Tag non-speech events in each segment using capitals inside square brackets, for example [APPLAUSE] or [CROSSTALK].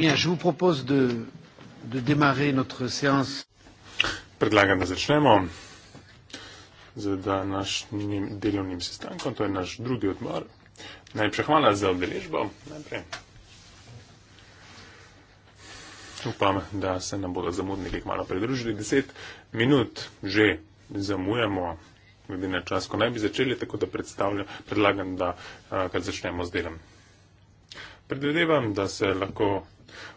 bien, je vous propose de, de démarrer notre séance. Predlagam, da začnemo z današnjim delovnim sestankom, to je naš drugi odmor. Najprej hvala za obdeležbo. Upam, da se nam bodo zamudniki kmalo pridružili. Deset minut že zamujamo, glede na čas, ko naj bi začeli, tako da predlagam, da kar začnemo z delom. Predvidevam, da se lahko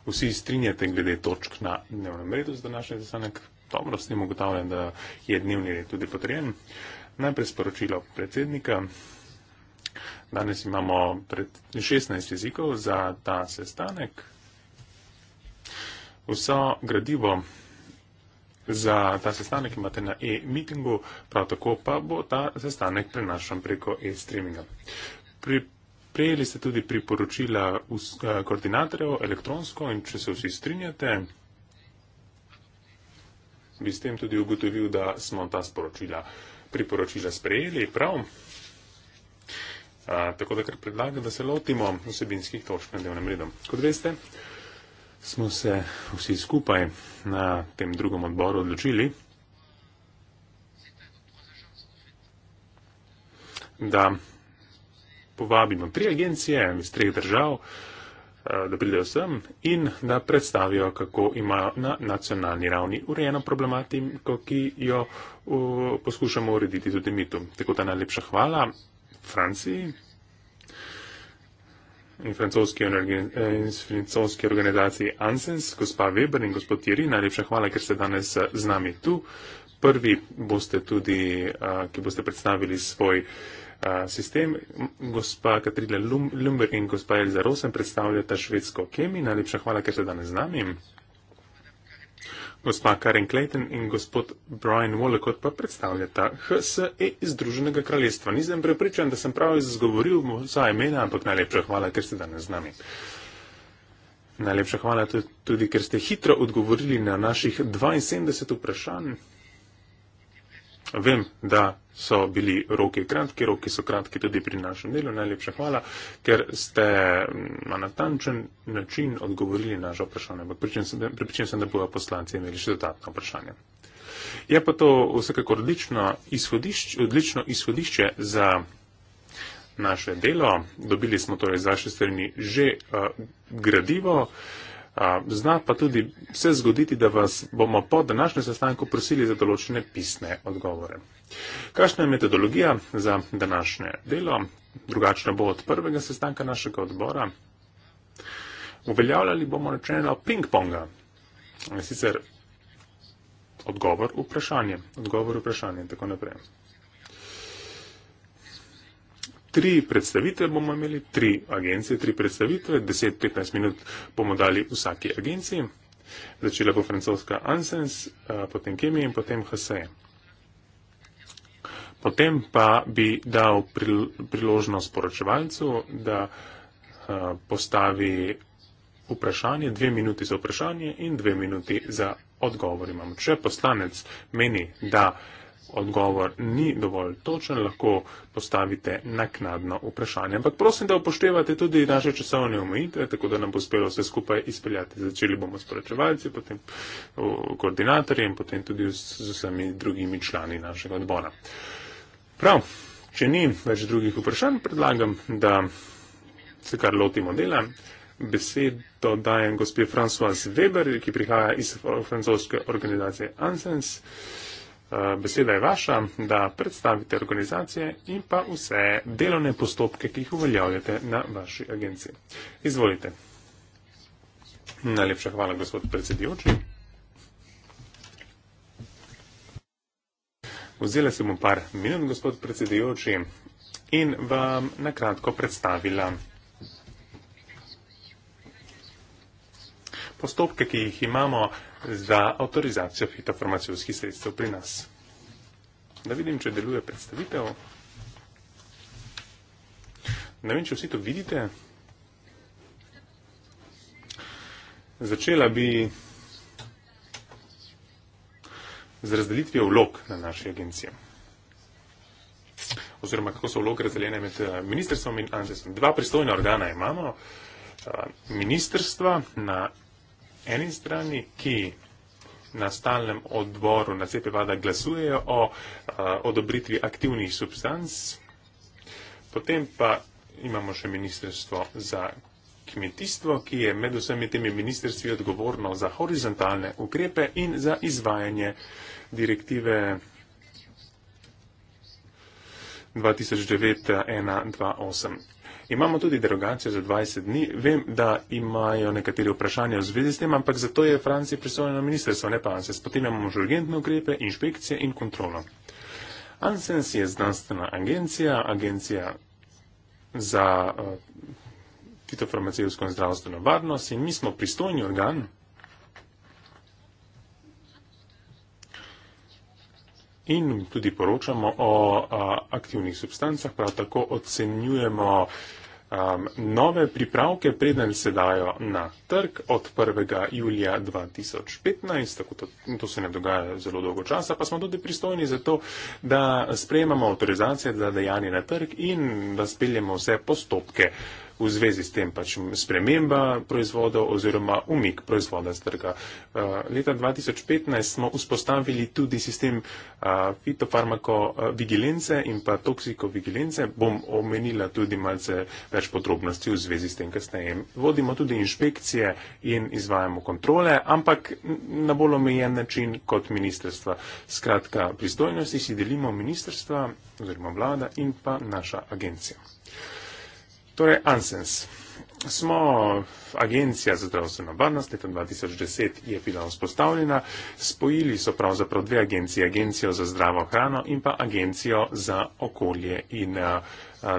vsi strinjate glede točk na dnevnem redu za današnji sestanek. Dobro, s tem ugotavljam, da je dnevni red tudi potrjen. Najprej sporočilo predsednika. Danes imamo pred 16 jezikov za ta sestanek. Vso gradivo za ta sestanek imate na e-meetingu, prav tako pa bo ta sestanek prenašan preko e-streaminga. Pri Prejeli ste tudi priporočila eh, koordinatorjev elektronsko in če se vsi strinjate, bi s tem tudi ugotovil, da smo ta sporočila, priporočila sprejeli, prav? A, tako da kar predlagam, da se lotimo vsebinskih točk na delovnem redu. Kot veste, smo se vsi skupaj na tem drugem odboru odločili, da povabimo tri agencije iz treh držav, eh, da pridejo sem in da predstavijo, kako imajo na nacionalni ravni urejeno problematiko, ki jo poskušamo urediti tudi mi tu. Tako da najlepša hvala Franciji in francoski, eh, in francoski organizaciji Ansens, gospa Weber in gospod Jiri, najlepša hvala, ker ste danes eh, z nami tu. Prvi boste tudi, ki boste predstavili svoj uh, sistem. Gospa Katrile Lumber in gospa Elza Rosen predstavljata švedsko kemi. Najlepša hvala, ker ste danes z nami. Gospa Karen Clayton in gospod Brian Wallacott pa predstavljata HSE iz Druženega kraljestva. Nisem prepričan, da sem prav izgovoril vsa imena, ampak najlepša hvala, ker ste danes z nami. Najlepša hvala tudi, ker ste hitro odgovorili na naših 72 vprašanj. Vem, da so bili roki kratki, roki so kratki tudi pri našem delu. Najlepša hvala, ker ste mm, na natančen način odgovorili naše vprašanje. Pripričan sem, da bojo poslanci imeli še dodatno vprašanje. Je pa to vsekakor odlično, izhodišč, odlično izhodišče za naše delo. Dobili smo torej z vaše strani že uh, gradivo. Uh, Zna pa tudi se zgoditi, da vas bomo po današnjem sestanku prosili za določene pisne odgovore. Kakšna je metodologija za današnje delo? Drugačna bo od prvega sestanka našega odbora. Uveljavljali bomo rečeno ping-ponga. Sicer odgovor vprašanje, odgovor vprašanje in tako naprej tri predstavitve bomo imeli, tri agencije, tri predstavitve, 10-15 minut bomo dali vsaki agenciji. Začela bo francoska Ansens, eh, potem Kemi in potem HSE. Potem pa bi dal priložnost poročevalcu, da eh, postavi vprašanje, dve minuti za vprašanje in dve minuti za odgovor. Imam. Če poslanec meni, da odgovor ni dovolj točen, lahko postavite naknadno vprašanje. Ampak prosim, da upoštevate tudi naše časovne omejitve, tako da nam bo uspelo vse skupaj izpeljati. Začeli bomo s poročevalci, potem koordinatorji in potem tudi z vsemi drugimi člani našega odbora. Prav, če ni več drugih vprašanj, predlagam, da se kar lotimo dela. Besedo dajem gospe Françoise Weber, ki prihaja iz francoske organizacije Ansens. Eh, beseda je vaša, da predstavite organizacije in pa vse delovne postopke, ki jih uveljavljate na vaši agenciji. Izvolite. Najlepša hvala, gospod predsedujoči. Vzela si bom par minut, gospod predsedujoči, in vam nakratko predstavila postopke, ki jih imamo za avtorizacijo fitofarmacijskih sredstev pri nas. Da vidim, če deluje predstavitev. Ne vem, če vsi to vidite. Začela bi z razdelitvijo vlog na naši agenciji. Oziroma, kako so vloge razdeljene med eh, ministrstvom in ANZESom. Dva pristojna organa imamo. Eh, ministrstva na eni strani, ki na stalnem odboru na CPVADA glasujejo o uh, odobritvi aktivnih substanc, potem pa imamo še ministrstvo za kmetijstvo, ki je med vsemi temi ministrstvi odgovorno za horizontalne ukrepe in za izvajanje direktive 2009-128. Imamo tudi derogacijo za 20 dni. Vem, da imajo nekateri vprašanja v zvezi s tem, ampak zato je Franciji pristojeno ministrstvo, ne pa ANSES. Potem imamo že urgentne ukrepe, inšpekcije in kontrolo. ANSES je znanstvena agencija, agencija za uh, eh, fitofarmacijsko in zdravstveno varnost in mi smo pristojni organ. In tudi poročamo o eh, aktivnih substancah, prav tako ocenjujemo um, nove pripravke, preden se dajo na trg od 1. julija 2015, tako to, to se ne dogaja zelo dolgo časa, pa smo tudi pristojni za to, da sprejemamo avtorizacije za dejanje na trg in da speljemo vse postopke v zvezi s tem pač sprememba proizvodov oziroma umik proizvoda z trga. Eh, leta 2015 smo vzpostavili tudi sistem eh, fitofarmakovigilence in pa toksikovigilence. Bom omenila tudi malce več podrobnosti v zvezi s tem kasneje. Vodimo tudi inšpekcije in izvajamo kontrole, ampak na bolj omejen način kot ministrstva. Skratka, pristojnosti si delimo ministrstva oziroma vlada in pa naša agencija. Torej, Ansens. Smo agencija za zdravstveno varnost, leta 2010 je bila vzpostavljena, spojili so pravzaprav dve agencije, agencijo za zdravo hrano in pa agencijo za okolje in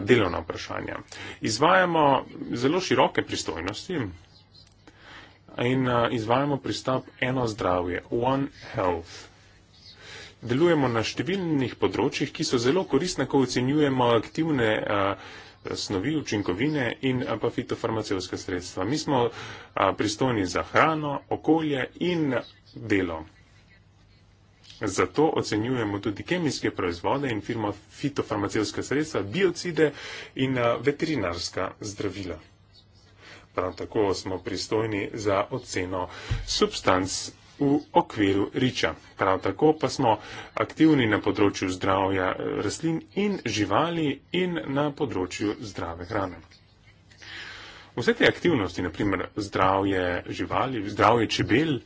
delovna vprašanja. Izvajamo zelo široke pristojnosti in izvajamo pristop eno zdravje, one health. Delujemo na številnih področjih, ki so zelo korisne, ko ocenjujemo aktivne. Uh, snovi, učinkovine in pa fitofarmacevske sredstva. Mi smo pristojni za hrano, okolje in delo. Zato ocenjujemo tudi kemijske proizvode in firmo fitofarmacevske sredstva, biocide in veterinarska zdravila. Prav tako smo pristojni za oceno substanc v okviru riča. Prav tako pa smo aktivni na področju zdravja eh, rastlin in živali in na področju zdrave hrane. Vse te aktivnosti, naprimer zdravje živali, zdravje čebel,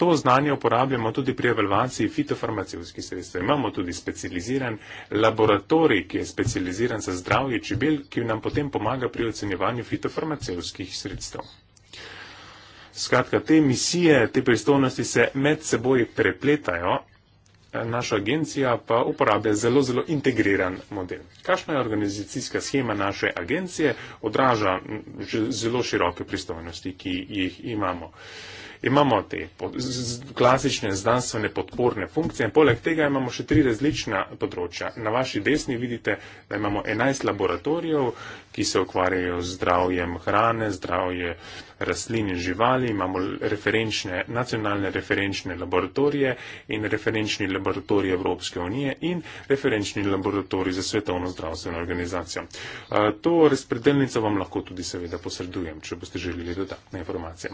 to znanje uporabljamo tudi pri evalvaciji fitofarmacijskih sredstev. Imamo tudi specializiran laboratorij, ki je specializiran za zdravje čebel, ki nam potem pomaga pri ocenjevanju fitofarmacijskih sredstev. Skratka, te misije, te pristojnosti se med seboj prepletajo, naša agencija pa uporablja zelo, zelo integriran model. Kakšna je organizacijska schema naše agencije, odraža zelo široke pristojnosti, ki jih imamo. Uh, imamo te klasične znanstvene podporne funkcije in poleg tega imamo še tri različna področja. Na vaši desni vidite, da imamo 11 laboratorijev, ki se ukvarjajo z zdravjem hrane, zdravje rastlin in živali, imamo referenčne, nacionalne referenčne laboratorije in referenčni laboratorij Evropske unije in referenčni laboratorij za svetovno zdravstveno organizacijo. To razpredelnico vam lahko tudi seveda posredujem, če boste želeli dodatne informacije.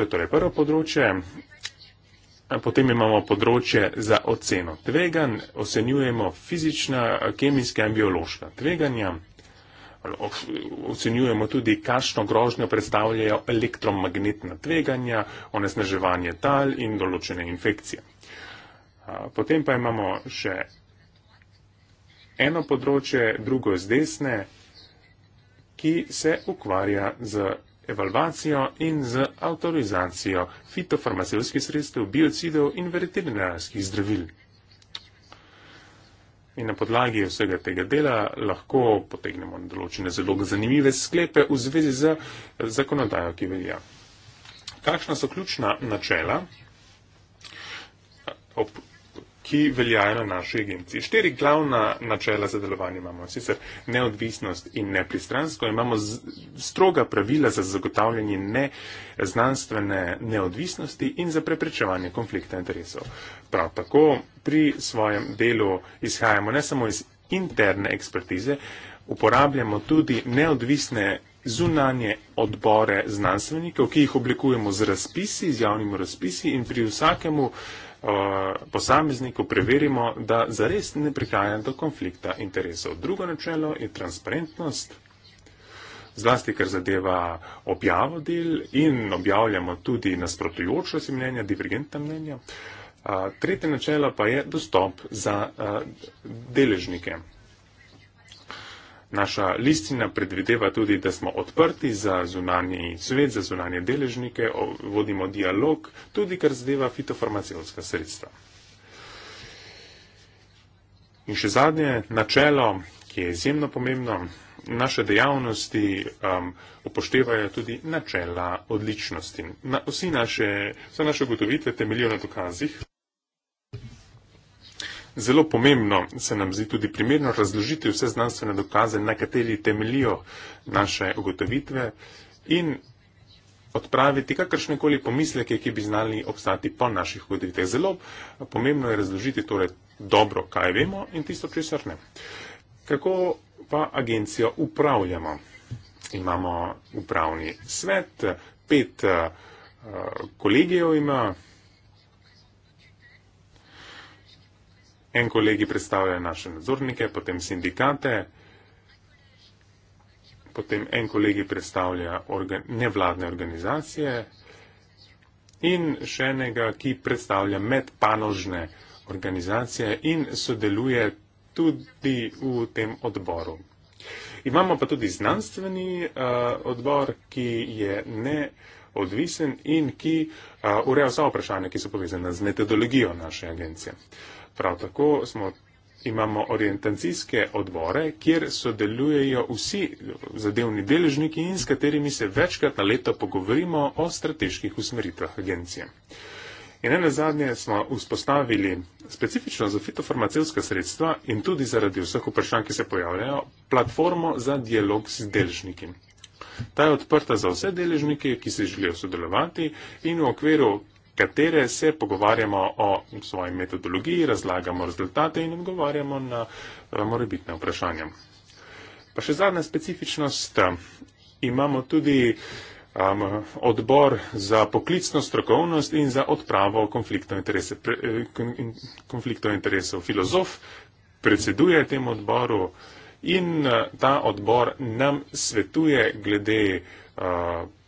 To je torej prvo področje. Potem imamo področje za oceno tvegan. Ocenjujemo fizična, kemijska in biološka tveganja. Ocenjujemo tudi, kakšno grožnjo predstavljajo elektromagnetna tveganja, onesnaževanje tal in določene infekcije. Potem pa imamo še eno področje, drugo z desne, ki se ukvarja z evalvacijo in z avtorizacijo fitofarmacevskih sredstev, biocidov in veterinarskih zdravil. In na podlagi vsega tega dela lahko potegnemo določene zelo zanimive sklepe v zvezi z zakonodajo, ki velja. Kakšna so ključna načela? Ob ki veljajo na naši agenciji. Štiri glavna načela za delovanje imamo. Sicer neodvisnost in nepristransko. Imamo stroga pravila za zagotavljanje neznanstvene neodvisnosti in za preprečevanje konflikta interesov. Prav tako pri svojem delu izhajamo ne samo iz interne ekspertize, uporabljamo tudi neodvisne zunanje odbore znanstvenikov, ki jih oblikujemo z razpisi, z javnimi razpisi in pri vsakemu uh, Eh, posamezniku preverimo, da zares ne prihaja do konflikta interesov. Drugo načelo je transparentnost. Zlasti, ker zadeva objavo del in objavljamo tudi nasprotujoče si mnenja, divergentna mnenja. Eh, tretje načelo pa je dostop za eh, deležnike. Naša listina predvideva tudi, da smo odprti za zunanji svet, za zunanje deležnike, vodimo dialog, tudi kar zadeva fitofarmacijska sredstva. In še zadnje načelo, ki je izjemno pomembno, naše dejavnosti um, upoštevajo tudi načela odličnosti. Na, vsi naše, vse naše ugotovitve temeljijo na dokazih. Zelo pomembno se nam zdi tudi primerno razložiti vse znanstvene dokaze, na kateri temelijo naše ugotovitve in odpraviti kakršnekoli pomisleke, ki bi znali obstati po naših ugotovitvah. Zelo pomembno je razložiti torej dobro, kaj vemo in tisto, česar ne. Kako pa agencijo upravljamo? Imamo upravni svet, pet eh, kolegijev ima, En kolegi predstavljajo naše nadzornike, potem sindikate, potem en kolegi predstavlja orga, nevladne organizacije in še enega, ki predstavlja medpanožne organizacije in sodeluje tudi v tem odboru. Imamo pa tudi znanstveni uh, odbor, ki je ne. Uh, odvisen in ki ureja vsa vprašanja, ki so povezane z metodologijo naše agencije. Prav tako smo, imamo orientacijske odbore, kjer sodelujejo vsi zadevni deležniki in s katerimi se večkrat na leto pogovorimo o strateških usmeritvah agencije. In ene zadnje smo vzpostavili specifično za fitofarmacevska sredstva in tudi zaradi vseh vprašanj, ki se pojavljajo, platformo za dialog s deležniki. Ta je odprta za vse deležnike, ki se želijo sodelovati in v okviru katere se pogovarjamo o svoji metodologiji, razlagamo rezultate in odgovarjamo na eh, morebitne vprašanja. Pa še zadnja specifičnost. Imamo tudi um, odbor za poklicno strokovnost in za odpravo konfliktov interesov. Eh, Konflikto interesov. Filozof predseduje temu odboru in eh, ta odbor nam svetuje glede uh,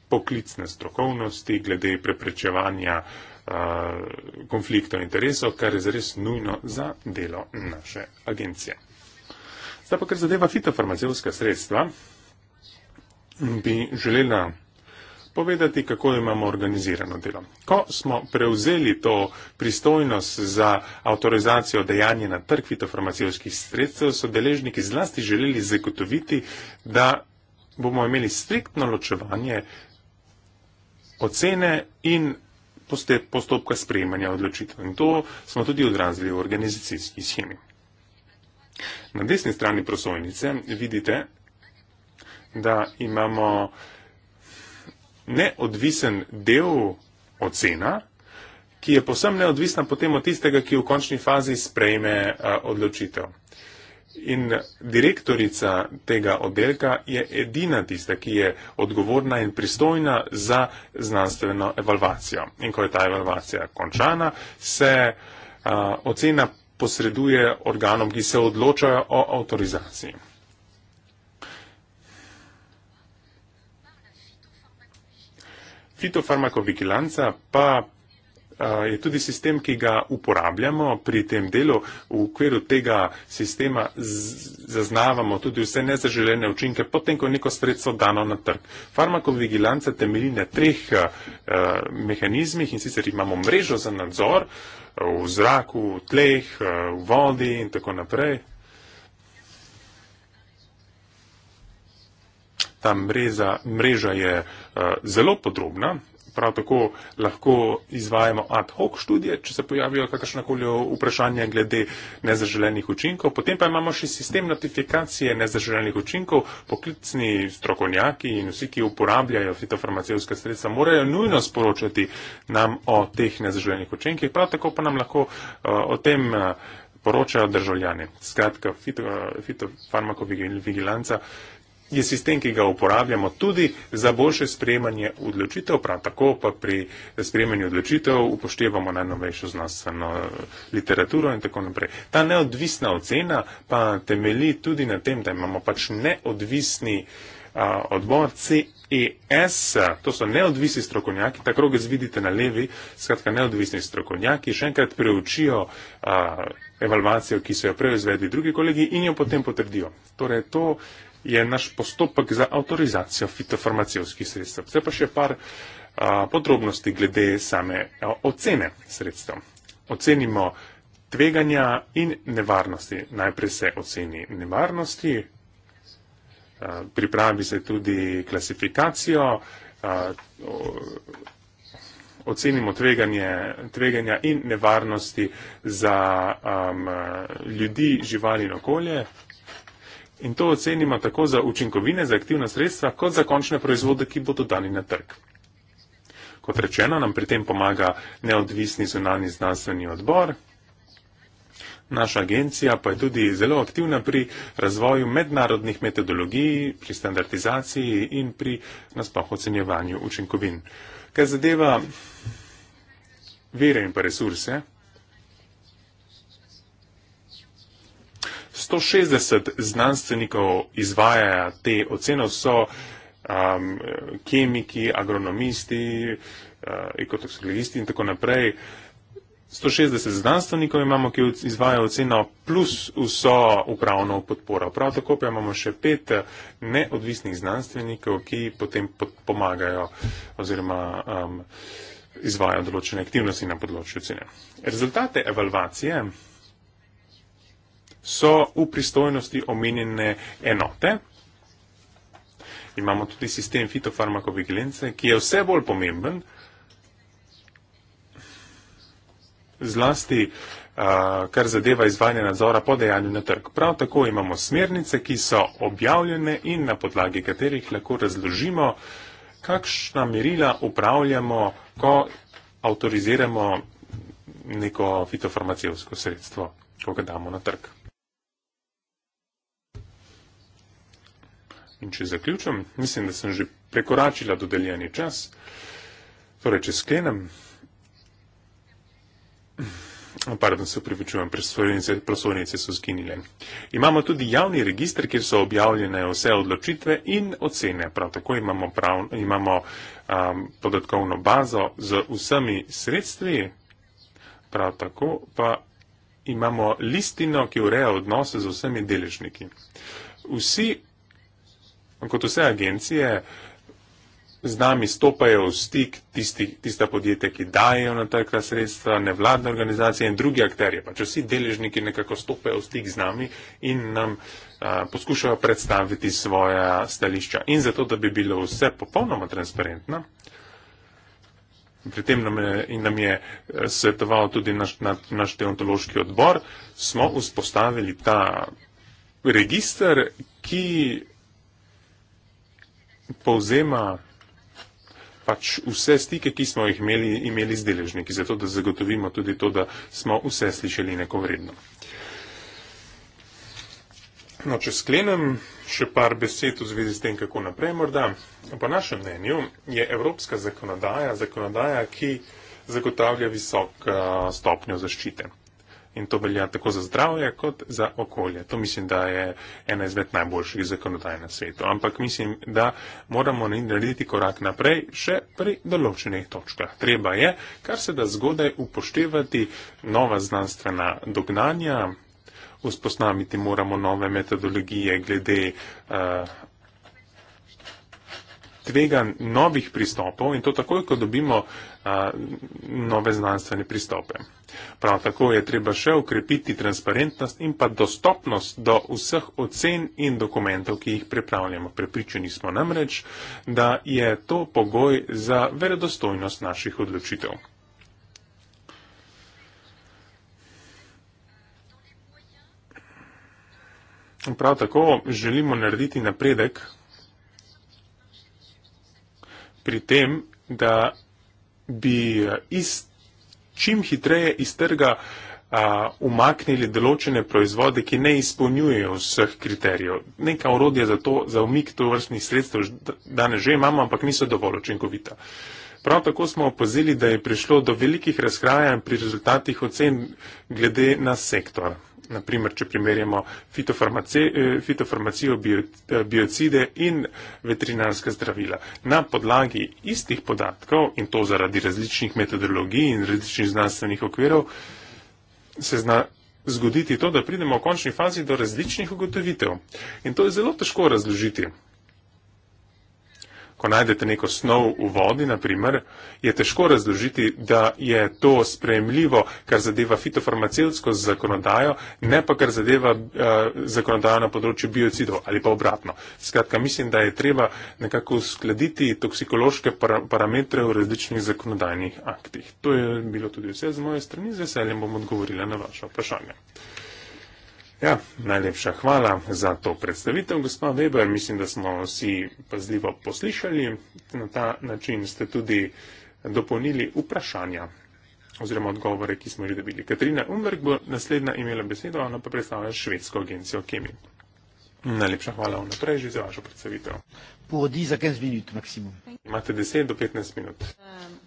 poklicne strokovnosti, glede preprečevanja uh, konfliktov interesov, kar je zares nujno za delo naše agencije. Zdaj pa, ker zadeva fitofarmacijska sredstva, bi želela povedati, kako imamo organizirano delo. Ko smo prevzeli to pristojnost za avtorizacijo dejanja na trg fitofarmacijskih sredstev, so deležniki zlasti želeli zagotoviti, da bomo imeli striktno ločevanje ocene in postopka sprejemanja odločitev. In to smo tudi odrazili v organizacijski schemi. Na desni strani prosojnice vidite, da imamo uh, neodvisen del ocena, ki je posebno neodvisna potem od tistega, ki v končni fazi sprejme eh, odločitev. In direktorica tega oddelka je edina tista, ki je odgovorna in pristojna za znanstveno evalvacijo. In ko je ta evalvacija končana, se eh, ocena posreduje organom, ki se odločajo o avtorizaciji. Fitofarmakovigilanca pa je tudi sistem, ki ga uporabljamo pri tem delu. V okviru tega sistema zaznavamo tudi vse nezaželene učinke, potem ko je neko sredstvo dano na trg. Farmakovigilanca temelji na treh mehanizmih in sicer imamo mrežo za nadzor v zraku, v tleh, v vodi in tako naprej. Ta mreza, mreža je uh, Eh, zelo podrobna. Prav tako lahko izvajamo ad hoc študije, če se pojavijo kakršnakoli vprašanja glede nezaželenih učinkov. Potem pa imamo še sistem notifikacije nezaželenih učinkov. Poklicni strokovnjaki in vsi, ki uporabljajo fitofarmacijske sredstva, morajo nujno sporočati nam o teh nezaželenih učinkih. Prav tako pa nam lahko eh, o tem eh, poročajo državljani. Skratka, fitofarmakovigilanca fito je sistem, ki ga uporabljamo tudi za boljše sprejemanje odločitev, prav tako pa pri sprejemanju odločitev upoštevamo najnovejšo znanstveno literaturo in tako naprej. Ta neodvisna ocena pa temeli tudi na tem, da imamo pač neodvisni a, odbor CES, to so neodvisni strokovnjaki, ta krog izvidite na levi, skratka neodvisni strokovnjaki, še enkrat preučijo a, evalvacijo, ki so jo preizvedli drugi kolegi in jo potem potrdijo. Torej, to je naš postopek za avtorizacijo fitofarmacijskih sredstev. Zdaj pa še par a, podrobnosti glede same a, ocene sredstev. Ocenimo tveganja in nevarnosti. Najprej se oceni nevarnosti, a, pripravi se tudi klasifikacijo, a, o, ocenimo tveganje, tveganja in nevarnosti za a, a, ljudi, živali in okolje in to ocenimo tako za učinkovine, za aktivna sredstva, kot za končne proizvode, ki bodo dani na trg. Kot rečeno, nam pri tem pomaga neodvisni zunani znanstveni odbor. Naša agencija pa je tudi zelo aktivna pri razvoju mednarodnih metodologij, pri standardizaciji in pri nasploh ocenjevanju učinkovin. Kaj zadeva vere in pa resurse, 160 znanstvenikov izvaja te ocene, so um, kemiki, agronomisti, uh, ekotoksikologisti in tako naprej. 160 znanstvenikov imamo, ki izvaja oceno plus vso upravno podporo. Prav tako pa imamo še pet neodvisnih znanstvenikov, ki potem pomagajo oziroma um, izvajo določene aktivnosti na področju ocene. Rezultate evalvacije so v pristojnosti omenjene enote. Imamo tudi sistem fitofarmakovigilence, ki je vse bolj pomemben, zlasti kar zadeva izvajanje nadzora po dejanju na trg. Prav tako imamo smernice, ki so objavljene in na podlagi katerih lahko razložimo, kakšna merila upravljamo, ko avtoriziramo neko fitofarmacijsko sredstvo, ko ga damo na trg. In če zaključim, mislim, da sem že prekoračila dodeljeni čas. Torej, če sklenem. Oh, pardon, se pripričujem, prosovnice so zginile. Imamo tudi javni registr, kjer so objavljene vse odločitve in ocene. Prav tako imamo, prav, imamo um, podatkovno bazo z vsemi sredstvi, prav tako pa imamo listino, ki ureja odnose z vsemi deležniki. Vsi kot vse agencije, z nami stopajo v stik tisti, tista podjetja, ki dajo na taka sredstva, nevladne organizacije in drugi akterje. Pač vsi deležniki nekako stopajo v stik z nami in nam a, poskušajo predstaviti svoja stališča. In zato, da bi bilo vse popolnoma transparentno. Pri tem nam je, nam je e, svetoval tudi naš, na, naš teontološki odbor, smo vzpostavili ta register, ki povzema pač vse stike, ki smo jih imeli, imeli z deležniki, zato da zagotovimo tudi to, da smo vse slišali neko vredno. No, če sklenem še par besed v zvezi s tem, kako naprej morda. Po našem mnenju je evropska zakonodaja zakonodaja, ki zagotavlja visoko stopnjo zaščite. In to velja tako za zdravje, kot za okolje. To mislim, da je ena izmed najboljših zakonodaj na svetu. Ampak mislim, da moramo narediti korak naprej še pri določenih točkah. Treba je, kar se da zgodaj upoštevati nova znanstvena dognanja, vzpostaviti moramo nove metodologije glede. Uh, eh, Tvega novih pristopov in to takoj, ko dobimo uh, nove znanstvene pristope. Prav tako je treba še ukrepiti transparentnost in pa dostopnost do vseh ocen in dokumentov, ki jih pripravljamo. Prepričani smo namreč, da je to pogoj za verodostojnost naših odločitev. Prav tako želimo narediti napredek pri tem, da bi eh, iz, čim hitreje iz trga a, eh, umaknili določene proizvode, ki ne izpolnjujejo vseh kriterijev. Neka urodja za to, za umik to vrstnih sredstev danes že imamo, ampak niso dovolj učinkovita. Prav tako smo opazili, da je prišlo do velikih razkrajanj pri rezultatih ocen glede na sektor naprimer, če primerjamo eh, fitofarmacijo, eh, biocide in veterinarska zdravila. Na podlagi istih podatkov in to zaradi različnih metodologij in različnih znanstvenih okvirov se zna zgoditi to, da pridemo v končni fazi do različnih ugotovitev. In to je zelo težko razložiti ko najdete neko snov v vodi, naprimer, je težko razložiti, da je to sprejemljivo, kar zadeva fitofarmacevsko zakonodajo, ne pa kar zadeva eh, zakonodajo na področju biocidov ali pa obratno. Skratka, mislim, da je treba nekako uskladiti toksikološke par parametre v različnih zakonodajnih aktih. To je bilo tudi vse z moje strani, z veseljem bom odgovorila na vaše vprašanje. Ja, najlepša hvala za to predstavitev, gospa Weber. Mislim, da smo vsi pazljivo poslišali. Na ta način ste tudi dopolnili vprašanja oziroma odgovore, ki smo jih dobili. Katrina Umberg bo naslednja imela besedo, ona pa predstavlja Švedsko agencijo Kemi. Najlepša hvala vnaprej že za vašo predstavitev. Podi za 15 minut maksimum. Imate 10 do 15 minut. Um.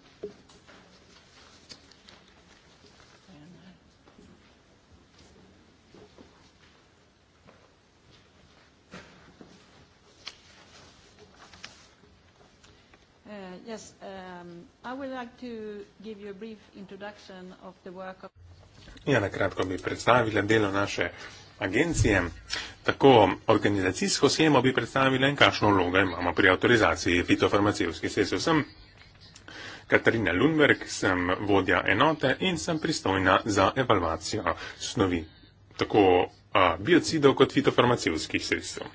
Yes. Um, I would like to give you a brief introduction of the work of... Ja, nakratko bi predstavila delo naše agencije. Tako organizacijsko schemo bi predstavila in kakšno vlogo imamo pri autorizaciji fitofarmacijskih sredstev. Sem Katarina Lundberg, sem vodja enote in sem pristojna za evalvacijo snovi, tako biocidov kot fitofarmacijskih sredstev.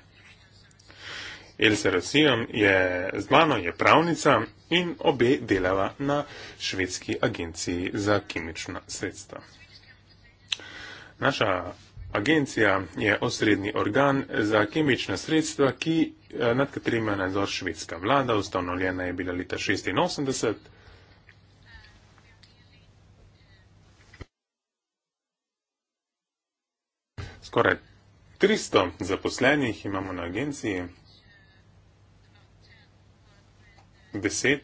Elsa Rosijo je z mano, je pravnica in obe delava na švedski agenciji za kemična sredstva. Naša agencija je osrednji organ za kemična sredstva, ki, eh, nad katerim je nadzor švedska vlada, ustanovljena je bila leta 86. Skoraj 300 zaposlenih imamo na agenciji. 10,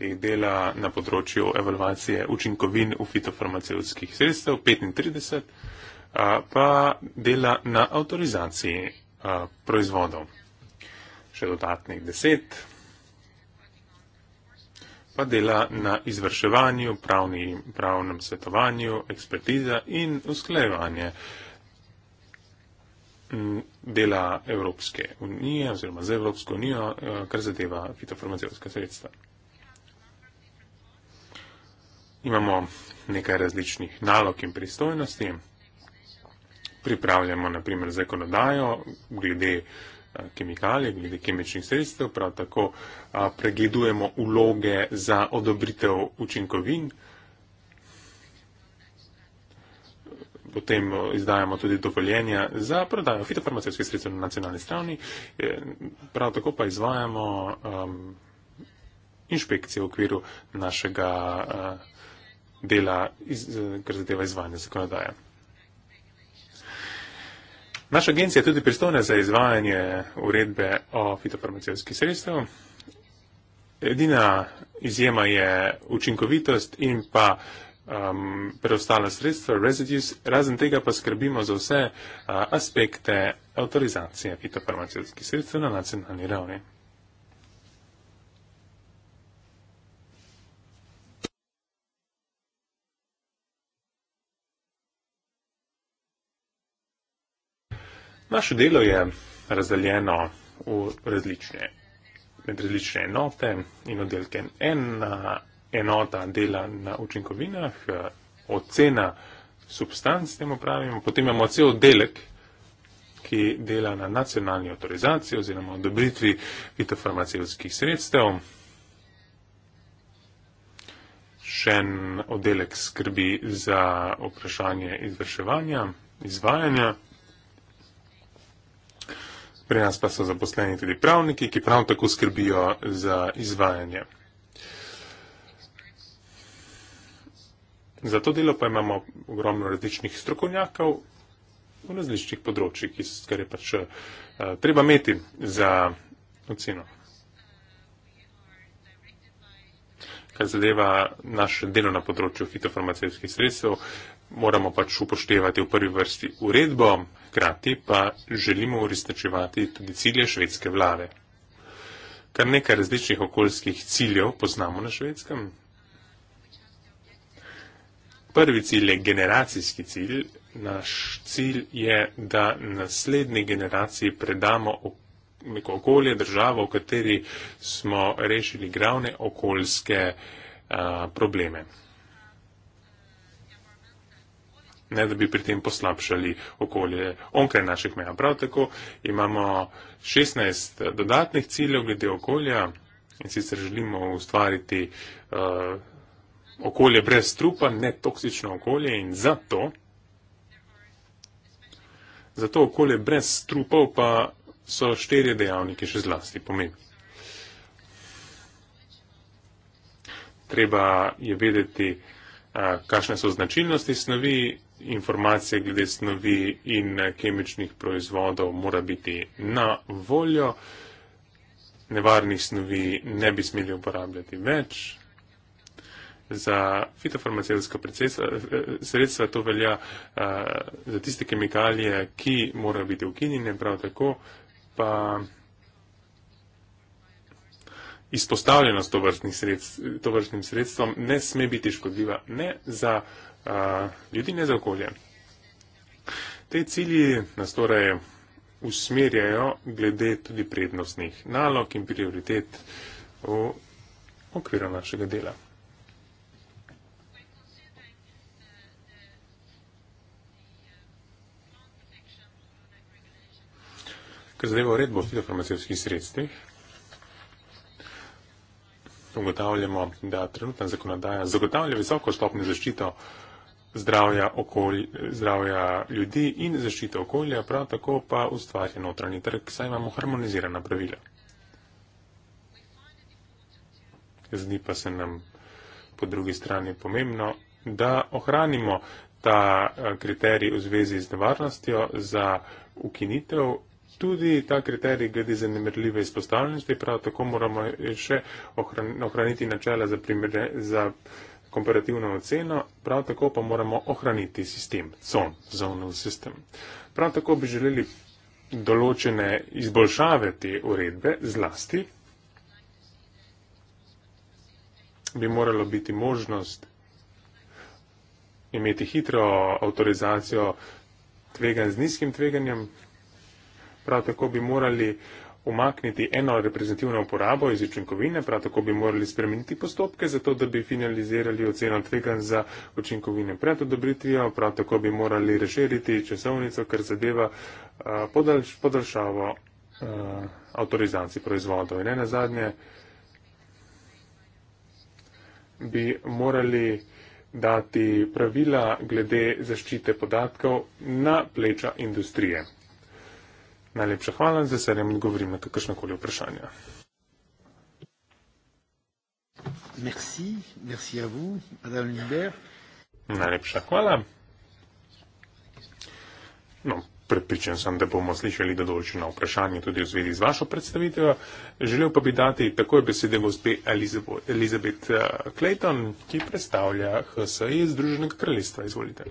ki dela na področju evalvacije učinkovin v fitofarmacevskih sredstev, 35, pa dela na avtorizaciji proizvodov. Še dodatnih 10 pa dela na izvrševanju, pravni, pravnem svetovanju, ekspertiza in usklejevanje mm, dela Evropske unije oziroma z Evropsko unijo, eh, kar zadeva fitofarmacijske sredstva. Imamo nekaj različnih nalog in pristojnosti. Pripravljamo naprimer zakonodajo glede eh, kemikalije, glede kemičnih sredstev, prav tako eh, pregledujemo uloge za odobritev učinkovin. potem eh, izdajamo tudi dovoljenja za prodajo fitofarmacijskih sredstev na nacionalni strani. Eh, prav tako pa izvajamo um, inšpekcije v okviru našega uh, dela, iz, kar zadeva izvajanje zakonodaje. Naša agencija je tudi pristojna za izvajanje uredbe o fitofarmacijskih sredstev. Edina izjema je učinkovitost in pa uh, um, preostala sredstva, residues, razen tega pa skrbimo za vse uh, aspekte avtorizacije fitofarmacijskih sredstev na nacionalni ravni. Naše delo je razdeljeno v različne, med različne enote in oddelke. En uh, enota dela na učinkovinah, eh, ocena substanc, temu pravimo. Potem imamo cel oddelek, ki dela na nacionalni autorizaciji oziroma odobritvi fitofarmacijskih sredstev. Še en oddelek skrbi za vprašanje izvrševanja, izvajanja. Pri nas pa so zaposleni tudi pravniki, ki prav tako skrbijo za izvajanje. Za to delo pa imamo ogromno različnih strokovnjakov v različnih področjih, kar je pač uh, treba imeti za oceno. Kar zadeva naš delo na področju fitofarmacevskih sredstev, moramo pač upoštevati v prvi vrsti uredbo, krati pa želimo uresničevati tudi cilje švedske vlade. Kar nekaj različnih okoljskih ciljev poznamo na švedskem, prvi cilj je generacijski cilj. Naš cilj je, da naslednji generaciji predamo neko okolje, državo, v kateri smo rešili gravne okoljske uh, probleme. Ne, da bi pri tem poslabšali okolje onkraj naših meja. Prav tako imamo 16 dodatnih ciljev glede okolja in sicer želimo ustvariti uh, okolje brez trupa, ne toksično okolje in zato, zato okolje brez trupov pa so štirje dejavniki še zlasti pomembni. Treba je vedeti, kakšne so značilnosti snovi, informacije glede snovi in kemičnih proizvodov mora biti na voljo. Nevarnih snovi ne bi smeli uporabljati več, za fitofarmacijsko sredstvo, to velja eh, za tiste kemikalije, ki morajo biti ukinjene, prav tako pa izpostavljenost tovrstnim sredstv, to sredstvom ne sme biti škodljiva ne za eh, ljudi, ne za okolje. Te cilji nas torej usmerjajo glede tudi prednostnih nalog in prioritet v okviru našega dela. Ker zadeva uredbo o fitofarmacijskih sredstvih, ugotavljamo, da trenutna zakonodaja zagotavlja visoko stopnjo zaščito zdravja, okolje, zdravja ljudi in zaščito okolja, prav tako pa ustvarja notranji trg, saj imamo harmonizirana pravila. Zdi pa se nam po drugi strani pomembno, da ohranimo ta eh, kriterij v zvezi z nevarnostjo za ukinitev tudi ta kriterij glede zanimrljive izpostavljenosti, prav tako moramo še ohraniti načela za, primere, za komparativno oceno, prav tako pa moramo ohraniti sistem CON, Zonal System. Prav tako bi želeli določene izboljšave te uredbe zlasti, bi moralo biti možnost imeti hitro avtorizacijo tvegan z nizkim tveganjem, prav tako bi morali umakniti eno reprezentativno uporabo iz učinkovine, prav tako bi morali spremeniti postopke, zato da bi finalizirali oceno tvegan za učinkovine pred odobritvijo, prav tako bi morali reširiti časovnico, ker zadeva eh, podalj, podaljšavo eh, avtorizacij proizvodov. In ena zadnje bi morali dati pravila glede zaščite podatkov na pleča industrije. Najlepša hvala in z veseljem odgovorim na kakršno koli vprašanje. Merci, merci a vous, madame Lindbergh. Najlepša hvala. No, Pripričan sem, da bomo slišali določena vprašanja tudi v zvedi z vašo predstavitev. Želel pa bi dati takoj besede gospe Elizabeth eh, Clayton, ki predstavlja HSE iz Združenega kraljestva. Izvolite.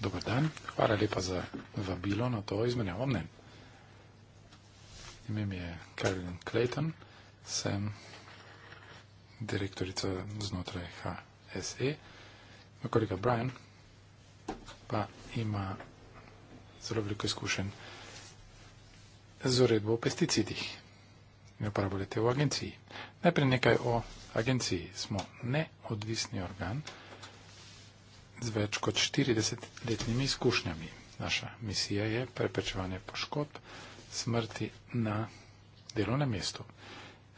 Dober dan, hvala lepa za vabilo na to izmenjavo mnen. Ime mi je Carolyn Clayton, sem direktorica znotraj HSE. Kolega Brian pa ima zelo veliko izkušenj z uredbo o pesticidih in uporabljate v agenciji. Najprej nekaj o agenciji. Smo neodvisni organ, ki z več kot 40-letnimi izkušnjami. Naša misija je preprečevanje poškodb smrti na delovnem mestu.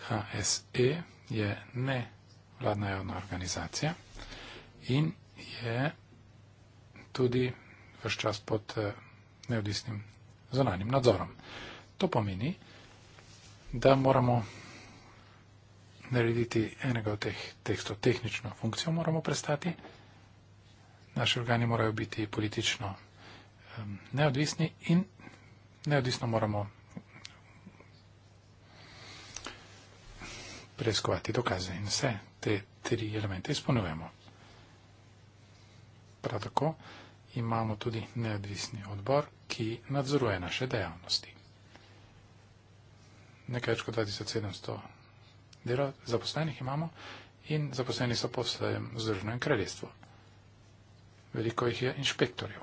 HSE je ne vladna javna organizacija in je tudi vse čas pod eh, neodvisnim zonanim nadzorom. To pomeni, da moramo narediti enega od teh tekstov, tehnično funkcijo moramo prestati naši organi morajo biti politično neodvisni in neodvisno moramo preiskovati dokaze in vse te tri elemente izpolnjujemo. Prav tako imamo tudi neodvisni odbor, ki nadzoruje naše dejavnosti. Nekaj več kot 2700 delov zaposlenih imamo in zaposleni so po vsem združenem kraljestvu veliko jih je inšpektorjev.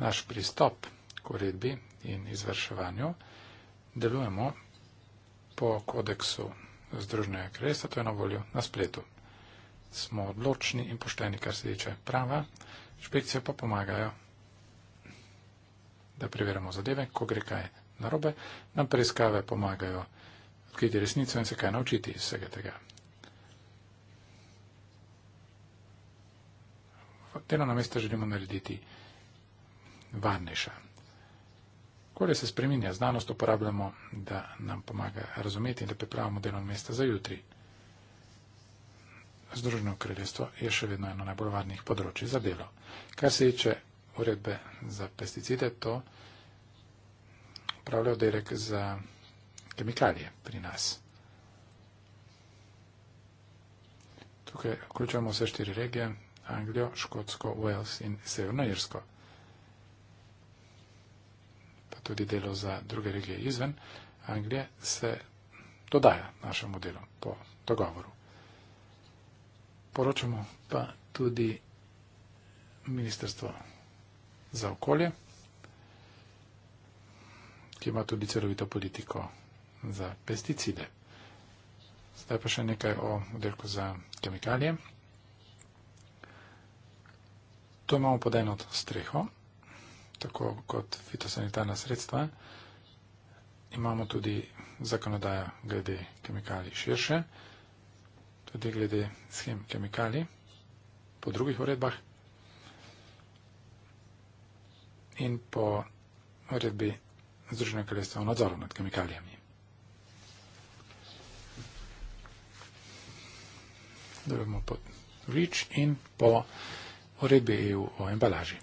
Naš pristop k uredbi in izvrševanju delujemo po kodeksu Združenega kresta, to je na voljo na spletu. Smo odločni in pošteni, kar se tiče prava, inšpekcije pa pomagajo, da preverimo zadeve, ko gre kaj narobe, nam preiskave pomagajo, odkriti resnico in se kaj naučiti iz vsega tega. delovna mesta želimo narediti varnejša. Okolje se spreminja, znanost uporabljamo, da nam pomaga razumeti in da pripravimo delovna mesta za jutri. Združeno kraljestvo je še vedno eno najbolj varnih področji za delo. Kar se tiče uredbe za pesticide, to upravlja oddelek za kemikalije pri nas. Tukaj vključujemo vse štiri regije, Anglija, Škotsko, Wales in Severna Irsko. Pa tudi delo za druge regije izven Anglije se dodaja našemu delu po dogovoru. Poročamo pa tudi Ministrstvo za okolje, ki ima tudi celovito politiko za pesticide. Zdaj pa še nekaj o oddelku za kemikalije. To imamo pod eno streho, tako kot fitosanitarna sredstva. Imamo tudi zakonodajo glede kemikalij širše, tudi glede schem kemikalij po drugih uredbah in po uredbi Združenega kraljestva o nadzoru nad kemikalijami. Dobimo po REACH in po REACH uredbe EU o embalaži.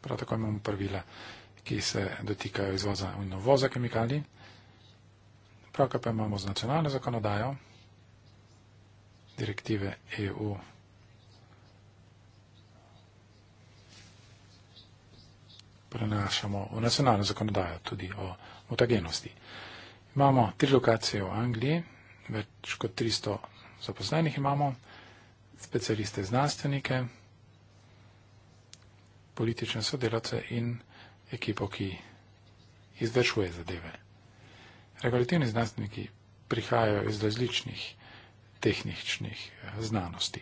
Prav tako imamo pravila, ki se dotikajo izvoza in uvoza kemikalij. Pravkar pa imamo z nacionalno zakonodajo direktive EU prenašamo v nacionalno zakonodajo tudi o mutagenosti. Imamo tri lokacije v Angliji, več kot 300 zaposlenih imamo, specialiste znanstvenike, politične sodelavce in ekipo, ki izvršuje zadeve. Regulativni znanstveniki prihajajo iz različnih tehničnih eh, znanosti.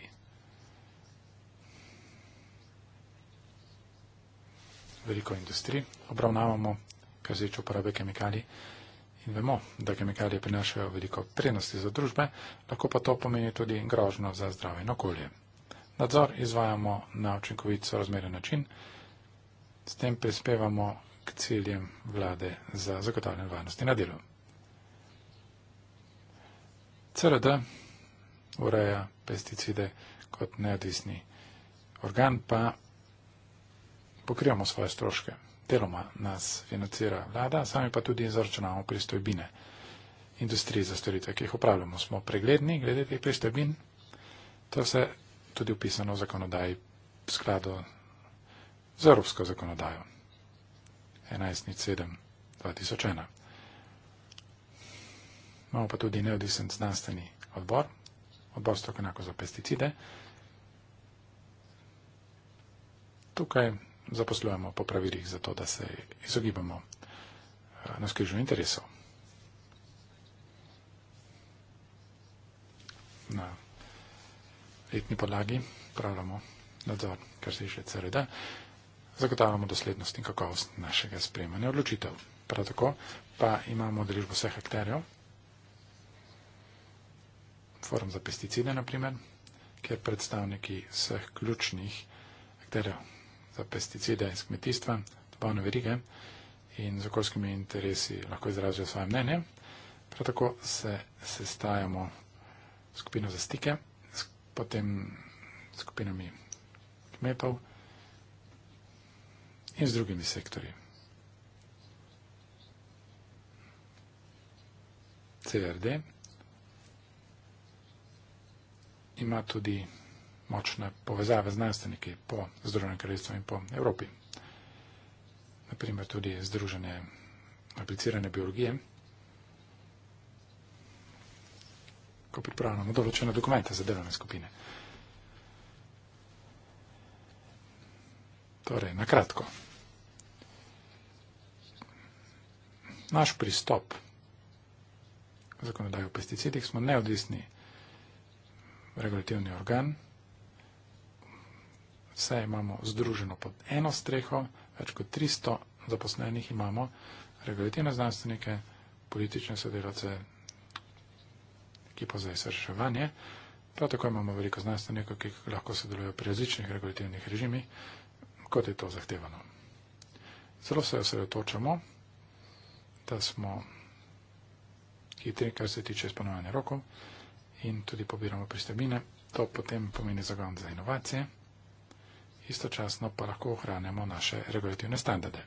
Veliko industrij obravnavamo, kar zveč uporabe kemikalij in vemo, da kemikalije prinašajo veliko prednosti za družbe, lahko pa to pomeni tudi grožno za zdravje in okolje. Nadzor izvajamo na učinkovit sorazmeren način, s tem prispevamo k ciljem vlade za zagotavljanje varnosti na delu. CRD ureja pesticide kot neodvisni organ, pa pokrivamo svoje stroške. Deloma nas financira vlada, sami pa tudi zaračunavamo pristojbine industriji za storitve, ki jih upravljamo. Smo pregledni, glede teh pristojbin, to se tudi upisano v zakonodaji v skladu z evropsko zakonodajo 11.7.2001. Imamo pa tudi neodvisen znanstveni odbor, odbor strokovnjakov za pesticide. Tukaj zaposlujemo po pravilih za to, da se izogibamo eh, na skrižu interesov. No letni podlagi upravljamo nadzor, kar se išče CRD, zagotavljamo doslednost in kakovost našega sprejemanja odločitev. Prav tako pa imamo odrežbo vseh akterjev, forum za pesticide naprimer, kjer predstavniki vseh ključnih akterjev za pesticide iz kmetijstva, dobavne verige in z okoljskimi interesi lahko izražajo svoje mnenje. Prav tako se sestajamo skupino za stike, potem skupinami kmetov in z drugimi sektorji. CRD ima tudi močne povezave znanstveniki po Združenem kraljestvu in po Evropi. Naprimer tudi Združene aplicirane biologije, ko pripravljamo no, določene dokumente za delovne skupine. Torej, na kratko. Naš pristop zakonodaj o pesticidih smo neodvisni regulativni organ, vse imamo združeno pod eno streho, več kot 300 zaposlenih imamo, regulativne znanstvenike, politične sodelavce, ki pa za izraševanje. Prav tako imamo veliko znanstvenikov, ki lahko sodelujejo pri različnih regulativnih režimih, kot je to zahtevano. Zelo se osredotočamo, da smo hitri, kar se tiče izpolnjevanja rokov in tudi pobiramo pristebine. To potem pomeni zagon za inovacije, istočasno pa lahko ohranjamo naše regulativne standarde.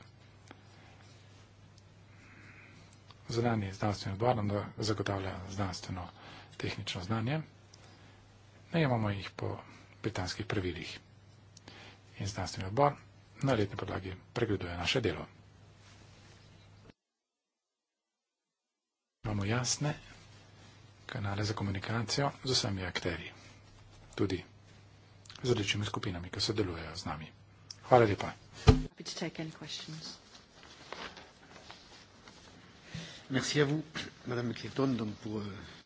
Zadanje znanstveno odbor nam zagotavlja znanstveno odbor tehnično znanje, najemamo jih po britanskih pravilih. In znanstveni odbor na letni podlagi pregleduje naše delo. Imamo jasne kanale za komunikacijo z vsemi akterji, tudi z odličnimi skupinami, ki sodelujejo z nami. Hvala lepa. Merci à vous, Madame Clayton, donc pour euh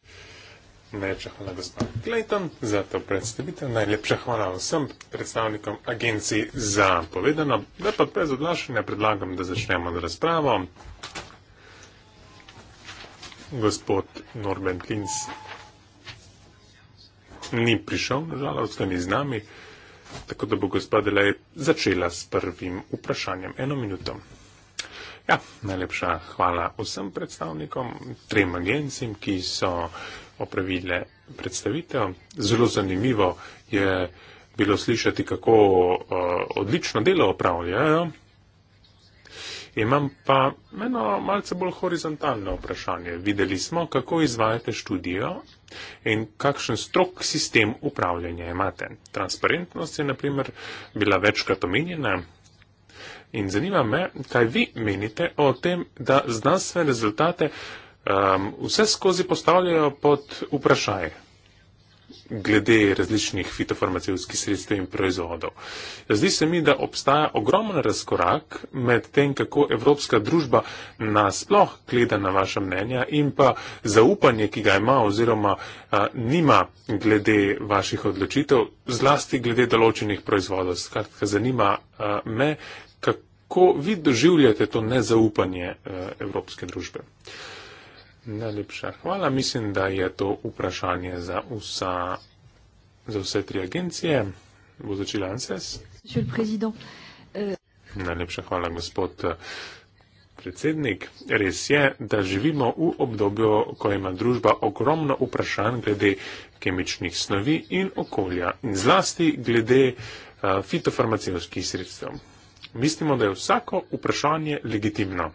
Najlepša hvala, gospod Clayton, za to predstavitev. Najlepša hvala vsem predstavnikom agencij za povedano. Da pa prez odlašanja predlagam, da začnemo z razpravo. Gospod Norben Klins ni prišel, nažalost, ni z nami, tako da bo gospod Delej začela s prvim vprašanjem. Eno minuto. Ja, najlepša hvala vsem predstavnikom, trem agencijam, ki so opravile predstavitev. Zelo zanimivo je bilo slišati, kako uh, odlično delo opravljajo. Imam pa eno malce bolj horizontalno vprašanje. Videli smo, kako izvajate študijo in kakšen strok sistem upravljanja imate. Transparentnost je, na primer, bila večkrat omenjena. In zanima me, kaj vi menite o tem, da znanstvene rezultate uh, um, vse skozi postavljajo pod vprašaj glede različnih fitofarmacijskih sredstev in proizvodov. Zdi se mi, da obstaja ogromen razkorak med tem, kako Evropska družba nasploh gleda na vaša mnenja in pa zaupanje, ki ga ima oziroma a, nima glede vaših odločitev, zlasti glede določenih proizvodov. Skratka, zanima a, me, kako vi doživljate to nezaupanje a, e, Evropske družbe. A, Najlepša hvala. Mislim, da je to vprašanje za, vsa, za vse tri agencije. Bo začela ANSES. Eh. Najlepša hvala, gospod eh, predsednik. Res je, da živimo v obdobju, ko ima družba ogromno vprašanj glede kemičnih snovi in okolja in zlasti glede uh, eh, fitofarmacijskih sredstev. Mislimo, da je vsako vprašanje legitimno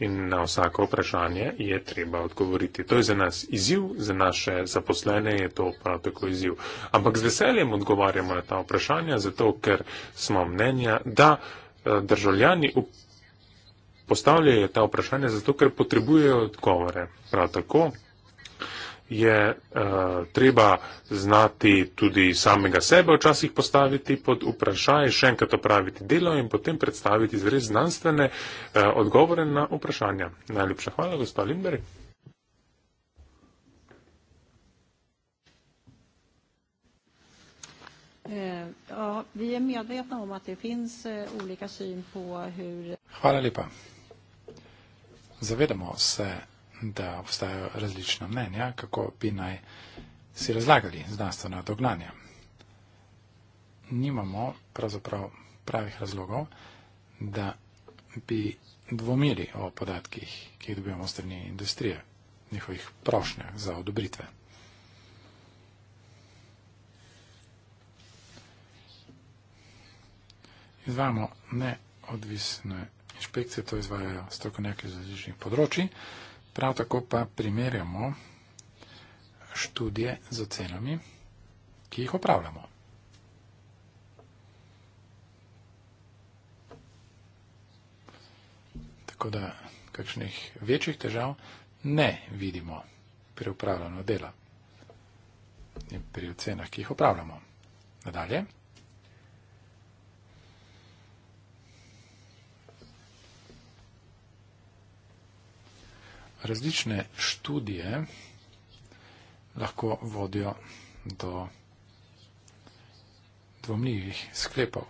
in na vsako vprašanje je treba odgovoriti. To je za nas izziv, za naše zaposlene je to prav tako izziv. Ampak z veseljem odgovarjamo na ta vprašanja, zato ker smo mnenja, da eh, državljani postavljajo ta vprašanja, zato ker potrebujejo odgovore. Prav tako je uh, treba znati tudi samega sebe včasih postaviti pod vprašanje, še enkrat opraviti delo in potem predstaviti zres znanstvene uh, odgovore na vprašanja. Najlepša hvala, gospod Limberi. Eh, ja, hvala lepa. Zavedamo se, da obstajajo različna mnenja, kako bi naj si razlagali znanstvena dognanja. Nimamo pravzaprav pravih razlogov, da bi dvomili o podatkih, ki jih dobijamo strani industrije, njihovih prošnjah za odobritve. Izvajamo neodvisne inšpekcije, to izvajajo strokovnjaki z različnih področji. Prav tako pa primerjamo študije z ocenami, ki jih opravljamo. Tako da kakšnih večjih težav ne vidimo pri upravljanju dela in pri ocenah, ki jih opravljamo. Nadalje. različne študije lahko vodijo do dvomljivih sklepov.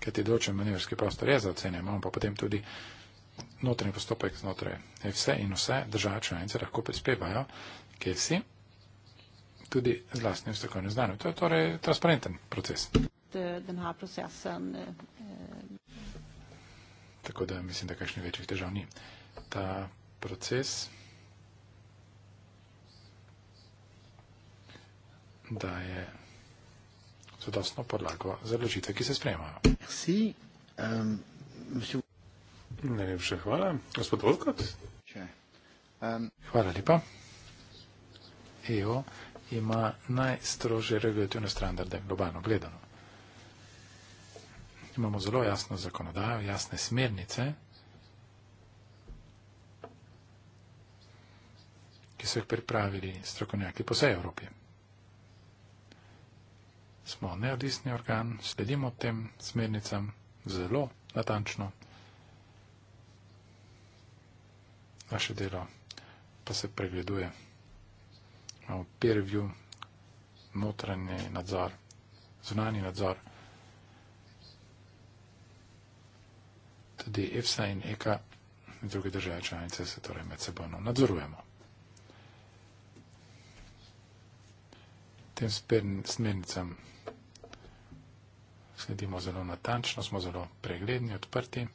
Kajti določen manevrski prostor je za ocene, imamo pa potem tudi notranji postopek znotraj. Vse in vse države članice lahko prispevajo, kjer si tudi z vlastnim strokovnim znanjem. To je torej transparenten proces. Um, uh, uh, Tako da mislim, da kakšnih večjih težav ni ta proces, da je zadostno podlago za ložitve, ki se spremajo. Si, um, si... Najlepša hvala. Gospod Volkot? Če. Um... Hvala lepa. EO ima najstrožje regulativne standarde, globalno gledano. Imamo zelo jasno zakonodajo, jasne smernice. ki so jih pripravili strokovnjaki po vsej Evropi. Smo neodvisni organ, sledimo tem smernicam zelo natančno. Naše delo pa se pregleduje v peer review, notranji nadzor, zunanji nadzor. Tudi EFSA in EKA in druge države članice se torej med sebojno nadzorujemo. tem smernicam sledimo zelo natančno, smo zelo pregledni, odprti.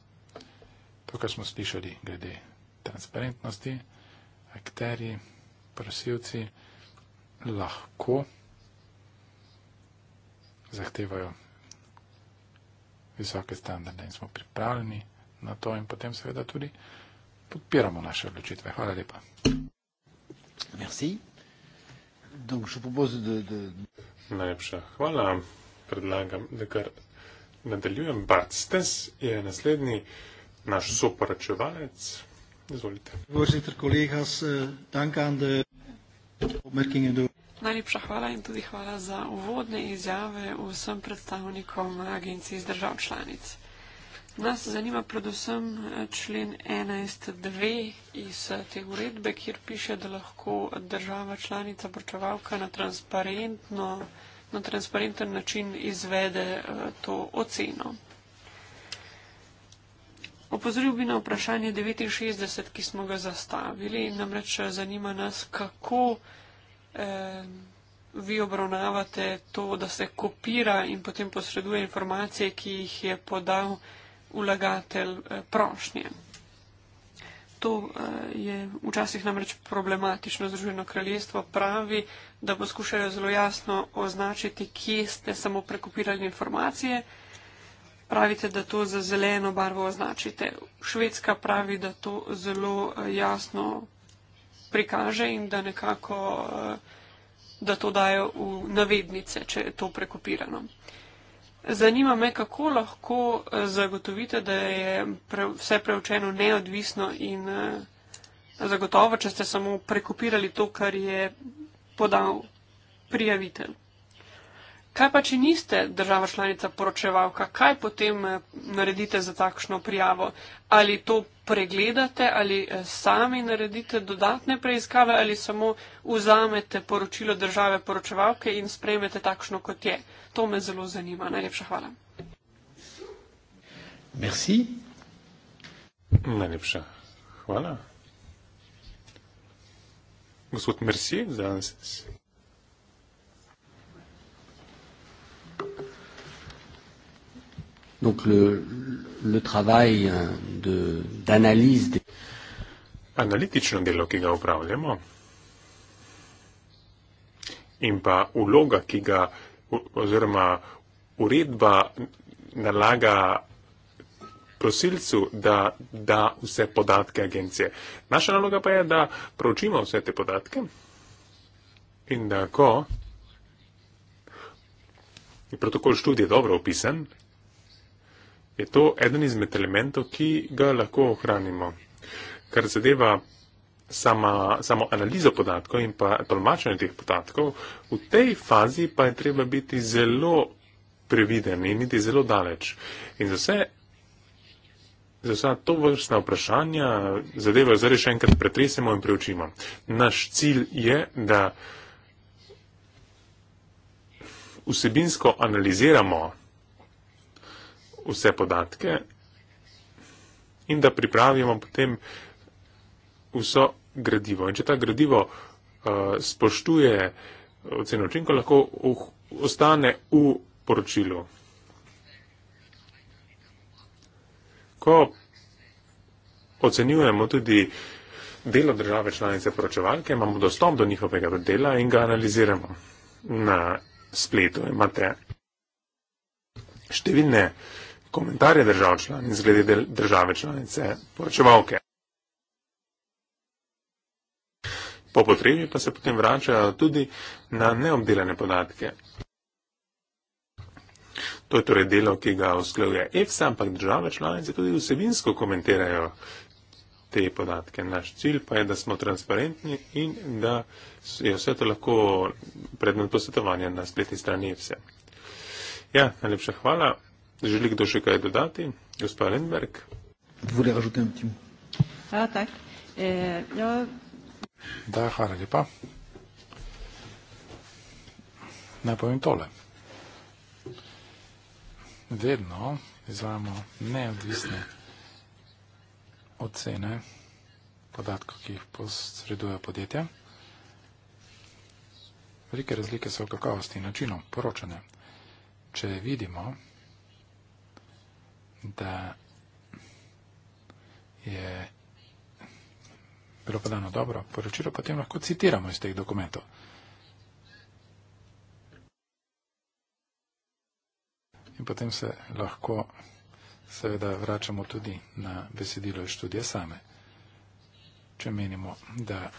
To, kar smo slišali glede transparentnosti, akterji, prosilci lahko zahtevajo visoke standarde in smo pripravljeni na to in potem seveda tudi podpiramo naše odločitve. Hvala lepa. Merci. Donc je propose de, de... Najlepša hvala. Predlagam, da kar nadaljujem. Bart Stens je naslednji naš soporočevalec. Izvolite. Eh, Najlepša hvala in tudi hvala za uvodne izjave vsem predstavnikom agencij z držav članic. Nas zanima predvsem eh, člen 11.2 iz eh, te uredbe, kjer piše, da lahko država članica poročevalka na, na transparenten način izvede eh, to oceno. Opozoril bi na vprašanje 69, ki smo ga zastavili, namreč zanima nas, kako eh, vi obravnavate to, da se kopira in potem posreduje informacije, ki jih je podal vlagatelj eh, prošnje. To eh, je včasih namreč problematično. Združeno kraljestvo pravi, da poskušajo zelo jasno označiti, kje ste samo prekopirali informacije. Pravite, da to za zeleno barvo označite. Švedska pravi, da to zelo eh, jasno prikaže in da nekako, da to dajo v navednice, če je to prekopirano. Zanima me, kako lahko eh, zagotovite, da je vse preučeno neodvisno in eh, zagotovo, če ste samo prekopirali to, kar je podal prijavitelj. Kaj pa, če niste država članica poročevalka, kaj potem eh, naredite za takšno prijavo? Ali to pregledate, ali sami naredite dodatne preiskave, ali samo vzamete poročilo države poročevalke in sprejmete takšno, kot je? to me zelo zanima. Najlepša hvala. Merci. Najlepša hvala. Gospod Merci, za danes. Donc le, le travail euh, d'analyse de, analitično delo, ki ga upravljamo in pa uloga, ki ga oziroma uredba nalaga prosilcu, da da vse podatke agencije. Naša naloga pa je, da pročimo vse te podatke in da ko je protokol študije dobro opisan, je to eden izmed elementov, ki ga lahko ohranimo. Kar zadeva sama, samo analizo podatkov in pa tolmačenje teh podatkov, v tej fazi pa je treba biti zelo previden in iti zelo daleč. In za vse, za vse to vrstna vprašanja zadevo zdaj še enkrat pretresemo in preučimo. Naš cilj je, da vsebinsko analiziramo vse podatke in da pripravimo potem vso gradivo. In če ta gradivo uh, spoštuje oceno učinkov, lahko uh, ostane v poročilu. Ko ocenjujemo tudi delo države članice poročevalke, imamo dostop do njihovega dela in ga analiziramo na spletu. Imate številne komentarje držav članic glede del države članice poročevalke. Po potrebi pa se potem vračajo tudi na neobdelane podatke. To je torej delo, ki ga usklajuje EFSA, ampak države članice tudi vsebinsko komentirajo te podatke. Naš cilj pa je, da smo transparentni in da je vse to lahko predmet posvetovanja na spletni strani EFSA. Ja, najlepša hvala. Želi kdo še kaj dodati? Gospod Lindberg. Vrjažu tem tim. Hvala, tak. E, ja. Da, hvala lepa. Naj povem tole. Vedno izvajamo neodvisne ocene podatkov, ki jih posreduje podjetja. Velike razlike so v kakovosti in načinu poročanja. Če vidimo, da je bilo podano dobro poročilo, potem lahko citiramo iz teh dokumentov. In potem se lahko seveda vračamo tudi na besedilo iz študije same, če menimo, da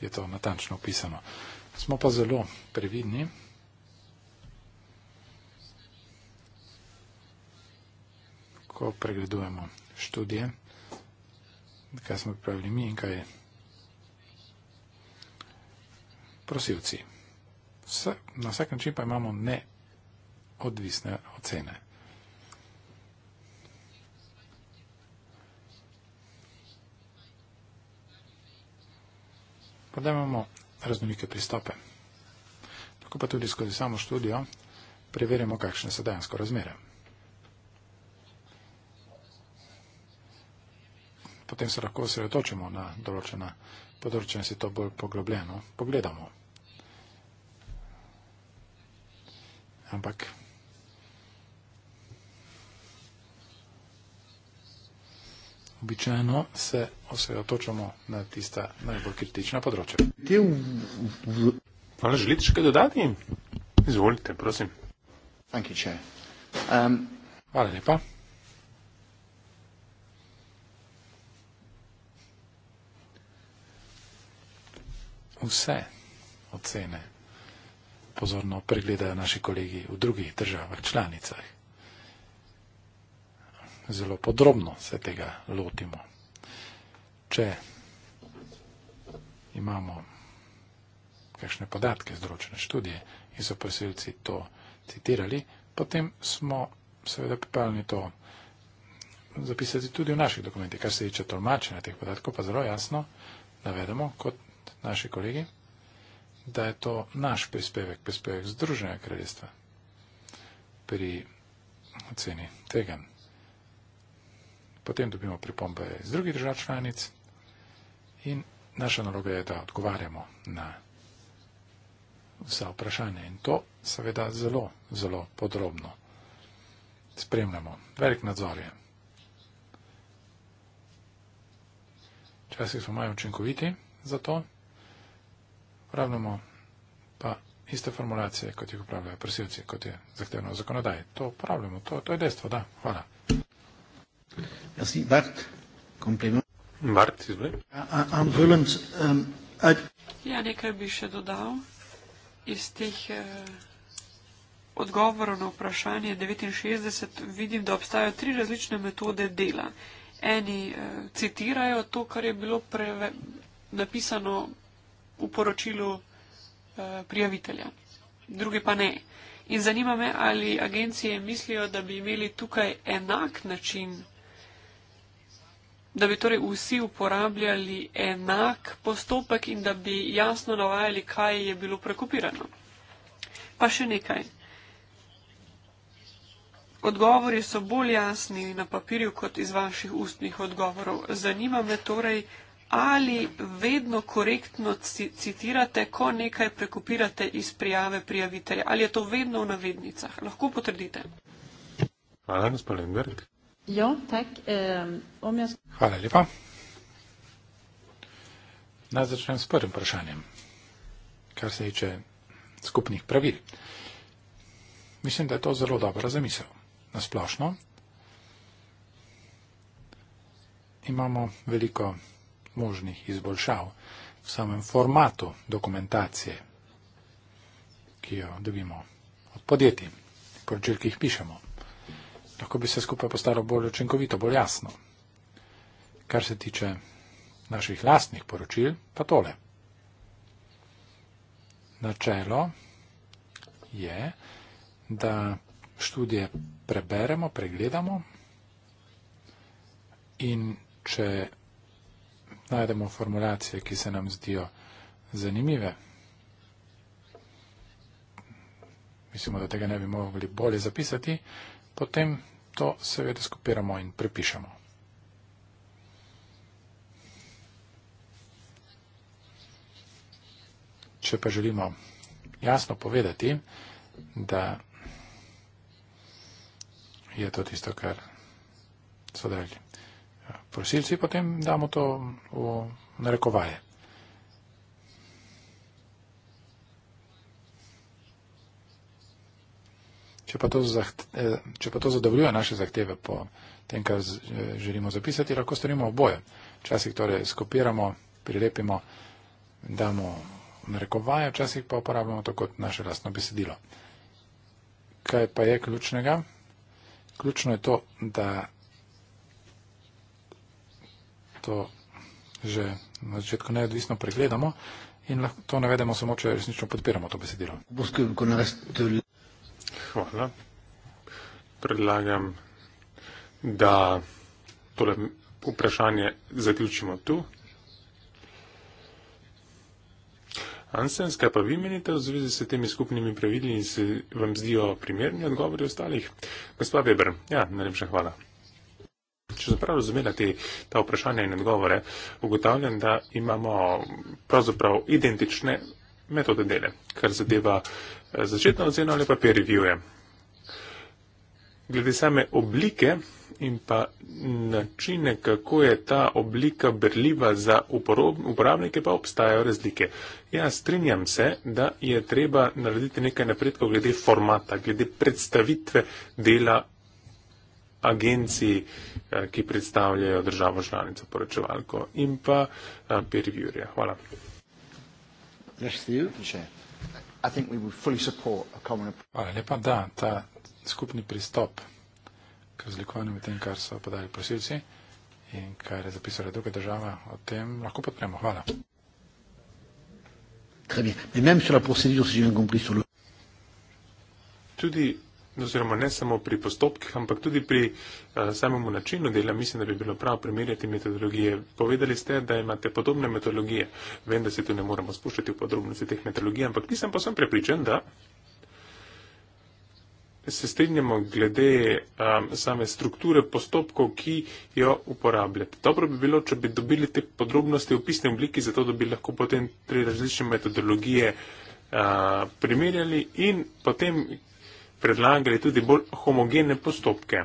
je to natančno opisano. Smo pa zelo previdni. Ko pregledujemo študije, kaj smo pripravili mi in kaj je. Prosilci. Vse, na vsak način pa imamo neodvisne ocene. Pa da imamo raznolike pristope. Tako pa tudi skozi samo študijo preverjamo, kakšne so dejansko razmere. potem se lahko osredotočimo na določena področja in si to bolj poglobljeno pogledamo. Ampak običajno se osredotočamo na tista najbolj kritična področja. Hvala, želite še kaj dodati? Izvolite, prosim. Thank you, chair. Um, Hvala lepa. vse ocene pozorno pregledajo naši kolegi v drugih državah, članicah. Zelo podrobno se tega lotimo. Če imamo kakšne podatke, zdročene študije in so posilci to citirali, potem smo seveda pripravljeni to zapisati tudi v naših dokumentih, kar se tiče tolmačenja teh podatkov, pa zelo jasno navedemo kot naši kolegi, da je to naš prispevek, prispevek Združenega kraljestva pri oceni tega. Potem dobimo pripombe iz drugih držav članic in naša naloga je, da odgovarjamo na vsa vprašanja in to seveda zelo, zelo podrobno spremljamo. Velik nadzor je. Včasih smo malo učinkoviti za to uporabljamo pa iste formulacije, kot jih uporabljajo prosilci, kot je zahtevno zakonodaj. To uporabljamo, to, to je dejstvo, da. Hvala. Merci, Bart. Compliment. Bart, izvoli. Um, ja, nekaj bi še dodal iz teh eh, odgovorov na vprašanje 69. Vidim, da obstajajo tri različne metode dela. Eni eh, citirajo to, kar je bilo preve, napisano v poročilu eh, prijavitelja, drugi pa ne. In zanima me, ali agencije mislijo, da bi imeli tukaj enak način, da bi torej vsi uporabljali enak postopek in da bi jasno navajali, kaj je bilo prekopirano. Pa še nekaj. Odgovori so bolj jasni na papirju kot iz vaših ustnih odgovorov. Zanima me torej, ali vedno korektno citirate, ko nekaj prekopirate iz prijave prijavitelja? Ali je to vedno v navednicah? Lahko potrdite. Hvala, gospod Lenberg. Jo, tak, eh, om jaz... Hvala lepa. Naj začnem s prvim vprašanjem, kar se tiče skupnih pravil. Mislim, da je to zelo dobra zamisel. Na splošno imamo veliko možnih izboljšav v samem formatu dokumentacije, ki jo dobimo od podjetij, poročil, ki jih pišemo. Lahko bi se skupaj postalo bolj očinkovito, bolj jasno. Kar se tiče naših lastnih poročil, pa tole. Načelo je, da študije preberemo, pregledamo in če najdemo formulacije, ki se nam zdijo zanimive. Mislimo, da tega ne bi mogli bolje zapisati, potem to seveda skopiramo in prepišemo. Če pa želimo jasno povedati, da je to tisto, kar so dalje prosilci, potem damo to v narekovaje. Če pa, zahte, eh, če pa to zadovoljuje naše zahteve po tem, kar eh, želimo zapisati, lahko storimo oboje. Včasih torej skopiramo, prilepimo, damo narekovaje, včasih pa uporabljamo to kot naše lastno besedilo. Kaj pa je ključnega? Ključno je to, da to že na začetku neodvisno pregledamo in lahko to navedemo samo, če resnično podpiramo to besedilo. Hvala. Predlagam, da tole vprašanje zaključimo tu. Ansens, kaj pa vi menite v zvezi s temi skupnimi pravili in se vam zdijo primerni odgovori ostalih? Gospa Weber, ja, najlepša hvala če zaprav razumela te, ta vprašanja in odgovore, ugotavljam, da imamo pravzaprav identične metode dele, kar zadeva eh, začetno oceno ali pa peer review-e. Glede same oblike in pa načine, kako je ta oblika berljiva za uporabnike, pa obstajajo razlike. Ja, strinjam se, da je treba narediti nekaj napredkov glede formata, glede predstavitve dela agenciji, eh, ki predstavljajo državo članico poročevalko in pa eh, peer reviewerja. Hvala. Hvala lepa, da, ta skupni pristop k razlikovanju med tem, kar so podali prosilci in kar je zapisala druga država, o tem lahko podpremo. Hvala. Tudi oziroma ne samo pri postopkih, ampak tudi pri uh, samemu načinu dela, mislim, da bi bilo prav primerjati metodologije. Povedali ste, da imate podobne metodologije. Vem, da se tu ne moramo spuščati v podrobnosti teh metodologij, ampak nisem pa sem prepričan, da se strinjamo glede um, same strukture postopkov, ki jo uporabljate. Dobro bi bilo, če bi dobili te podrobnosti v pisni obliki, zato da bi lahko potem tri različne metodologije uh, primerjali in potem predlagali tudi bolj homogene postopke.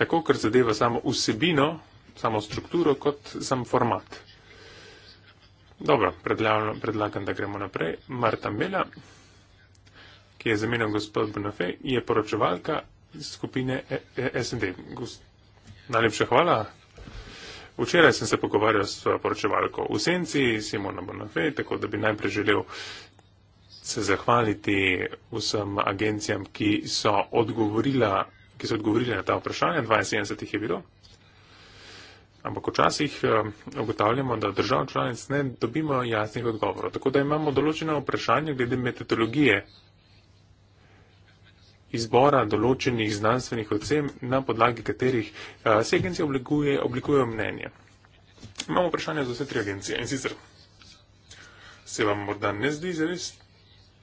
Tako, kar zadeva samo vsebino, samo strukturo, kot sam format. Dobro, predlagam, da gremo naprej. Marta Mela, ki je zamenjal gospod Bonafé, je poročevalka skupine e-, e-, SND. Najlepša hvala. Včeraj sem se pogovarjal s poročevalko v senci Simona Bonafé, tako da bi najprej želel se zahvaliti vsem agencijam, ki so odgovorila, ki so odgovorili na ta vprašanja. 72 jih je bilo. Ampak včasih eh, ugotavljamo, da držav članic ne dobimo jasnih odgovorov. Tako da imamo določene vprašanja glede metodologije izbora določenih znanstvenih ocen, na podlagi katerih eh, se agencije oblikuje, oblikujejo mnenje. Imamo vprašanje za vse tri agencije in sicer se vam morda ne zdi zelo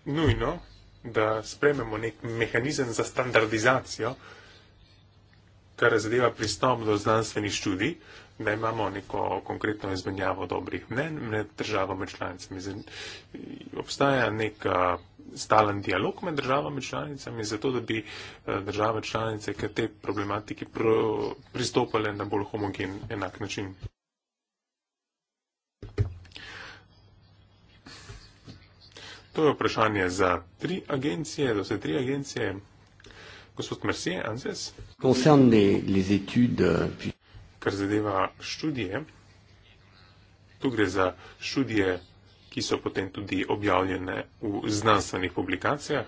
nujno, da sprememo nek mehanizem za standardizacijo, kar zadeva pristop do znanstvenih študij, da imamo neko konkretno izmenjavo dobrih mnen med državami članicami. Obstaja nek stalen dialog med državami članicami, zato da bi države članice k tej problematiki pro, pristopale na bolj homogen enak način. To je vprašanje za tri agencije, za vse tri agencije. Gospod Mercier, Anzes. Kar zadeva študije, tu gre za študije, ki so potem tudi objavljene v znanstvenih publikacijah.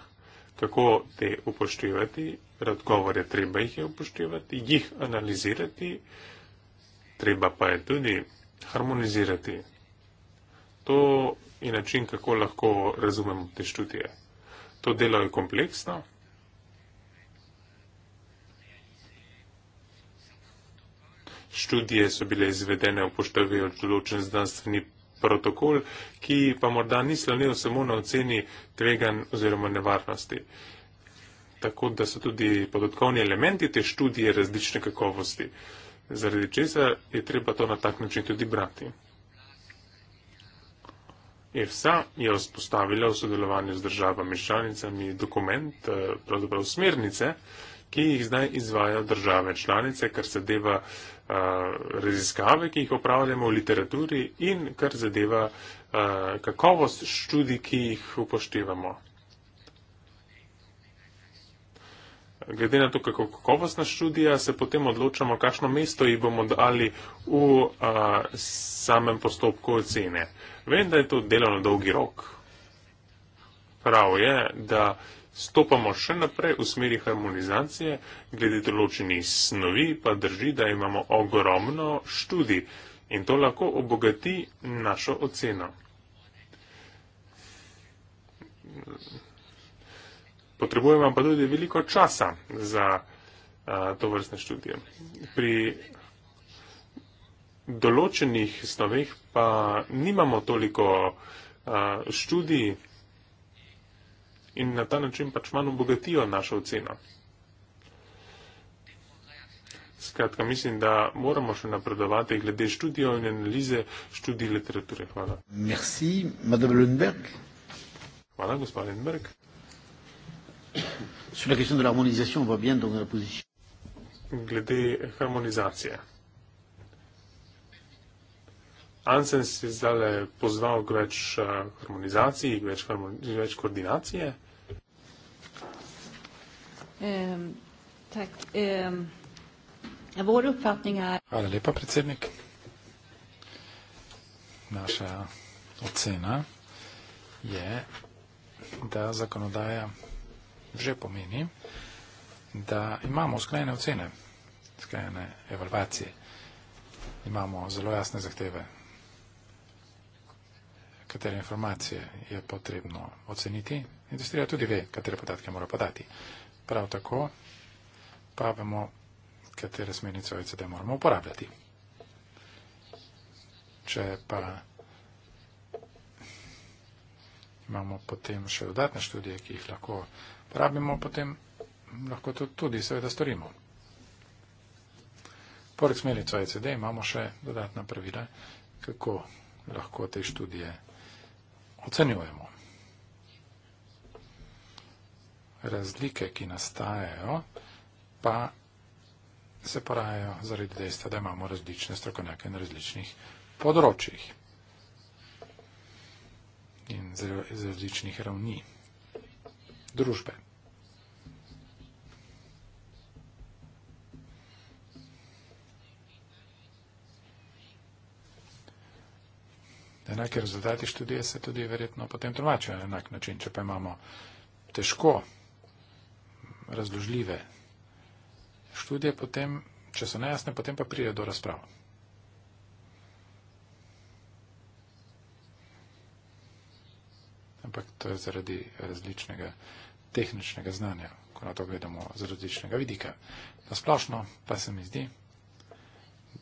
Kako te upoštevati? Odgovor je, treba jih je upoštevati, jih analizirati, treba pa je tudi harmonizirati to je način, kako lahko razumemo te študije. To delo je kompleksno. Študije so bile izvedene upoštevajoč določen znanstveni protokol, ki pa morda ni slonil samo na oceni tvegan oziroma nevarnosti. Tako da so tudi podatkovni elementi te študije različne kakovosti, zaradi česa je treba to na tak način tudi brati. EFSA je vzpostavila v sodelovanju z državami članicami dokument, eh, pravzaprav smernice, ki jih zdaj izvajo države članice, kar zadeva uh, raziskave, ki jih opravljamo v literaturi in kar zadeva uh, kakovost študij, ki jih upoštevamo. glede na to, kako kakovostna študija, se potem odločamo, kakšno mesto ji bomo dali v a, samem postopku ocene. Vem, da je to delo na dolgi rok. Prav je, da stopamo še naprej v smeri harmonizacije, glede določenih snovi pa drži, da imamo ogromno študij in to lahko obogati našo oceno. Potrebujem pa tudi veliko časa za a, to vrstne študije. Pri določenih snoveh pa nimamo toliko a, študij in na ta način pač manj obogatijo našo oceno. Skratka, mislim, da moramo še napredovati glede študijo in analize študij literature. Hvala. Merci, Madame Lundberg. Hvala, gospod Lundberg. Sur la question de l'harmonisation, on voit bien dans la position. Glede harmonizacije. Ansen si zdaj pozval k več eh, harmonizaciji, k več, harmoni, več koordinacije. Um, tak, um, Hvala lepa, predsednik. Naša ocena je, da zakonodaja že pomeni, da imamo sklene ocene, sklene evalvacije, imamo zelo jasne zahteve, katere informacije je potrebno oceniti. Industrija tudi ve, katere podatke mora podati. Prav tako pa vemo, katere smernice OECD moramo uporabljati. Če pa imamo potem še dodatne študije, ki jih lahko rabimo, potem lahko to tudi seveda storimo. Poleg smernic OECD imamo še dodatna pravila, kako lahko te študije ocenjujemo. Razlike, ki nastajajo, pa se porajajo zaradi dejstva, da imamo različne strokovnjake na različnih področjih in z različnih ravni družbe. Enaki rezultati študije se tudi verjetno potem tolmačijo na enak način, če pa imamo težko razložljive študije, potem, če so nejasne, potem pa pride do razprave. ampak to je zaradi različnega tehničnega znanja, ko na to gledamo z različnega vidika. Na splošno pa se mi zdi,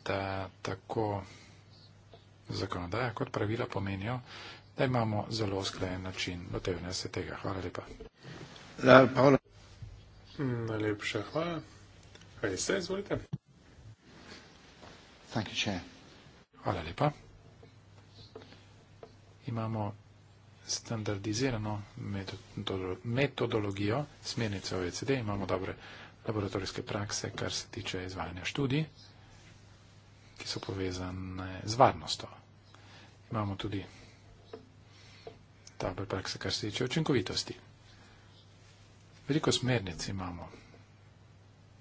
da tako zakonodaja kot pravila pomenijo, da imamo zelo sklajen način lotevanja se tega. Hvala lepa. Ja, Najlepša hvala. Kaj se, izvolite. Thank you, Chair. Hvala lepa. Imamo standardizirano metodologijo, smernice OECD, imamo dobre laboratorijske prakse, kar se tiče izvajanja študij, ki so povezane z varnostjo. Imamo tudi dobre prakse, kar se tiče učinkovitosti. Veliko smernic imamo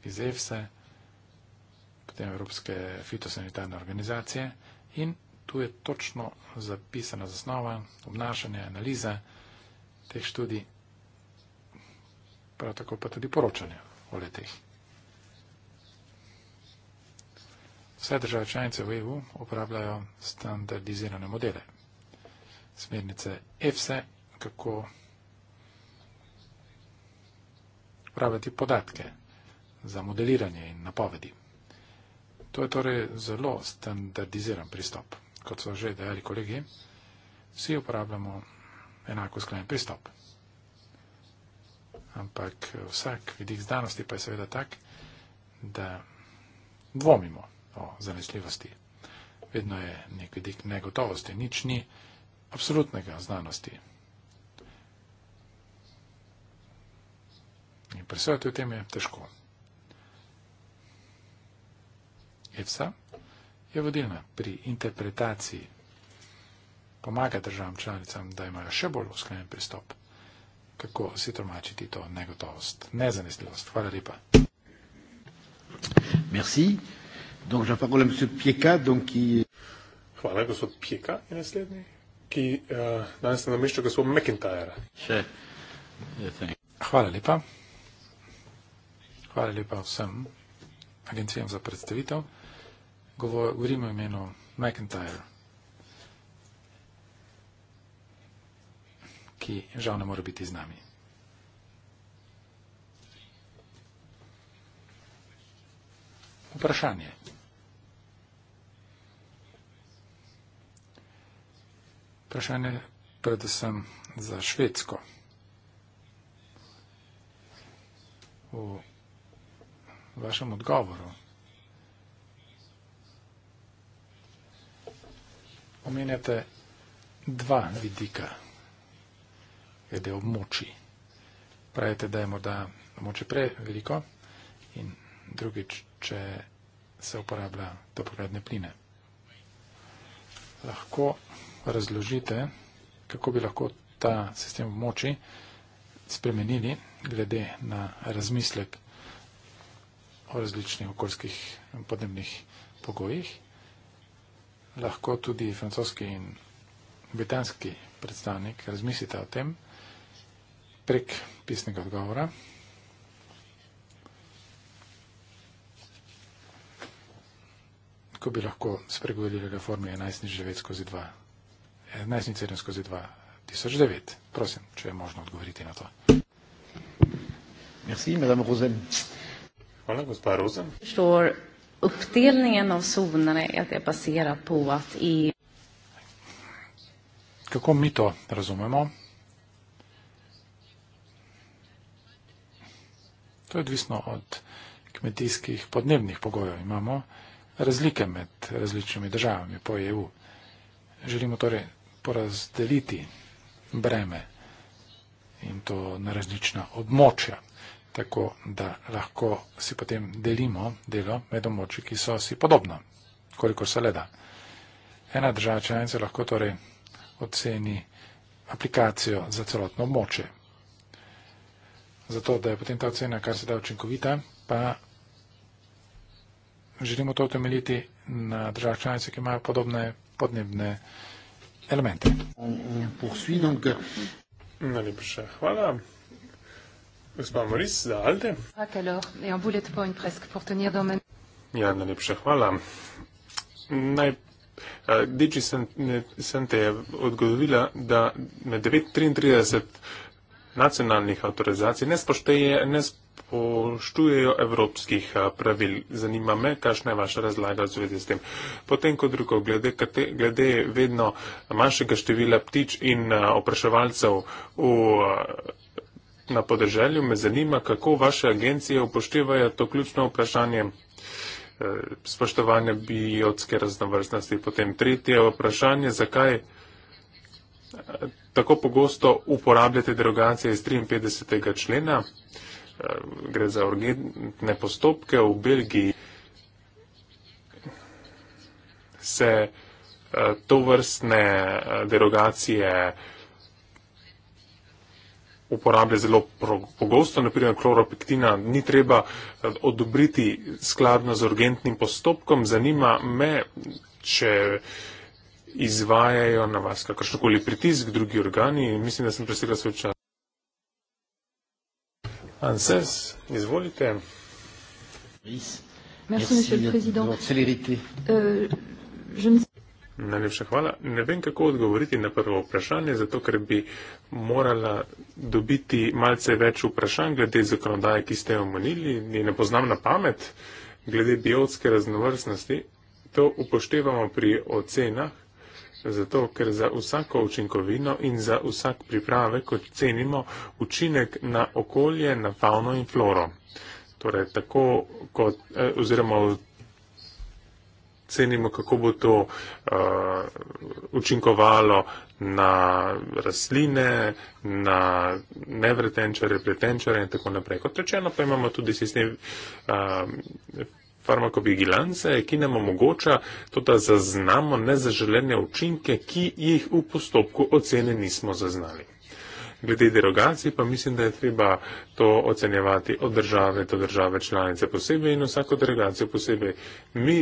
iz EFSA, e, potem Evropske fitosanitarne organizacije in Tu je točno zapisana zasnova, obnašanje, analiza teh študij, prav tako pa tudi poročanje o letih. Vse države članice v EU uporabljajo standardizirane modele, smernice EFSE, e, kako uporabljati podatke za modeliranje in napovedi. To je torej zelo standardiziran pristop kot so že dejali kolegi, vsi uporabljamo enako sklenjen pristop. Ampak vsak vidik znanosti pa je seveda tak, da dvomimo o zanesljivosti. Vedno je nek vidik negotovosti, nič ni absolutnega znanosti. In presojati v tem je težko. Je vse? je vodilna pri interpretaciji. Pomaga državam članicam, da imajo še bolj usklajen pristop, kako si tromačiti to negotovost, nezanesljivost. Hvala lepa. Merci. Donc, je parle à monsieur Pieka, donc, qui... Hvala, gospod Pieka je naslednji, ki uh, danes na mišču gospod McIntyre. Še. Ja, Hvala lepa. Hvala lepa vsem agencijam za predstavitev govorim o imenu McIntyre, ki žal ne more biti z nami. Vprašanje. Vprašanje predvsem za Švedsko. V vašem odgovoru omenjate dva vidika glede območij. Pravite, da je morda območje prej veliko in drugič, če se uporablja toplogradne pline. Lahko razložite, kako bi lahko ta sistem območij spremenili glede na razmislek o različnih okoljskih podnebnih pogojih lahko tudi francoski in britanski predstavnik razmislite o tem prek pisnega odgovora. Ko bi lahko spregovorili reformi 11.9 skozi 2, 11.7 skozi 2009. Prosim, če je možno odgovoriti na to. Merci, madame Rosen. Hvala, gospa Rosen. Sure. Uppdelningen av zonerna är att det är baserat på att i... Kako mi to razumemo? To je odvisno od kmetijskih podnebnih pogojev. Imamo razlike med različnimi državami po EU. Želimo torej porazdeliti breme in to na različna območja tako da lahko si potem delimo delo med območji, ki so si podobno, kolikor se le da. Ena država članica lahko torej oceni aplikacijo za celotno območje. Zato, da je potem ta ocena kar se da učinkovita, pa želimo to utemeljiti na državah članice, ki imajo podobne podnebne elemente. Najlepša hvala. Gospa Moris, za Alde. Ja, najlepša hvala. Naj, Diči Sente je odgovorila, da med 933 nacionalnih avtorizacij ne, spošteje, ne spoštujejo evropskih pravil. Zanima me, kakšna je vaša razlaga v zvezi s tem. Potem kot drugo, glede, glede vedno manjšega števila ptič in opraševalcev v Na podeželju me zanima, kako vaše agencije upoštevajo to ključno vprašanje eh, spoštovanja biotske raznovrstnosti. Potem tretje vprašanje, zakaj eh, tako pogosto uporabljate derogacije iz 53. člena. Eh, gre za urgentne postopke v Belgiji. Se to vrstne derogacije uh, uporablja zelo pogosto, naprimer kloropektina, ni treba eh, odobriti skladno z urgentnim postopkom. Zanima me, če izvajajo na vas kakršnokoli pritisk, drugi organi. Mislim, da sem presegla svoj čas. ANSES, izvolite. Merci, Merci, monsieur le Président. Euh, je ne... Najlepša hvala. Ne vem, kako odgovoriti na prvo vprašanje, zato ker bi morala dobiti malce več vprašanj glede zakonodaje, ki ste jo omenili. Ne poznam na pamet glede biotske raznovrstnosti. To upoštevamo pri ocenah, zato ker za vsako učinkovino in za vsak priprave, kot cenimo, učinek na okolje, na fauno in floro. Torej, tako kot, eh, oziroma cenimo, kako bo to uh, učinkovalo na rastline, na nevretenčare, pretenčare in tako naprej. Kot rečeno, pa imamo tudi sistem um, farmakovigilance, ki nam omogoča to, da zaznamo nezaželene učinke, ki jih v postopku ocene nismo zaznali. Glede derogacij pa mislim, da je treba to ocenjevati od države do države članice posebej in vsako derogacijo posebej. Mi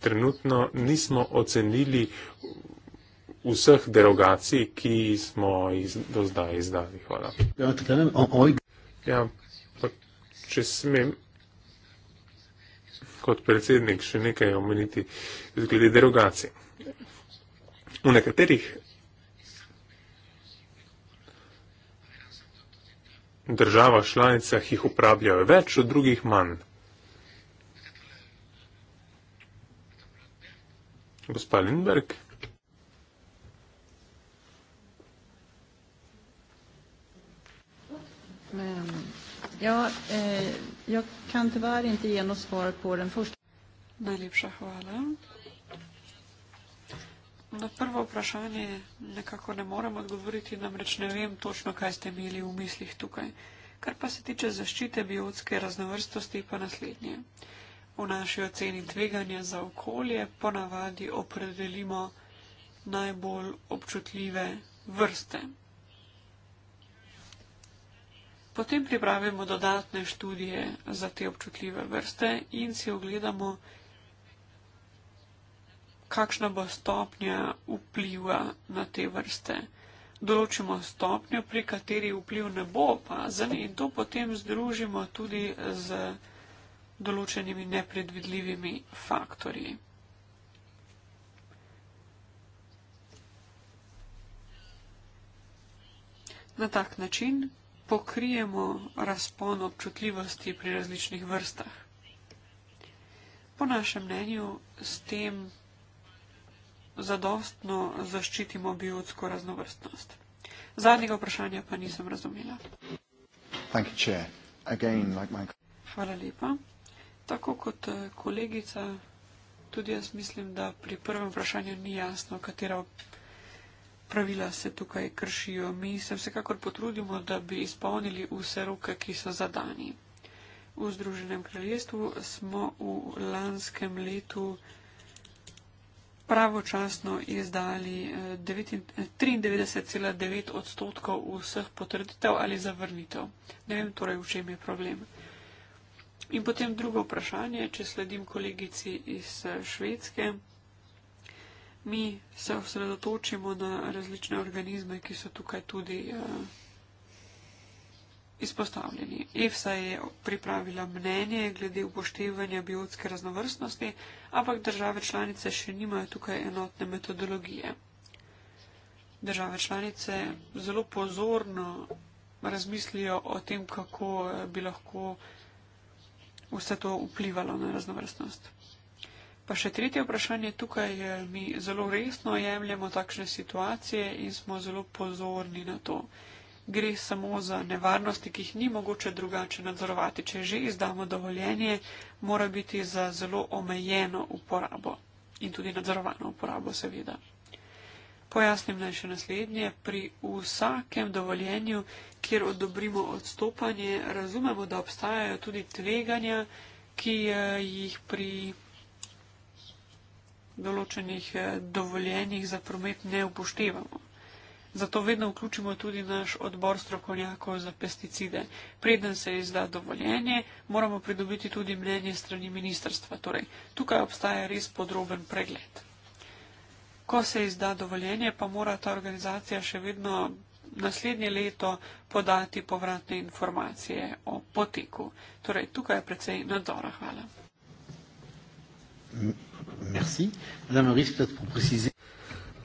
trenutno nismo ocenili vseh derogacij, ki smo iz, do zdaj izdali. Hvala. Ja, ja, pa če smem kot predsednik še nekaj omeniti glede derogacij. V nekaterih državah članicah jih uporabljajo več, v drugih manj. Gospa Lindberg. Ja, eh, jag kan tyvärr inte ge något svar på den första. Najlepša hvala. Na prvo vprašanje nekako ne morem odgovoriti, namreč ne vem točno, kaj ste imeli v mislih tukaj. Kar pa se tiče zaščite biotske raznovrstosti, pa naslednje. Eh, v naši oceni tveganja za okolje ponavadi opredelimo najbolj občutljive vrste. Potem pripravimo dodatne študije za te občutljive vrste in si ogledamo, kakšna bo stopnja vpliva na te vrste. Določimo stopnjo, pri kateri vpliv ne bo opazen in to potem združimo tudi z vrste določenimi nepredvidljivimi faktorji. Na tak način pokrijemo razpon občutljivosti pri različnih vrstah. Po našem mnenju s tem zadostno zaščitimo biotsko raznovrstnost. Zadnjega vprašanja pa nisem razumela. Hvala lepa. Tako kot eh, kolegica, tudi jaz mislim, da pri prvem vprašanju ni jasno, katera pravila se tukaj kršijo. Mi se vsekakor potrudimo, da bi izpolnili vse roke, ki so zadani. V Združenem kraljestvu smo v lanskem letu pravočasno izdali 93,9 eh, odstotkov vseh potrditev ali zavrnitev. Ne vem torej, v čem je problem. In potem drugo vprašanje, če sledim kolegici iz eh, Švedske. Mi se osredotočimo na različne organizme, ki so tukaj tudi uh, izpostavljeni. EFSA je pripravila mnenje glede upoštevanja biotske raznovrstnosti, ampak države članice še nimajo tukaj enotne metodologije. Države članice zelo pozorno razmislijo o tem, kako eh, bi lahko uh, vse to vplivalo na raznovrstnost. Pa še tretje vprašanje tukaj, eh, mi zelo resno jemljemo takšne situacije in smo zelo pozorni na to. Gre samo za nevarnosti, ki jih ni mogoče drugače nadzorovati. Če že izdamo dovoljenje, mora biti za zelo omejeno uporabo in tudi nadzorovano uporabo, seveda. Pojasnim naj še naslednje. Pri vsakem dovoljenju, kjer odobrimo odstopanje, razumemo, da obstajajo tudi tveganja, ki eh, jih pri določenih eh, dovoljenjih za promet ne upoštevamo. Zato vedno vključimo tudi naš odbor strokovnjakov za pesticide. Preden se izda dovoljenje, moramo pridobiti tudi mnenje strani ministrstva. Torej, tukaj obstaja res podroben pregled. Ko se izda dovoljenje, pa mora ta organizacija še vedno naslednje leto podati povratne informacije o poteku. Torej, tukaj je precej nadzora. Hvala. Merci.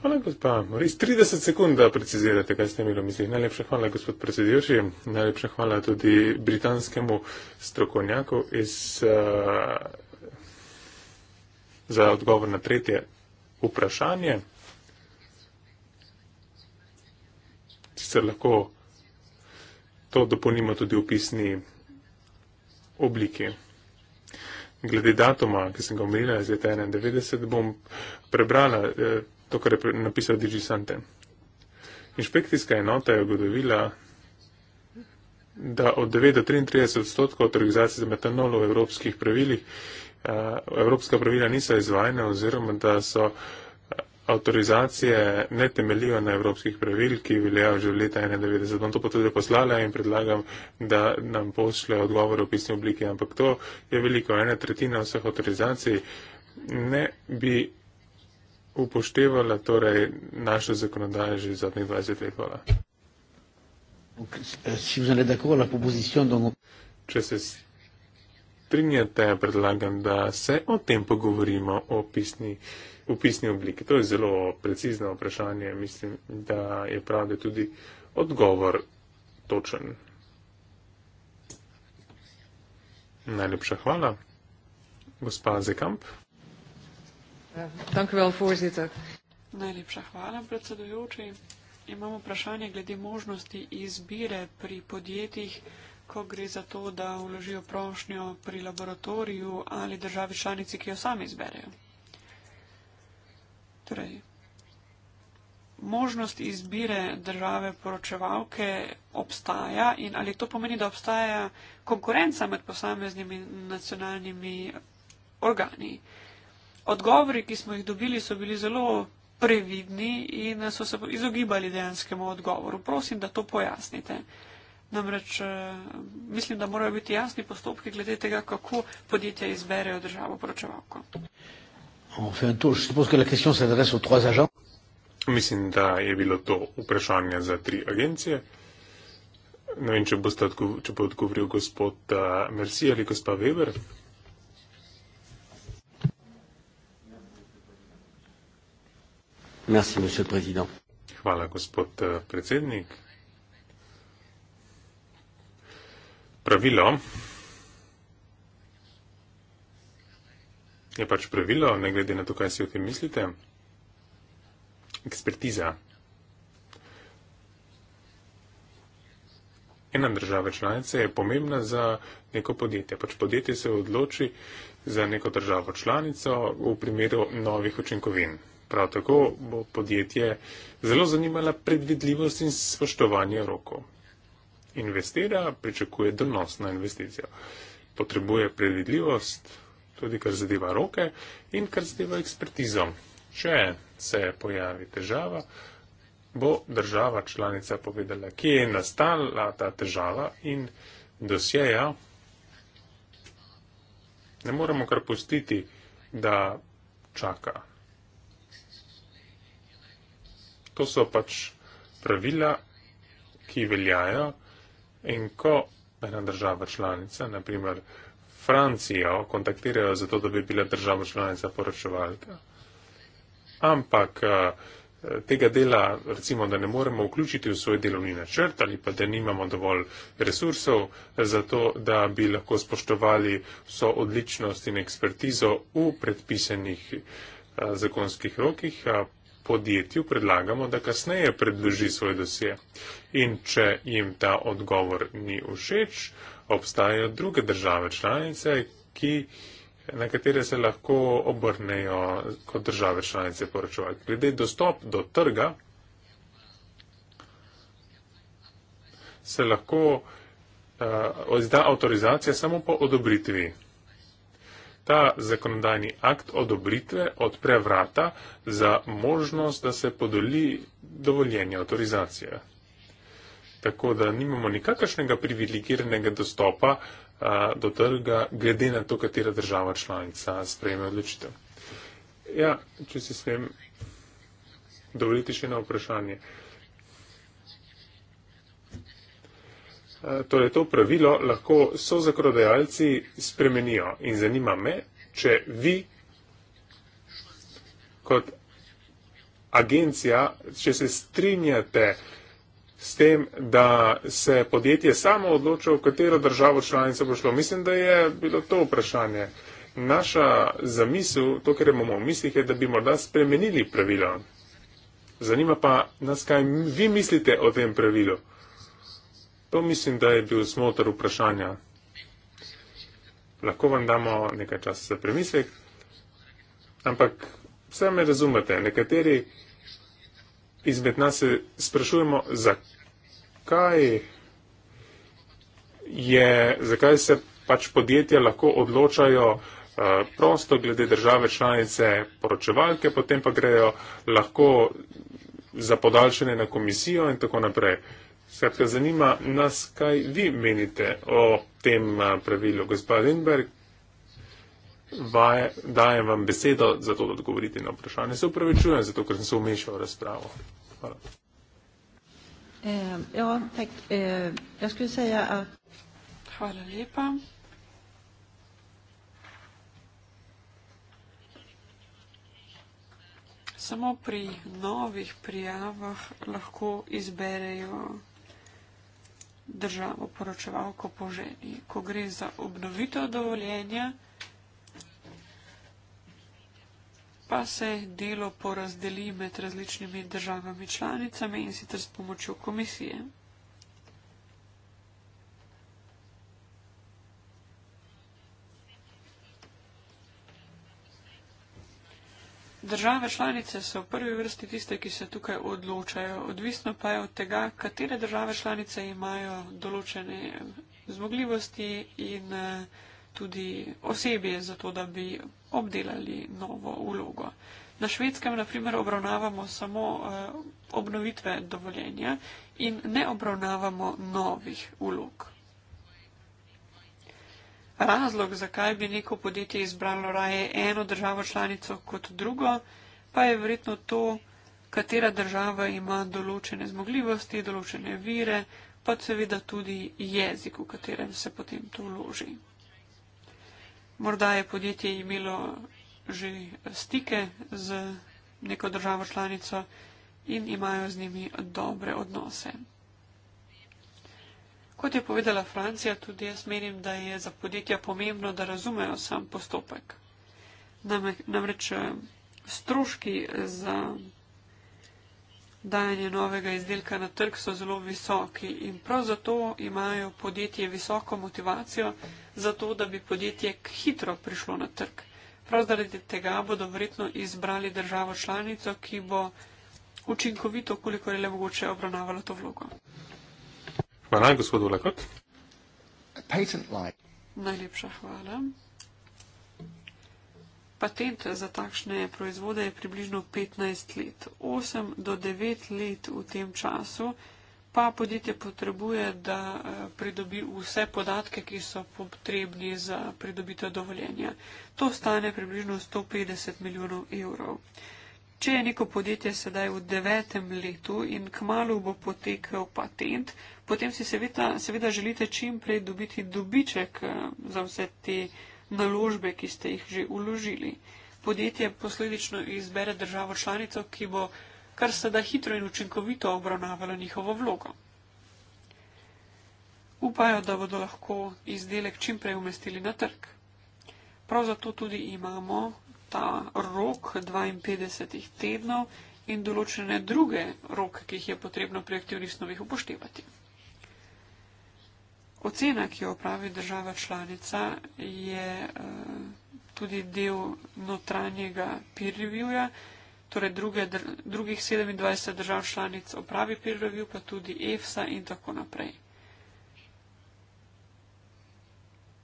Hvala, gospa. Res 30 sekund, da precizirate, kaj ste imeli v mislih. Najlepša hvala, gospod predsedujoči. Najlepša hvala tudi britanskemu strokovnjaku iz, uh, za odgovor na tretje vprašanje. Sicer lahko to dopolnimo tudi v pisni obliki. Glede datuma, ki sem ga omenila iz leta 91, bom prebrala eh, to, kar je napisal Digi Sante. Inšpekcijska enota je ugotovila, da od 9 do 33 odstotkov trgizacij za metanol v evropskih pravilih evropska pravila niso izvajene oziroma da so avtorizacije ne temelijo na evropskih pravil, ki veljajo že v leta 91. Zato to pa tudi poslala in predlagam, da nam pošle odgovore v pisni obliki. Ampak to je veliko, ena tretjina vseh avtorizacij ne bi upoštevala torej naše zakonodaje že zadnjih 20 let. Hvala. Eh, si vzale tako na pobozicijo domov? Če se strinjate, predlagam, da se o tem pogovorimo o pisni, v pisni obliki. To je zelo precizno vprašanje. Mislim, da je prav, da tudi odgovor točen. Najlepša hvala. Gospa Zekamp. Najlepša hvala, predsedujoči. Imamo vprašanje glede možnosti izbire pri podjetjih ko gre za to, da vložijo prošnjo pri laboratoriju ali državi članici, ki jo sami izberejo. Torej, možnost izbire države poročevalke obstaja in ali to pomeni, da obstaja konkurenca med posameznimi nacionalnimi organi. Odgovori, ki smo jih dobili, so bili zelo previdni in so se izogibali dejanskemu odgovoru. Prosim, da to pojasnite. Namreč eh, mislim, da morajo biti jasni postopki glede tega, kako podjetja izberejo državo poročevalko. Mislim, da je bilo to vprašanje za tri agencije. Ne vem, če, če bo odgovoril gospod eh, Mercier ali gospa Weber. Merci, Hvala, gospod eh, predsednik. pravilo, je pač pravilo, ne glede na to, kaj si o tem mislite, ekspertiza. Ena država članica je pomembna za neko podjetje. Pač podjetje se odloči za neko državo članico v primeru novih učinkovin. Prav tako bo podjetje zelo zanimala predvidljivost in spoštovanje rokov investira, pričakuje donos na investicijo. Potrebuje predvidljivost, tudi kar zadeva roke in kar zadeva ekspertizo. Če se pojavi težava, bo država članica povedala, kje je nastala ta težava in dosjeja. Ne moremo kar pustiti, da čaka. To so pač pravila, ki veljajo. In ko ena država članica, naprimer Francijo, kontaktirajo za to, da bi bila država članica poročevalka, ampak eh, tega dela, recimo, da ne moremo vključiti v svoj delovni načrt ali pa da nimamo dovolj resursov za to, da bi lahko spoštovali vso odličnost in ekspertizo v predpisanih eh, zakonskih rokih, eh, podjetju predlagamo, da kasneje predloži svoj dosje. In če jim ta odgovor ni všeč, obstajajo druge države članice, ki, na katere se lahko obrnejo kot države članice poročevati. Glede dostop do trga se lahko uh, izda avtorizacija samo po odobritvi ta zakonodajni akt odobritve odpre vrata za možnost, da se podoli dovoljenje autorizacije. Tako da nimamo nikakršnega privilegiranega dostopa a, do trga, glede na to, katera država članica sprejme odločitev. Ja, če si smem dovoliti še eno vprašanje. A, Torej, to pravilo lahko so zakonodajalci spremenijo in zanima me, če vi kot agencija, če se strinjate s tem, da se podjetje samo odloča, v katero državo članico bo šlo. Mislim, da je bilo to vprašanje. Naša zamisel, to, kar imamo v mislih, je, da bi morda spremenili pravilo. Zanima pa nas, kaj vi mislite o tem pravilu. To mislim, da je bil smotr vprašanja. Lahko vam damo nekaj časa za premislek, ampak vse me razumete. Nekateri izmed nas se sprašujemo, zakaj, je, zakaj se pač podjetja lahko odločajo eh, prosto glede države članice poročevalke, potem pa grejo lahko za podaljšanje na komisijo in tako naprej. Skratka, zanima nas, kaj vi menite o tem eh, pravilu. Gospod Lindberg, vaj, dajem vam besedo za to, da odgovorite na vprašanje. Se upravičujem, zato ker sem se umešal v razpravo. Hvala. Eh, jo, ja, tak, eh, jaz skulle seja, a... Hvala lepa. Samo pri novih prijavah lahko izberejo državo poročevalko po ženi. Ko gre za obnovitev dovoljenja, pa se delo porazdeli med različnimi državami članicami in sicer s pomočjo komisije. Države članice so v prvi vrsti tiste, ki se tukaj odločajo. Odvisno pa je od tega, katere države članice imajo določene zmogljivosti in eh, tudi osebje za to, da bi obdelali novo vlogo. Na švedskem, naprimer, obravnavamo samo eh, obnovitve dovoljenja in ne obravnavamo novih vlog. Razlog, zakaj bi neko podjetje izbralo raje eno državo članico kot drugo, pa je verjetno to, katera država ima določene zmogljivosti, določene vire, pa seveda tudi jezik, v katerem se potem to vloži. Morda je podjetje imelo že stike z neko državo članico in imajo z njimi dobre odnose. Kot je povedala Francija, tudi jaz menim, da je za podjetja pomembno, da razumejo sam postopek. Namreč eh, stroški za dajanje novega izdelka na trg so zelo visoki in prav zato imajo podjetje visoko motivacijo za to, da bi podjetje hitro prišlo na trg. Prav zaradi tega bodo verjetno izbrali državo članico, ki bo učinkovito, koliko je le mogoče, obravnavala to vlogo. Hvala, gospod Vlakot. Najlepša hvala. Patent za takšne proizvode je približno 15 let. 8 do 9 let v tem času pa podjetje potrebuje, da eh, pridobi vse podatke, ki so potrebni za pridobitev dovoljenja. To stane približno 150 milijonov evrov. Če je neko podjetje sedaj v devetem letu in kmalo bo potekel patent, potem si seveda, seveda želite čim prej dobiti dobiček eh, za vse te naložbe, ki ste jih že uložili. Podjetje posledično izbere državo članico, ki bo kar sedaj hitro in učinkovito obravnavala njihovo vlogo. Upajo, da bodo lahko izdelek čim prej umestili na trg. Prav zato tudi imamo ta rok 52 tednov in določene druge roke, ki jih je potrebno pri aktivnih snovih upoštevati. Ocena, ki jo opravi država članica, je eh, tudi del notranjega peer reviewja, torej druge, drugih 27 držav članic opravi peer review, pa tudi EFSA in tako naprej.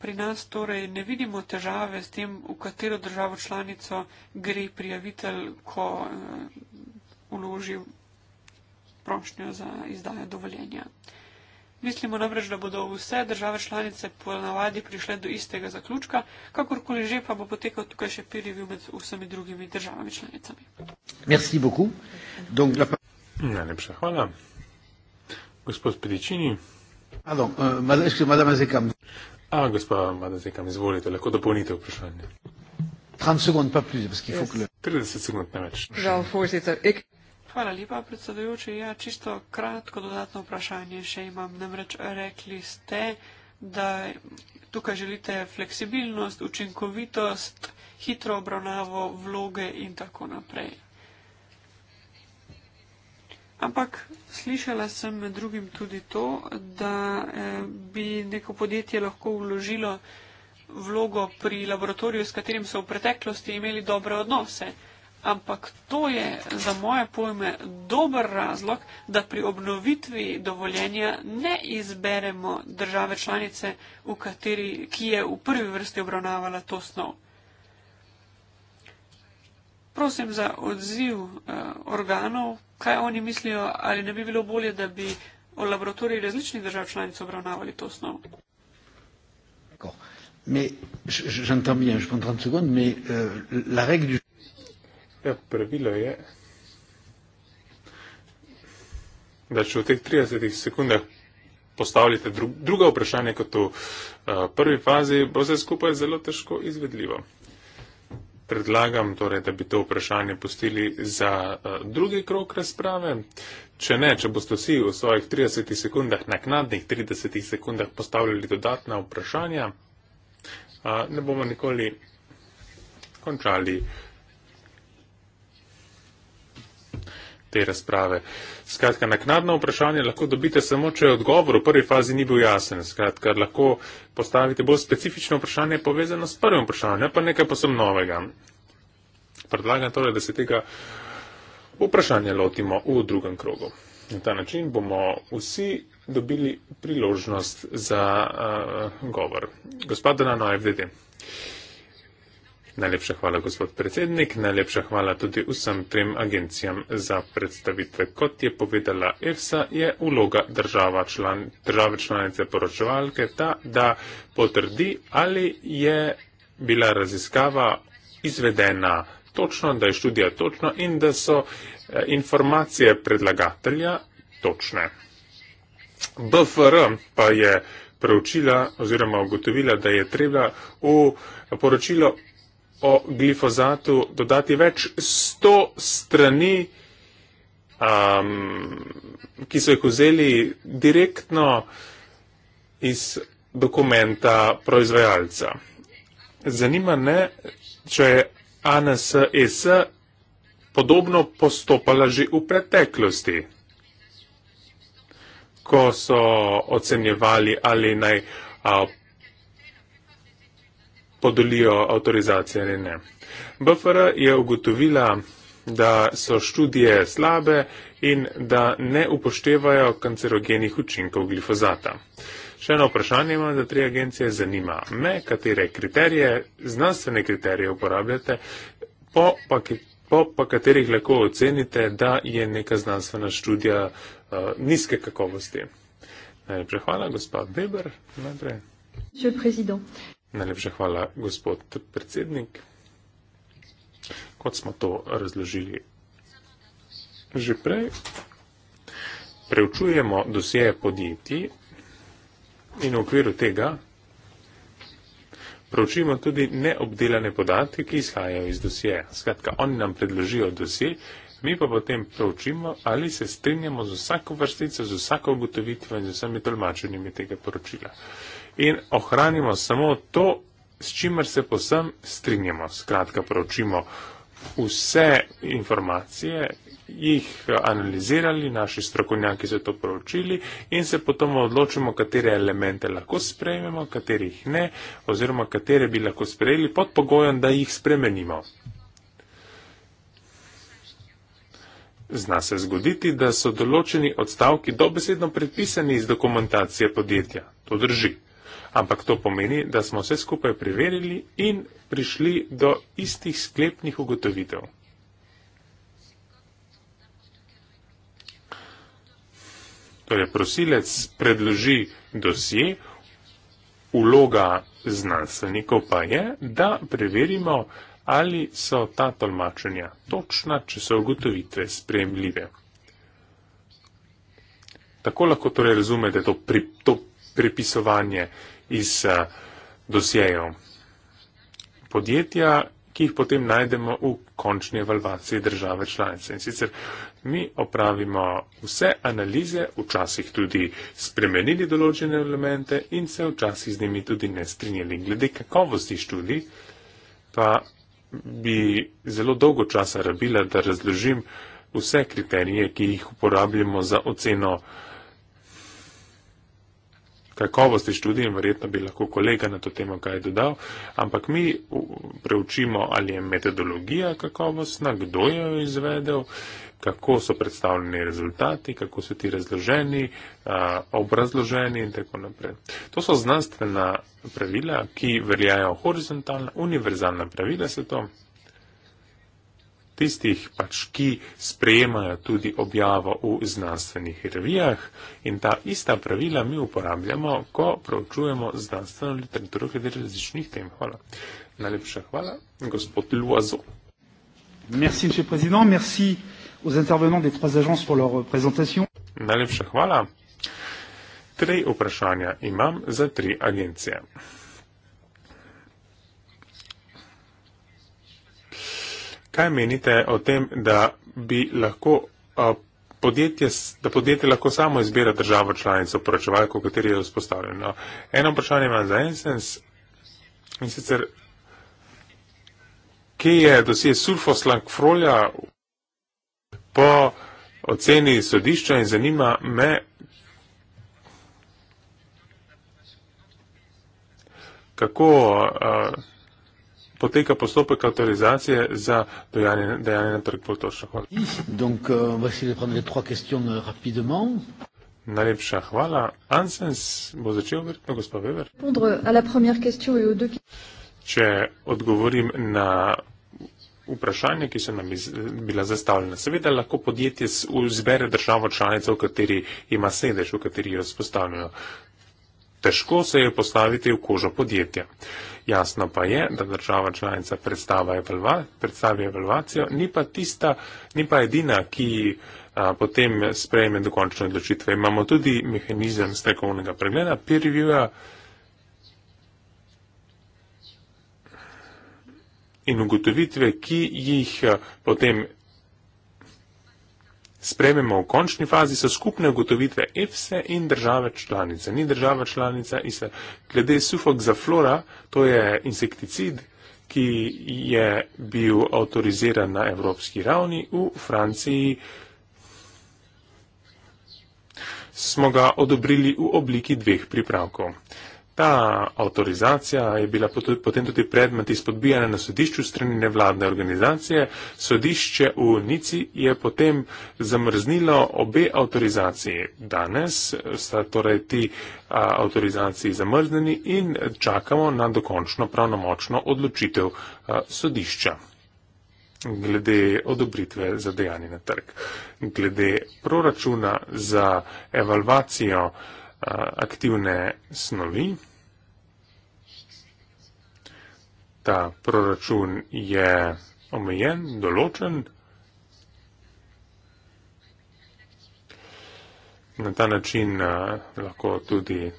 pri nas torej ne vidimo težave s tem, v katero državo članico gre prijavitelj, ko uloži eh, prošnjo za izdajo dovoljenja. Mislimo namreč, da bodo vse države članice ponavadi prišle do istega zaključka, kakorkoli že pa bo potekal tukaj še pirivil med vsemi drugimi državami članicami. Merci beaucoup. Donc, la... Najlepša hvala. Gospod Pedičini. Pardon, euh, madame, madame Azekam. A, gospa Madazekam, izvolite, lahko dopolnite vprašanje. 30 sekund, pa plus, yes. le... 30 sekund, ne več. Žal, fuzite. Ek... Hvala lepa, predsedujoči. Ja, čisto kratko dodatno vprašanje še imam. Namreč rekli ste, da tukaj želite fleksibilnost, učinkovitost, hitro obravnavo vloge in tako naprej. Ampak slišala sem med drugim tudi to, da eh, bi neko podjetje lahko vložilo vlogo pri laboratoriju, s katerim so v preteklosti imeli dobre odnose. Ampak to je za moje pojme dober razlog, da pri obnovitvi dovoljenja ne izberemo države članice, kateri, ki je v prvi vrsti obravnavala to snov prosim za odziv uh, organov, kaj oni mislijo, ali ne bi bilo bolje, da bi v laboratoriji različnih držav članic obravnavali to snov. Euh, ja, pravilo je, da če v teh 30 sekundah postavljate drugo vprašanje kot v uh, prvi fazi, bo vse skupaj zelo težko izvedljivo predlagam, torej, da bi to vprašanje pustili za eh, drugi krok razprave. Če ne, če boste vsi v svojih 30 sekundah, naknadnih 30 sekundah postavljali dodatna vprašanja, eh, ne bomo nikoli končali. te razprave. Skratka, naknadno vprašanje lahko dobite samo, če je odgovor v prvi fazi ni bil jasen. Skratka, lahko postavite bolj specifično vprašanje povezano s prvim vprašanjem, ne pa nekaj posebno novega. Predlagam torej, da se tega vprašanja lotimo v drugem krogu. Na ta način bomo vsi dobili priložnost za uh, govor. Gospod Dana Noev, vidite. Najlepša hvala, gospod predsednik, najlepša hvala tudi vsem trem agencijam za predstavitve. Kot je povedala EFSA, je uloga država član, države članice poročevalke ta, da potrdi, ali je bila raziskava izvedena točno, da je študija točno in da so eh, informacije predlagatelja točne. BFR pa je preučila oziroma ugotovila, da je treba v poročilo o glifozatu dodati več sto strani, um, ki so jih vzeli direktno iz dokumenta proizvajalca. Zanima me, če je ANSES e podobno postopala že v preteklosti, ko so ocenjevali ali naj podelijo avtorizacije ali ne. BFR je ugotovila, da so študije slabe in da ne upoštevajo kancerogenih učinkov glifozata. Še eno vprašanje ima, da tri agencije zanima me, katere kriterije, znanstvene kriterije uporabljate, po, pa, po pa katerih lahko ocenite, da je neka znanstvena študija uh, nizke kakovosti. Najprej hvala, gospod Weber. Najprej. Najlepša hvala, gospod predsednik. Kot smo to razložili že prej, preučujemo dosjeje podjetij in v okviru tega preučimo tudi neobdelane podatke, ki izhajajo iz dosjeja. Skratka, oni nam predložijo dosje, mi pa potem preučimo, ali se strinjamo z vsako vrstico, z vsako ugotovitvijo in z vsemi tolmačenimi tega poročila. Uh, in ohranimo samo to, s čimer se posem strinjamo. Skratka, preučimo vse informacije, jih analizirali, naši strokovnjaki so to preučili in se potem odločimo, katere elemente lahko sprejmemo, katerih ne, oziroma katere bi lahko sprejeli pod pogojem, da jih spremenimo. Zna se zgoditi, da so določeni odstavki dobesedno predpisani iz dokumentacije podjetja. To drži. Ampak to pomeni, da smo vse skupaj preverili in prišli do istih sklepnih ugotovitev. Torej, prosilec predloži dosje, uloga znanstvenikov pa je, da preverimo, ali so ta tolmačenja točna, če so ugotovitve sprejemljive. Tako lahko torej razumete to, pri, to pripisovanje iz eh, dosjejev. Podjetja, ki jih potem najdemo v končni evalvaciji države članice. In sicer mi opravimo vse analize, včasih tudi spremenili določene elemente in se včasih z njimi tudi ne strinjali. Glede kakovosti študij pa bi zelo dolgo časa rabila, da razložim vse kriterije, ki jih uporabljamo za oceno uh, kakovosti študij in verjetno bi lahko kolega na to temo kaj dodal, ampak mi preučimo, ali je metodologija kakovostna, kdo jo je izvedel, kako so predstavljeni rezultati, kako so ti razloženi, obrazloženi in tako naprej. To so znanstvena pravila, ki veljajo horizontalna, univerzalna pravila se to tistih, pač, ki sprejemajo tudi objavo v znanstvenih revijah in ta ista pravila mi uporabljamo, ko pravčujemo znanstveno literaturo glede različnih tem. Hvala. Najlepša hvala, gospod Luazo. Merci, monsieur président, merci aux intervenants des trois agences pour leur présentation. Najlepša hvala. Tri vprašanja imam za tri agencije. Kaj menite o tem, da bi lahko a, podjetje, da podjetje lahko samo izbira državo članico poročevalko, v kateri je vzpostavljeno? No, eno vprašanje imam za Ensens in sicer, kje je dosje Surfos Langfrolja po oceni sodišča in zanima me, kako. A, poteka postopek avtorizacije za dojanje, dejanje na trg Poltoša. Euh, euh, Najlepša hvala. Ansens bo začel, verjetno, gospa Weber. Če odgovorim na vprašanje, ki so nam iz, bila zastavljena. Seveda lahko podjetje zbere državo članico, v kateri ima sedež, v kateri jo spostavljajo. Težko se je postaviti v kožo podjetja. Jasno pa je, da država članica predstavi evalvacijo, ni pa tista, ni pa edina, ki a, potem sprejme dokončne odločitve. Imamo tudi mehanizem strekovnega pregleda, peer reviewa in ugotovitve, ki jih potem sprememo v končni fazi, so skupne ugotovitve EFSE in države članice. Ni država članica EFSE. Glede sufok za flora, to je insekticid, ki je bil autoriziran na evropski ravni v Franciji. Smo ga odobrili v obliki dveh pripravkov. Ta avtorizacija je bila potem tudi predmet izpodbijanja na sodišču strani nevladne organizacije. Sodišče v Nici je potem zamrznilo obe avtorizaciji. Danes sta torej ti avtorizaciji zamrzneni in čakamo na dokončno pravnomočno odločitev sodišča glede odobritve za dejanje na trg. Glede proračuna za evalvacijo aktivne snovi. ta proračun je omejen, določen. Na ta način eh, lahko tudi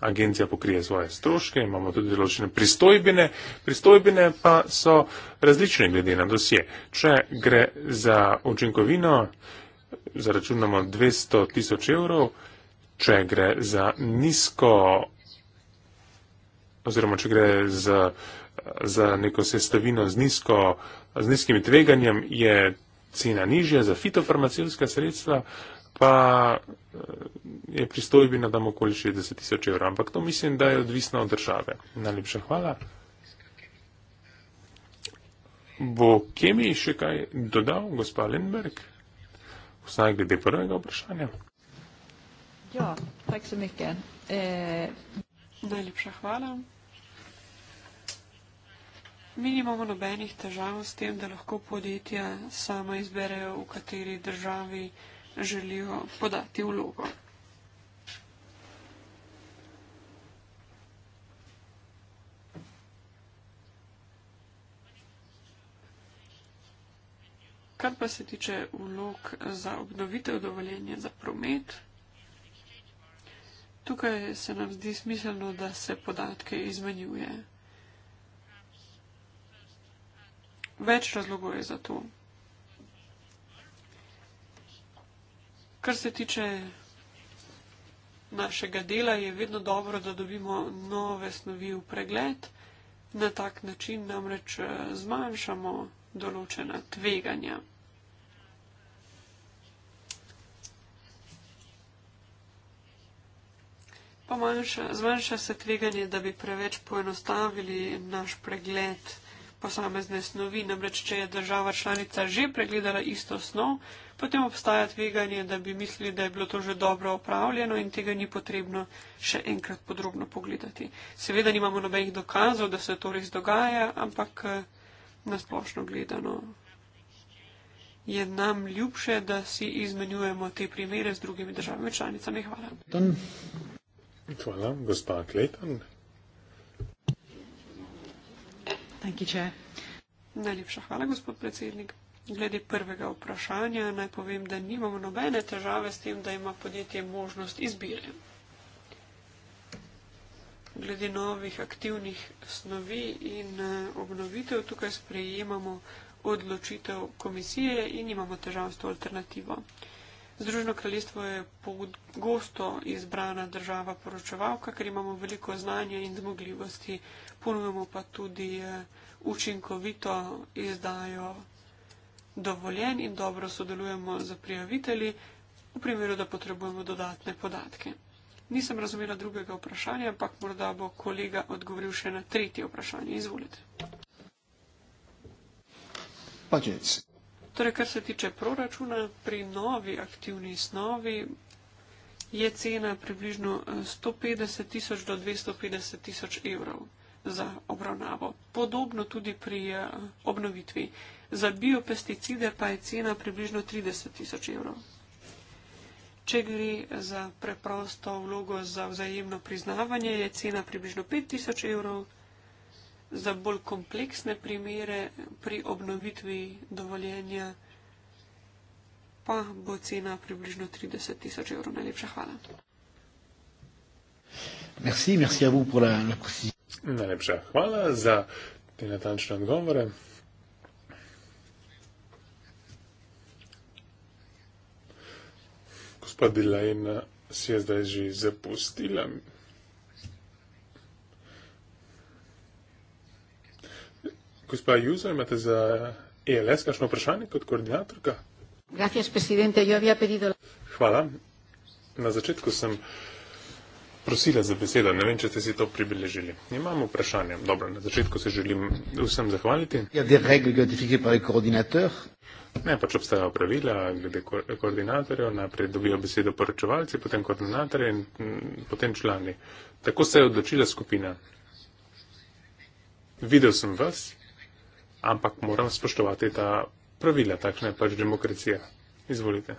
agencija pokrije svoje stroške, imamo tudi določene pristojbine, pristojbine pa so različne glede na dosje. Če gre za učinkovino, zaračunamo 200 tisoč evrov, če gre za nizko oziroma če gre za, za neko sestavino z, nizko, z nizkim tveganjem, je cena nižja za fitofarmacijska sredstva, pa eh, je pristojbina tam okoli 60 tisoč evrov. Ampak to mislim, da je odvisno od države. Najlepša hvala. Bo Kemi še kaj dodal, gospa Lindberg? Vsaj glede prvega vprašanja. Ja, tako se mi je. Najlepša hvala. Mi nimamo nobenih težav s tem, da lahko podjetja sama izberejo, v kateri državi želijo podati vlogo. Kar pa se tiče vlog za obnovitev dovoljenja za promet, Tukaj se nam zdi smiselno, da se podatke izmenjuje. Več razlogov je za to. Kar se tiče našega dela, je vedno dobro, da dobimo nove snovi v pregled. Na tak način namreč eh, zmanjšamo določena tveganja. zmanjša se tveganje, da bi preveč poenostavili naš pregled posamezne snovi. Namreč, če je država članica že pregledala isto snov, potem obstaja tveganje, da bi mislili, da je bilo to že dobro opravljeno in tega ni potrebno še enkrat podrobno pogledati. Seveda nimamo nobenih dokazov, da se to res dogaja, ampak nasplošno gledano je nam ljubše, da si izmenjujemo te primere z drugimi državami članicami. Hvala. Hvala. Gospa Clayton. Thank you, Najlepša hvala, gospod predsednik. Glede prvega vprašanja naj povem, da nimamo nobene težave s tem, da ima podjetje možnost izbire. Glede novih aktivnih snovi in eh, obnovitev, tukaj sprejemamo odločitev komisije in imamo težavo s to alternativo. Združeno kraljestvo je pogosto izbrana država poročevalka, ker imamo veliko znanja in zmogljivosti, ponujemo pa tudi eh, učinkovito izdajo dovoljen in dobro sodelujemo z prijavitelji v primeru, da potrebujemo dodatne podatke. Nisem razumela drugega vprašanja, ampak morda bo kolega odgovoril še na tretje vprašanje. Izvolite. Budgets. Torej, kar se tiče proračuna, pri novi aktivni snovi je cena približno 150 eh, tisoč do 250 tisoč evrov za obravnavo. Podobno tudi pri eh, obnovitvi. Za biopesticide pa je cena približno 30 tisoč evrov. Če gre za preprosto vlogo za vzajemno priznavanje, je cena približno 5 tisoč evrov za bolj kompleksne primere pri obnovitvi dovoljenja pa bo cena približno 30 tisoč evrov. Najlepša hvala. Merci, merci a vous pour la, la Najlepša hvala za te natančne odgovore. Gospod Dilajn si je zdaj že zapustila. gospa Juzar, imate za ELS kakšno vprašanje kot koordinatorka? Gracias, presidente. Yo había pedido... Hvala. Na začetku sem prosila za besedo. Ne vem, če ste si to pribeležili. Imam vprašanje. Dobro, na začetku se želim vsem zahvaliti. Ja, de regle gratifike pa je koordinator. Ne, pač obstajajo pravila glede ko koordinatorjev. Najprej dobijo besedo poročevalci, potem koordinatorje in mm, potem člani. Tako se je odločila skupina. Videl sem vas ampak moram spoštovati ta pravila, takšna je pač demokracija. Izvolite.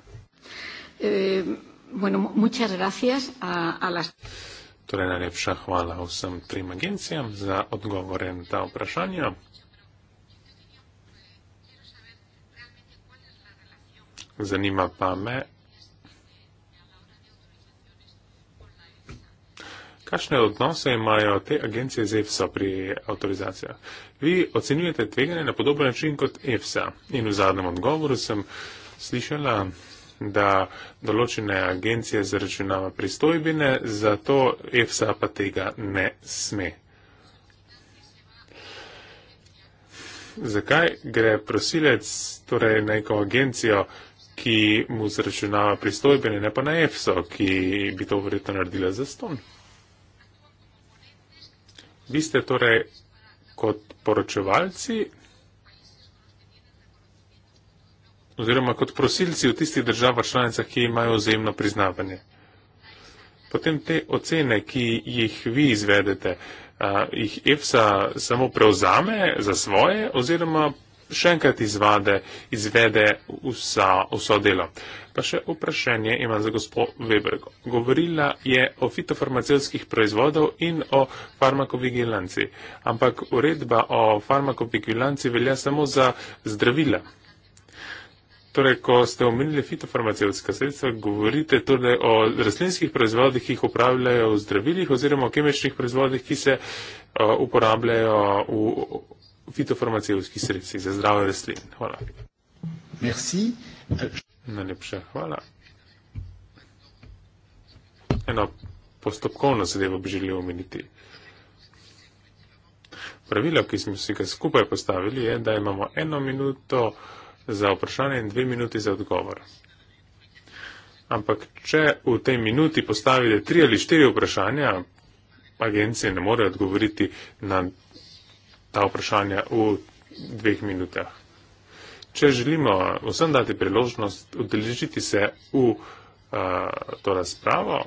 Eh, bueno, muchas gracias a, a las... Torej, najlepša hvala vsem trim agencijam za odgovore na ta vprašanja. Zanima pa me, kakšne odnose imajo te agencije z EFSO pri avtorizacijah. Vi ocenjujete tveganje na podoben način kot EFSA. In v zadnjem odgovoru sem slišala, da določene agencije zaračunava pristojbine, zato EFSA pa tega ne sme. Zakaj gre prosilec torej neko agencijo, ki mu zaračunava pristojbine, ne pa na EFSO, ki bi to verjetno naredila za ston? Vi ste torej kot poročevalci oziroma kot prosilci v tistih državah članicah, ki imajo vzajemno priznavanje. Potem te ocene, ki jih vi izvedete, jih EFSA samo prevzame za svoje oziroma še enkrat izvade, izvede vsa, vso delo. Pa še vprašanje imam za gospod Webergo. Govorila je o fitofarmacijskih proizvodov in o farmakovigilanci, ampak uredba o farmakovigilanci velja samo za zdravila. Torej, ko ste omenili fitofarmacijska sredstva, govorite torej o rastlinskih proizvodih, ki jih uporabljajo v zdravilih oziroma o kemičnih proizvodih, ki se uh, uporabljajo v. v fitofarmacevskih sredstvih za zdravje rastlin. Hvala. Merci. Najlepša hvala. Eno postopkovno zadevo bi želel omeniti. Pravilo, ki smo si ga skupaj postavili, je, da imamo eno minuto za vprašanje in dve minuti za odgovor. Ampak, če v tej minuti postavite tri ali štiri vprašanja, agencije ne morejo odgovoriti na ta vprašanja v dveh minutah. Če želimo vsem dati priložnost udeležiti se v uh, to razpravo,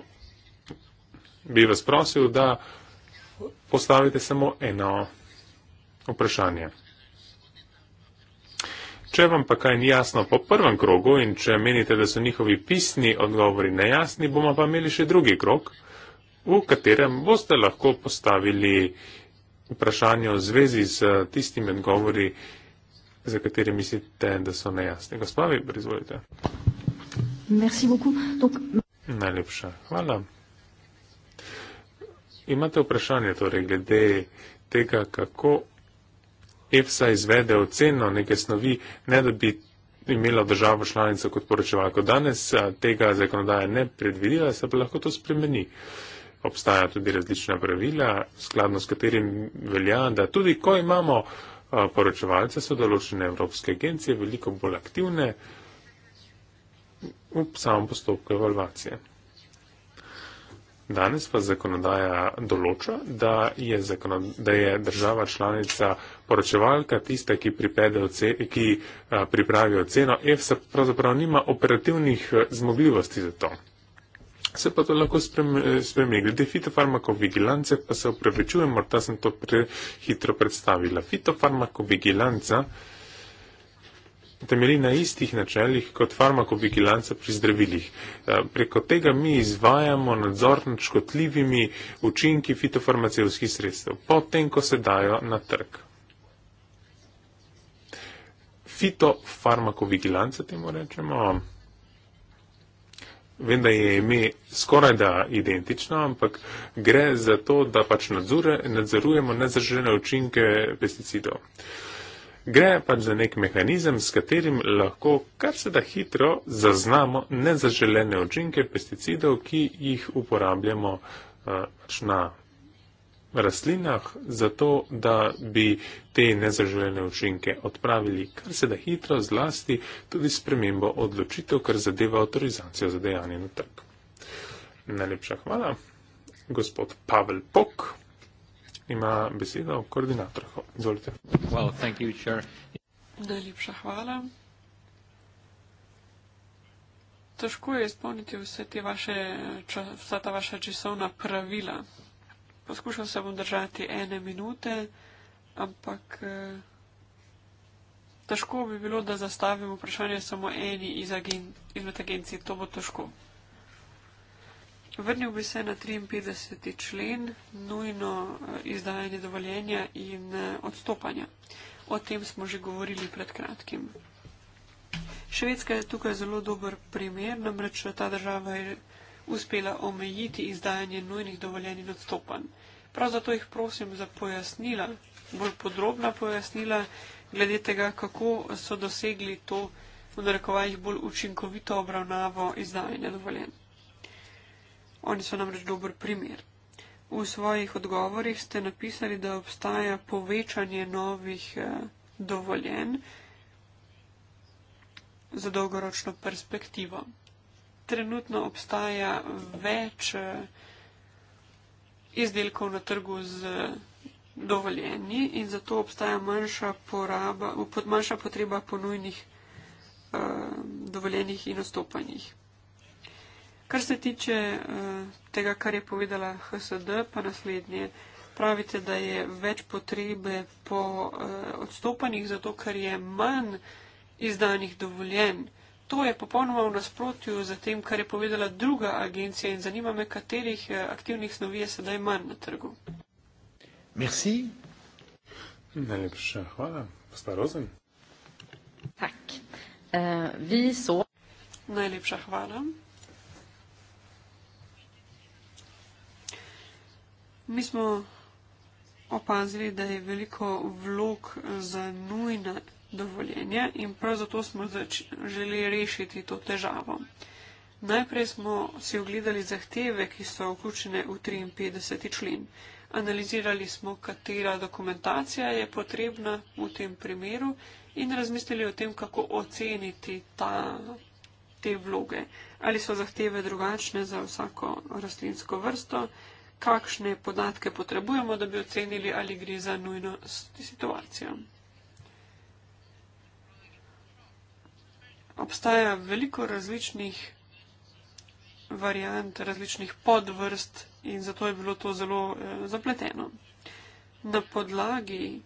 bi vas prosil, da postavite samo eno vprašanje. Če vam pa kaj ni jasno po prvem krogu in če menite, da so njihovi pisni odgovori nejasni, bomo pa imeli še drugi krog, v katerem boste lahko postavili uh, vprašanje v zvezi z tistimi odgovori, za katere mislite, da so nejasne. Gospodi, prizvolite. Donc... Najlepša hvala. Imate vprašanje torej glede tega, kako EFSA izvede oceno neke snovi, ne da bi imela država članica kot poročevalko. Danes tega zakonodaja ne predvidila, se pa lahko to spremeni. Uh, obstaja tudi različna pravila, skladno s katerim velja, da tudi ko imamo poročevalce, so določene evropske agencije veliko bolj aktivne v samem postopku evalvacije. Danes pa zakonodaja določa, da je, zakonod da je država članica poročevalka tista, ki, ki pripravi oceno. EFSA pravzaprav nima operativnih zmogljivosti za to se pa to lahko spremeni. Glede fitofarmakovigilance pa se upravičujem, morda sem to prehitro predstavila. Fitofarmakovigilanca temelji na istih načelih kot farmakovigilanca pri zdravilih. Eh, preko tega mi izvajamo nadzor nad škotljivimi učinki fitofarmacevskih sredstev, potem, ko se dajo na trg. Fitofarmakovigilanca temu rečemo. Vem, da je ime skoraj da identično, ampak gre za to, da pač nadzore, nadzorujemo nezaželene učinke pesticidov. Gre pač za nek mehanizem, s katerim lahko kar se da hitro zaznamo nezaželene učinke pesticidov, ki jih uporabljamo eh, pač na rastlinah, zato da bi te nezaželjene učinke odpravili, kar se da hitro zlasti tudi spremembo odločitev, kar zadeva autorizacijo za dejanje na trg. Najlepša hvala. Gospod Pavel Pok ima besedo koordinator. Izvolite. Well, thank you, chair. Najlepša hvala. Težko je izpolniti vse, te vaše, vse ta vaša časovna pravila poskušal se bom držati ene minute, ampak eh, težko bi bilo, da zastavim vprašanje samo eni iz agen izmed agencij. To bo težko. Vrnil bi se na 53. člen, nujno eh, izdajanje dovoljenja in eh, odstopanja. O tem smo že govorili pred kratkim. Švedska je tukaj zelo dober primer, namreč ta država je uspela omejiti izdajanje nujnih dovoljenj in odstopanj. Prav zato jih prosim za pojasnila, bolj podrobna pojasnila, glede tega, kako so dosegli to, v narekovajih, bolj učinkovito obravnavo izdajanja dovoljenj. Oni so namreč dober primer. V svojih odgovorih ste napisali, da obstaja povečanje novih eh, dovoljenj za dolgoročno perspektivo trenutno obstaja več eh, izdelkov na trgu z eh, dovoljenji in zato obstaja manjša, poraba, manjša potreba po nujnih eh, dovoljenih in odstopanjih. Kar se tiče tega, kar je povedala HSD, pa naslednje. Pravite, da je več potrebe po uh, odstopanjih, zato ker je manj izdanih dovoljenj. To je popolnoma v nasprotju z tem, kar je povedala druga agencija in zanima me, katerih eh, aktivnih snovi je sedaj manj na trgu. Merci. Najlepša hvala. Gospod Rozen. Tak. Uh, vi so. Najlepša hvala. Mi smo opazili, da je veliko vlog za nujne dovoljenje in prav zato smo začeli rešiti to težavo. Najprej smo si ogledali zahteve, ki so vključene v 53. člen. Analizirali smo, katera dokumentacija je potrebna v tem primeru in razmislili o tem, kako oceniti ta, te vloge. Ali so zahteve drugačne za vsako rastlinsko vrsto, kakšne podatke potrebujemo, da bi ocenili, ali gre za nujno situacijo. obstaja veliko različnih variant, različnih podvrst in zato je bilo to zelo eh, zapleteno. Na podlagi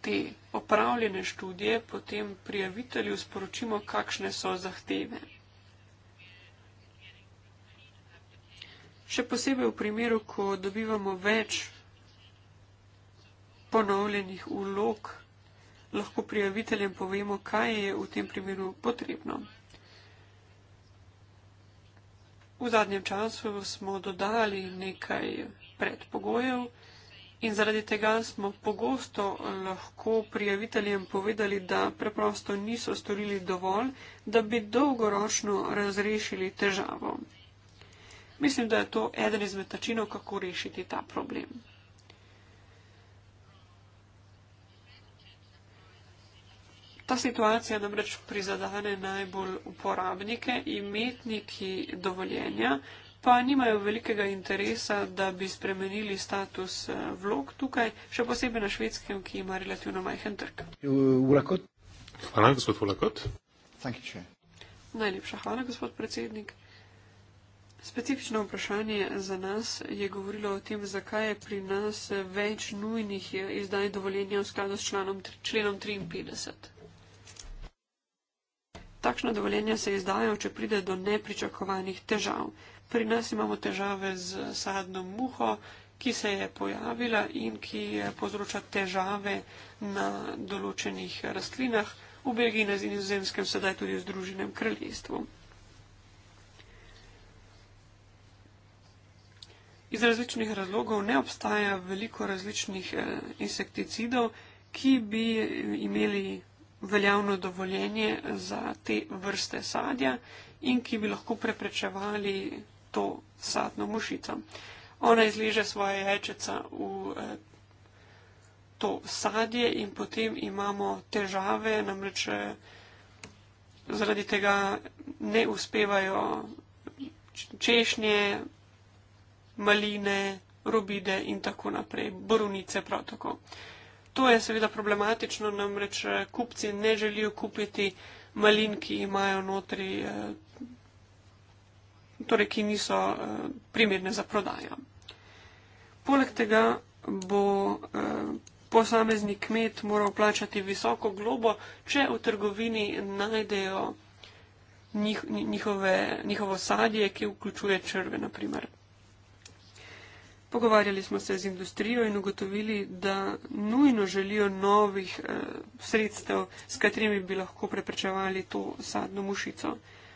te opravljene študije potem prijavitelju sporočimo, kakšne so zahteve. Še posebej v primeru, ko dobivamo več ponovljenih ulog lahko prijaviteljem povemo, kaj je v tem primeru potrebno. V zadnjem času smo dodali nekaj predpogojev in zaradi tega smo pogosto lahko prijaviteljem povedali, da preprosto niso storili dovolj, da bi dolgoročno razrešili težavo. Mislim, da je to eden izmed načinov, kako rešiti ta problem. Ta situacija namreč prizadane najbolj uporabnike, imetniki dovoljenja, pa nimajo velikega interesa, da bi spremenili status eh, vlog tukaj, še posebej na švedskem, ki ima relativno majhen trg. Ulakot. Hvala, gospod Ulakot. Najlepša hvala, gospod predsednik. Specifično vprašanje za nas je govorilo o tem, zakaj je pri nas več nujnih eh, izdaj dovoljenja v skladu s članom, členom 53. Takšno dovoljenje se izdajo, če pride do nepričakovanih težav. Pri nas imamo težave z sadno muho, ki se je pojavila in ki povzroča težave na določenih rastlinah v Belgiji, na Zinizemskem, sedaj tudi v Združenem kraljestvu. Iz različnih razlogov ne obstaja veliko različnih eh, insekticidov, ki bi imeli veljavno dovoljenje za te vrste sadja in ki bi lahko preprečevali to sadno mušico. Ona izliže svoje ječeca v eh, to sadje in potem imamo težave, namreč eh, zaradi tega ne uspevajo češnje, maline, robide in tako naprej, brunice prav tako. To je seveda problematično, namreč eh, kupci ne želijo kupiti malin, ki imajo notri, eh, torej ki niso eh, primerne za prodajo. Poleg tega bo posamezni kmet moral plačati visoko globo, če v trgovini najdejo njihove, njihovo sadje, ki vključuje črve, naprimer. Pogovarjali smo se z industrijo in ugotovili, da nujno želijo novih eh, sredstev, s katerimi bi lahko preprečevali to sadno mušico.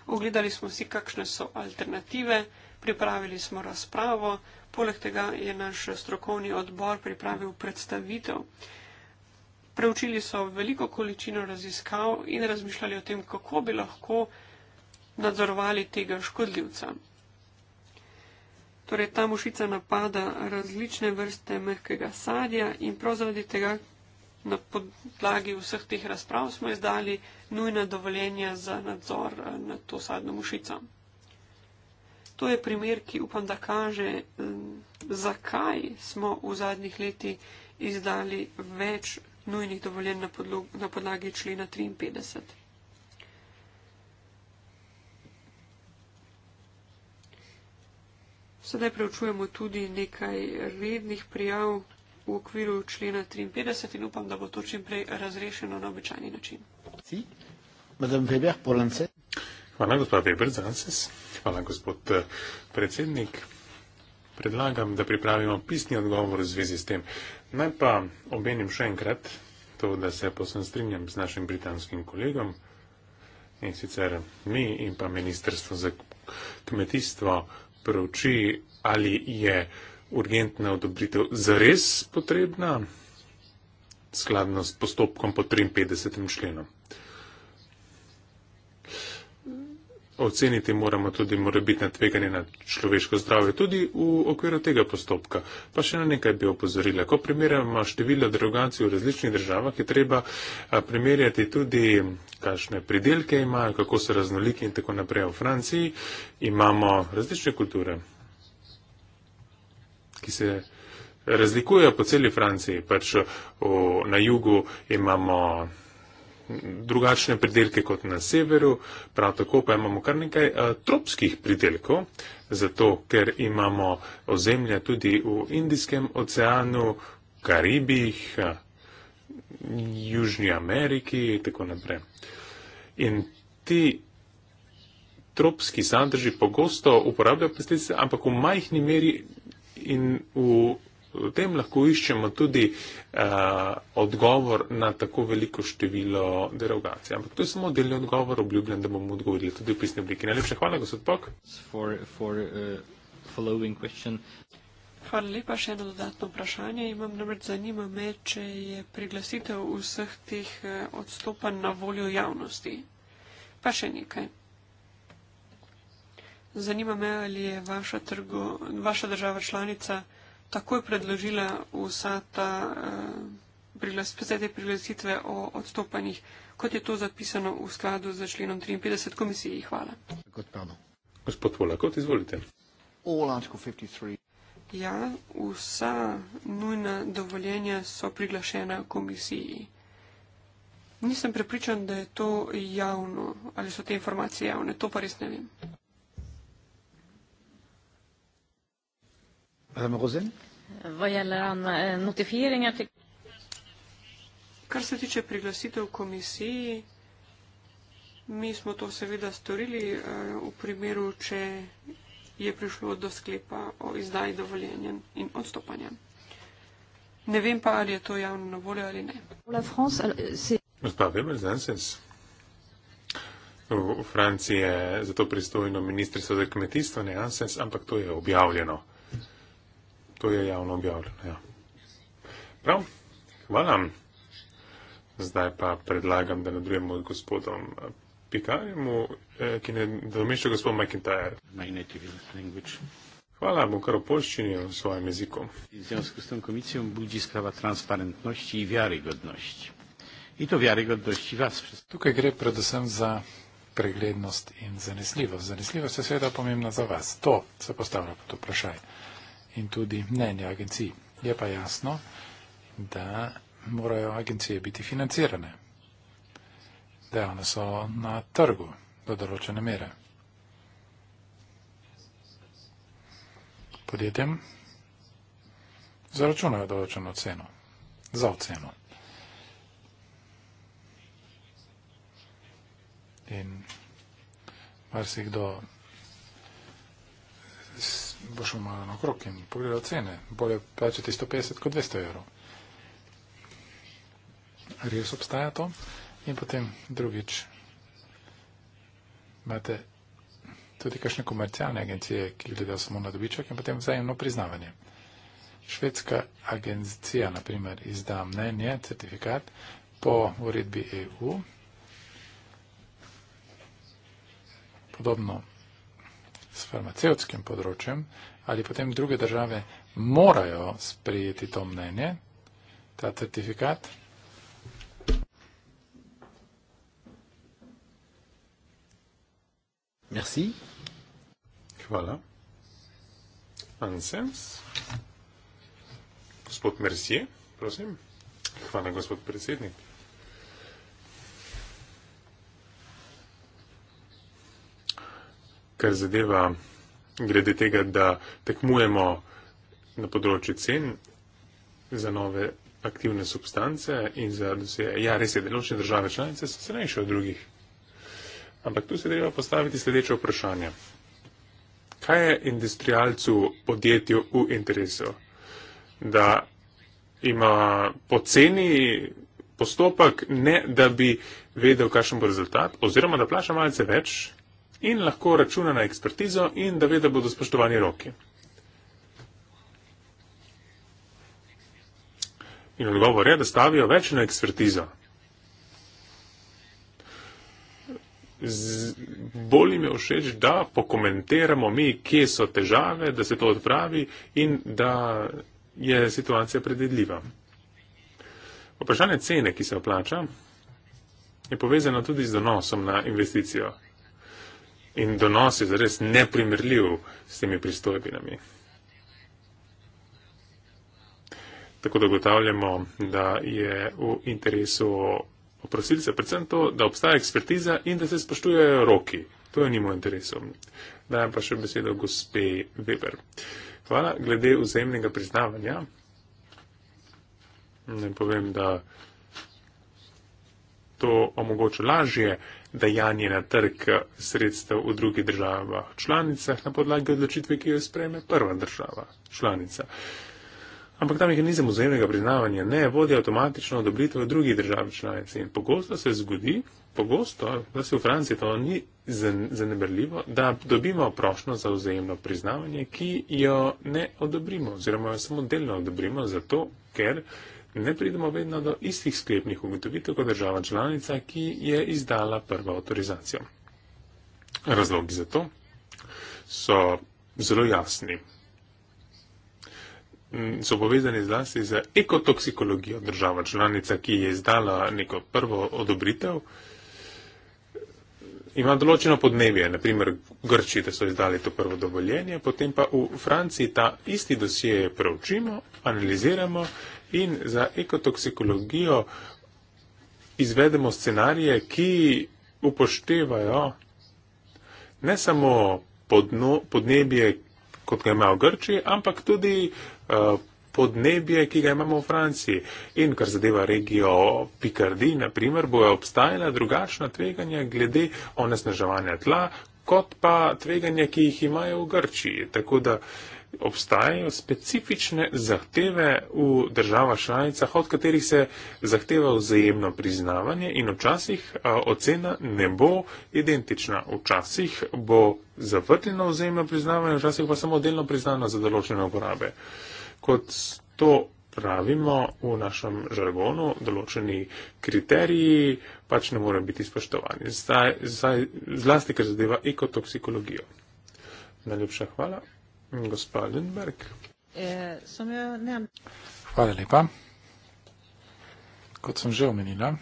Ogledali smo si, kakšne so alternative, pripravili smo razpravo, poleg tega je naš strokovni odbor pripravil predstavitev. Preučili so veliko količino raziskav in razmišljali o tem, kako bi lahko nadzorovali tega škodljivca. Torej, ta mušica napada različne vrste mehkega sadja in prav zaradi tega na podlagi vseh teh razprav smo izdali nujna dovoljenja za nadzor eh, nad to sadno mušico. To je primer, ki upam, da kaže, eh, zakaj smo v zadnjih leti izdali več nujnih dovoljenj na, podlog, na podlagi člena 53. Sedaj preučujemo tudi nekaj rednih prijav v okviru člena 53 in upam, da bo to čim prej razrešeno na običajni način. Hvala, gospod Weber, eh, za nas. Hvala, gospod predsednik. Predlagam, da pripravimo pisni odgovor v zvezi s tem. Naj pa obenim še enkrat to, da se posem strinjam z našim britanskim kolegom in sicer mi in pa Ministrstvo za kmetijstvo prouči, ali je urgentna odobritev zares potrebna, skladno s postopkom po 53. členom. oceniti moramo tudi morebitne tveganje na človeško zdravje, tudi v okviru tega postopka. Pa še na nekaj bi opozorila. Ko primerjamo število derogacij v različnih državah, je treba primerjati tudi, kakšne pridelke imajo, kako so raznoliki in tako naprej. V Franciji imamo različne kulture, ki se. Razlikujejo po celi Franciji, pač na jugu imamo drugačne pridelke kot na severu, prav tako pa imamo kar nekaj uh, tropskih pridelkov, zato ker imamo ozemlja tudi v Indijskem oceanu, Karibih, uh, eh, Južnji Ameriki in tako naprej. In ti tropski sadrži pogosto uporabljajo pesticide, ampak v majhni meri in v V tem lahko iščemo tudi uh, odgovor na tako veliko število derogacij. Ampak to je samo delni odgovor, obljubljen, da bomo odgovorili tudi v pisni obliki. Najlepša hvala, gospod Pok. For, for, uh, hvala lepa, še eno dodatno vprašanje. Imam namreč zanima me, če je priglasitev vseh teh eh, odstopanj na voljo javnosti. Pa še nekaj. Zanima me, ali je vaša, trgo, vaša država članica takoj predložila vsa ta, vse te prilesitve o odstopanjih, kot je to zapisano v skladu z členom 53 komisiji. Hvala. Gospod Volakot, izvolite. Ja, vsa nujna dovoljenja so priglašena komisiji. Nisem prepričan, da je to javno ali so te informacije javne. To pa res ne vem. Madame Rosen. Eh, Kar se tiče priglasitev komisiji, mi smo to seveda storili eh, v primeru, če je prišlo do sklepa o izdaji dovoljenja in odstopanja. Ne vem pa, ali je to javno na voljo ali ne. Euh, v Franciji je zato pristojno ministrstvo za kmetijstvo, ne Anses, ampak to je objavljeno to je javno objavljeno. Ja. Prav, hvala. Zdaj pa predlagam, da nadaljujemo z gospodom Pikarjem, eh, ki ne domišlja gospod McIntyre. Hvala, bom kar v polščini v svojem jeziku. V zvezi s to komisijo budi sprava transparentnosti in verigodnosti. In to verigodnosti vas. Tukaj gre predvsem za preglednost in zanesljivost. Zanesljivost je seveda pomembna za vas. To se postavlja pod vprašanje in tudi mnenje agencij. Je pa jasno, da morajo agencije biti financirane, da one so na trgu do določene mere. Podjetjem zaračunajo določeno ceno, za oceno. In marsikdo bo šel malo na krok in pogledal cene. Bolje plačati 150 kot 200 evrov. Res obstaja to. In potem drugič, imate tudi kakšne komercialne agencije, ki gledajo samo na dobiček in potem vzajemno priznavanje. Švedska agencija, naprimer, izda mnenje, certifikat po uredbi EU. Podobno s farmacevskim področjem, ali potem druge države morajo sprejeti to mnenje, ta certifikat. Merci. Hvala. Ansems. Gospod Mercier, prosim. Hvala, gospod predsednik. kar zadeva glede tega, da tekmujemo na področju cen za nove aktivne substance in za dosje. Ja, res je, deločne države članice so cenejše od drugih. Ampak tu se treba postaviti sledeče vprašanje. Kaj je industrialcu podjetju v interesu? Da ima poceni postopek, ne da bi vedel, kakšen bo rezultat, oziroma da plača malce več, in lahko računa na ekspertizo in da ve, da bodo spoštovani roki. In odgovor je, da stavijo več na ekspertizo. Z, bolj jim je všeč, da pokomentiramo mi, kje so težave, da se to odpravi in da je situacija predvidljiva. Vprašanje cene, ki se oplača, je povezano tudi z donosom na investicijo in donos je zares neprimerljiv s temi pristojbinami. Tako da gotavljamo, da je v interesu oprosilca predvsem to, da obstaja ekspertiza in da se spoštujejo roki. To je njimu interesom. Dajem pa še besedo gospe Weber. Hvala. Glede vzajemnega priznavanja, ne povem, da to omogoča lažje dajanje na trg sredstev v drugih državah članicah na podlagi odločitve, ki jo sprejme prva država članica. Ampak ta mehanizem vzajemnega priznavanja ne vodi avtomatično odobritev drugih držav članic. In pogosto se zgodi, pogosto, da se v Franciji to ni zanemrljivo, da dobimo prošno za vzajemno priznavanje, ki jo ne odobrimo oziroma jo samo delno odobrimo zato, ker In ne pridemo vedno do istih sklepnih ugotovitev kot država članica, ki je izdala prvo avtorizacijo. Razlogi za to so zelo jasni. Mm, so povezani zlasti z ekotoksikologijo država članica, ki je izdala neko prvo odobritev. Ima določeno podnebje, naprimer Grči, da so izdali to prvo dovoljenje, potem pa v Franciji ta isti dosije preučimo, analiziramo in za ekotoksikologijo izvedemo scenarije, ki upoštevajo ne samo podno, podnebje, kot ga ima v Grčiji, ampak tudi uh, podnebje, ki ga imamo v Franciji. In kar zadeva regijo Pikardi, naprimer, bojo obstajala drugačna tveganja glede onesnaževanja tla, kot pa tveganja, ki jih imajo v Grčiji. Tako da uh, obstajajo specifične zahteve v državah članicah, od katerih se zahteva vzajemno priznavanje in včasih ocena ne bo identična. Včasih bo zavrteno vzajemno priznavanje, včasih pa samo delno priznano za določene uporabe. Kot to pravimo v našem žargonu, določeni kriteriji pač ne morejo biti spoštovani. Zdaj, zdaj, zlasti, ker zadeva ekotoksikologijo. Najlepša hvala. Gospa Lindberg. E, Hvala lepa. Kot sem že omenila,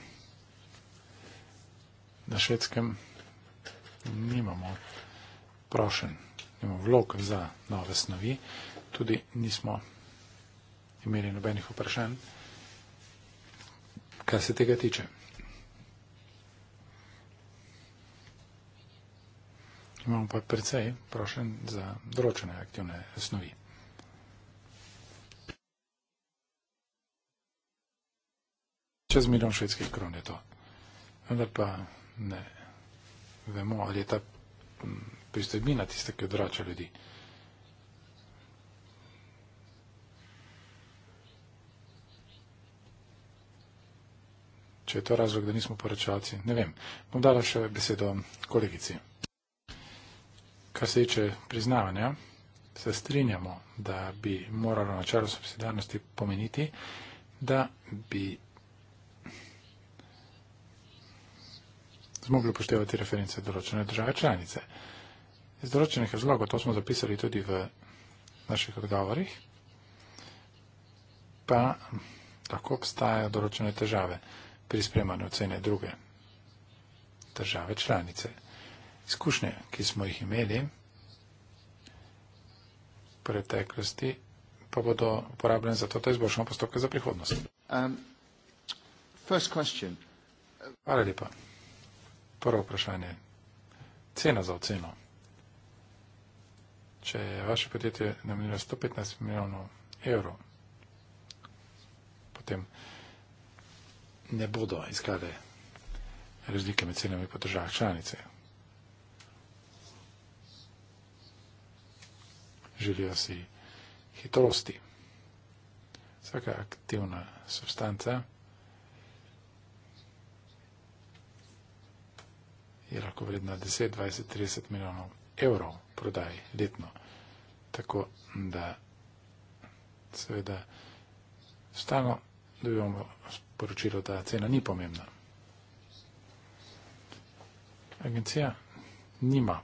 na švedskem nimamo prošen, nimamo vlog za nove snovi, tudi nismo imeli nobenih vprašanj, kar se tega tiče. imamo pa precej prošen za določene aktivne snovi. Čez milijon švedskih kron je to. Vendar pa ne vemo, ali je ta pristojbina tista, ki odrača ljudi. Če je to razlog, da nismo poročalci, ne vem. Bom dala še besedo kolegici. Kar se tiče priznavanja, se strinjamo, da bi moralo načelo subsidarnosti pomeniti, da bi zmogli upoštevati reference določene države članice. Iz določenih razlogov, to smo zapisali tudi v naših odgovorih, pa lahko obstajajo določene težave pri spremanju ocene druge države članice izkušnje, ki smo jih imeli v preteklosti, pa bodo uporabljene za to, da izboljšamo postopke za prihodnost. Um, Hvala lepa. Prvo vprašanje. Cena za oceno. Če je vaše podjetje namenilo 115 milijonov evrov, potem ne bodo izklade razlike med cenami po državah članice. želijo si hitrosti. Vsaka aktivna substanca je lahko vredna 10, 20, 30 milijonov evrov prodaj letno. Tako da seveda stano dobivamo sporočilo, da cena ni pomembna. Agencija nima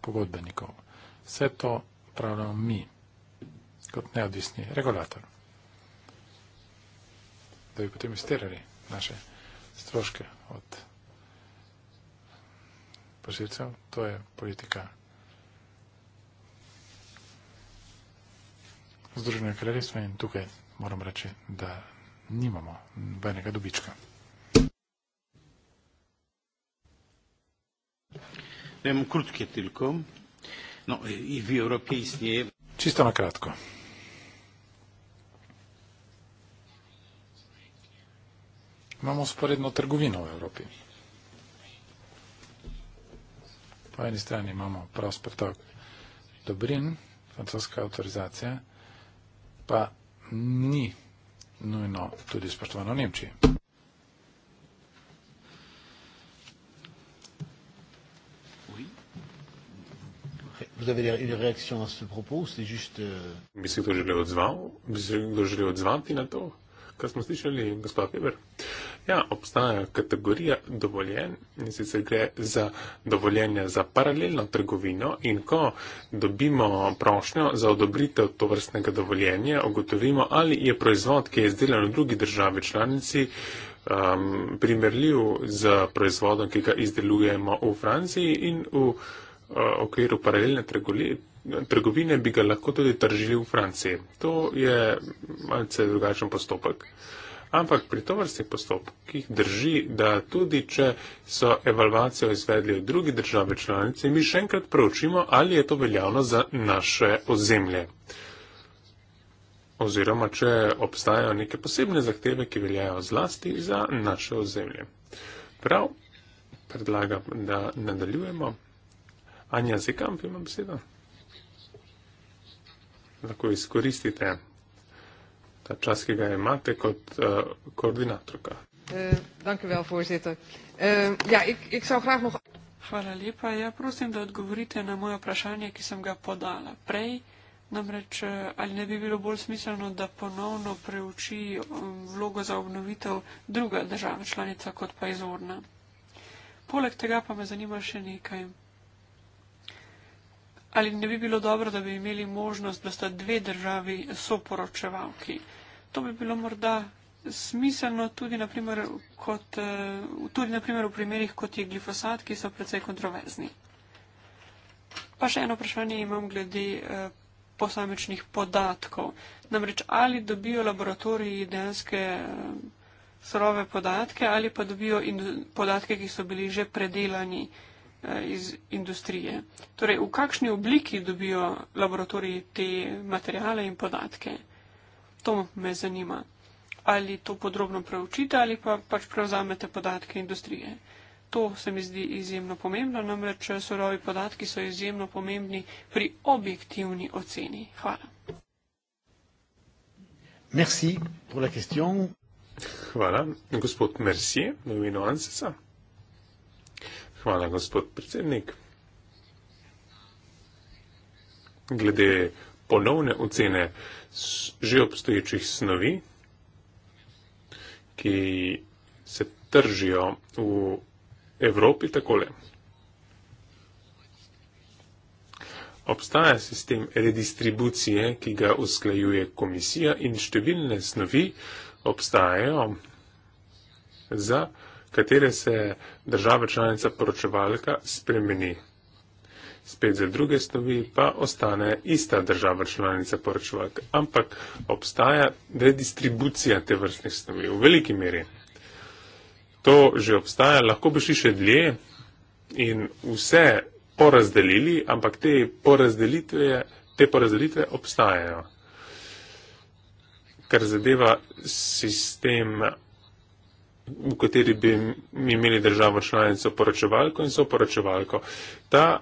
pogodbenikov. Vse to upravljamo mi, kot neodvisni regulator. Da bi potem izterali naše stroške od posilcev, to je politika Združenega kraljestva in tukaj moram reči, da nimamo benega dobička. Vem, krutke tilkom no, i vi europejski. Čisto na kratko. Imamo sporedno trgovino v Evropi. Po eni strani imamo prost pretok dobrin, francoska avtorizacija, pa ni nujno tudi spoštovano Nemčiji. Vous avez une réaction à ce propos ou c'est juste. Euh, Bi se kdo želel odzvati odzval, na to, kar smo slišali, gospod Peber? Ja, obstaja kategorija dovoljen in sicer gre za dovoljenje za paralelno trgovino in ko dobimo prošnjo za odobritev to vrstnega dovoljenja, ogotovimo, ali je proizvod, ki je izdelan v drugi državi članici, um, primerljiv z proizvodom, ki ga izdelujemo v Franciji in v. Eh, okviru paralelne trgovine bi ga lahko tudi tržili v Franciji. To je malce drugačen postopek. Ampak pri tovrstnih postopkih drži, da tudi če so evalvacijo izvedli v drugi državi članici, mi še enkrat preučimo, ali je to veljavno za naše ozemlje. Oziroma, če obstajajo neke posebne zahteve, ki veljajo zlasti za naše ozemlje. Prav, predlagam, da nadaljujemo. Anja Zekamp ima besedo. Lahko izkoristite ta čas, ki ga imate kot uh, koordinatorka. Eh, eh, ja, Hvala lepa. Ja, prosim, da odgovorite na moje vprašanje, ki sem ga podala prej. Namreč, ali ne bi bilo bolj smiselno, da ponovno preuči um, vlogo za obnovitev druga država članica kot pa izvorna? Poleg tega pa me zanima še nekaj ali ne bi bilo dobro, da bi imeli možnost, da sta dve državi soporočevalki. To bi bilo morda smiselno tudi, naprimer, kot, eh, tudi naprimer, v primerih, kot je glifosat, ki so precej kontroverzni. Pa še eno vprašanje imam glede eh, posamečnih podatkov. Namreč ali dobijo laboratoriji denske eh, surove podatke ali pa dobijo podatke, ki so bili že predelani. Eh, iz industrije. Torej, v kakšni obliki dobijo laboratoriji te materijale in podatke? To me zanima. Ali to podrobno preučite ali pa pač prevzamete podatke industrije. To se mi zdi izjemno pomembno, namreč surovi podatki so izjemno pomembni pri objektivni oceni. Hvala. Merci pour la question. Voilà, gospod Mercier, novino Ansesa. Hvala, gospod predsednik. Glede ponovne ocene že obstoječih snovi, ki se tržijo v Evropi takole. Obstaja sistem redistribucije, ki ga usklajuje komisija in številne snovi obstajajo za katere se država članica poročevalka spremeni. Spet za druge snovi pa ostane ista država članica poročevalka, ampak obstaja redistribucija te vrstnih snovi v veliki meri. To že obstaja, lahko bi šli še dlje in vse porazdelili, ampak te porazdelitve, te porazdelitve obstajajo. Kar zadeva sistem v kateri bi mi imeli državo članico poročevalko in soporočevalko. Ta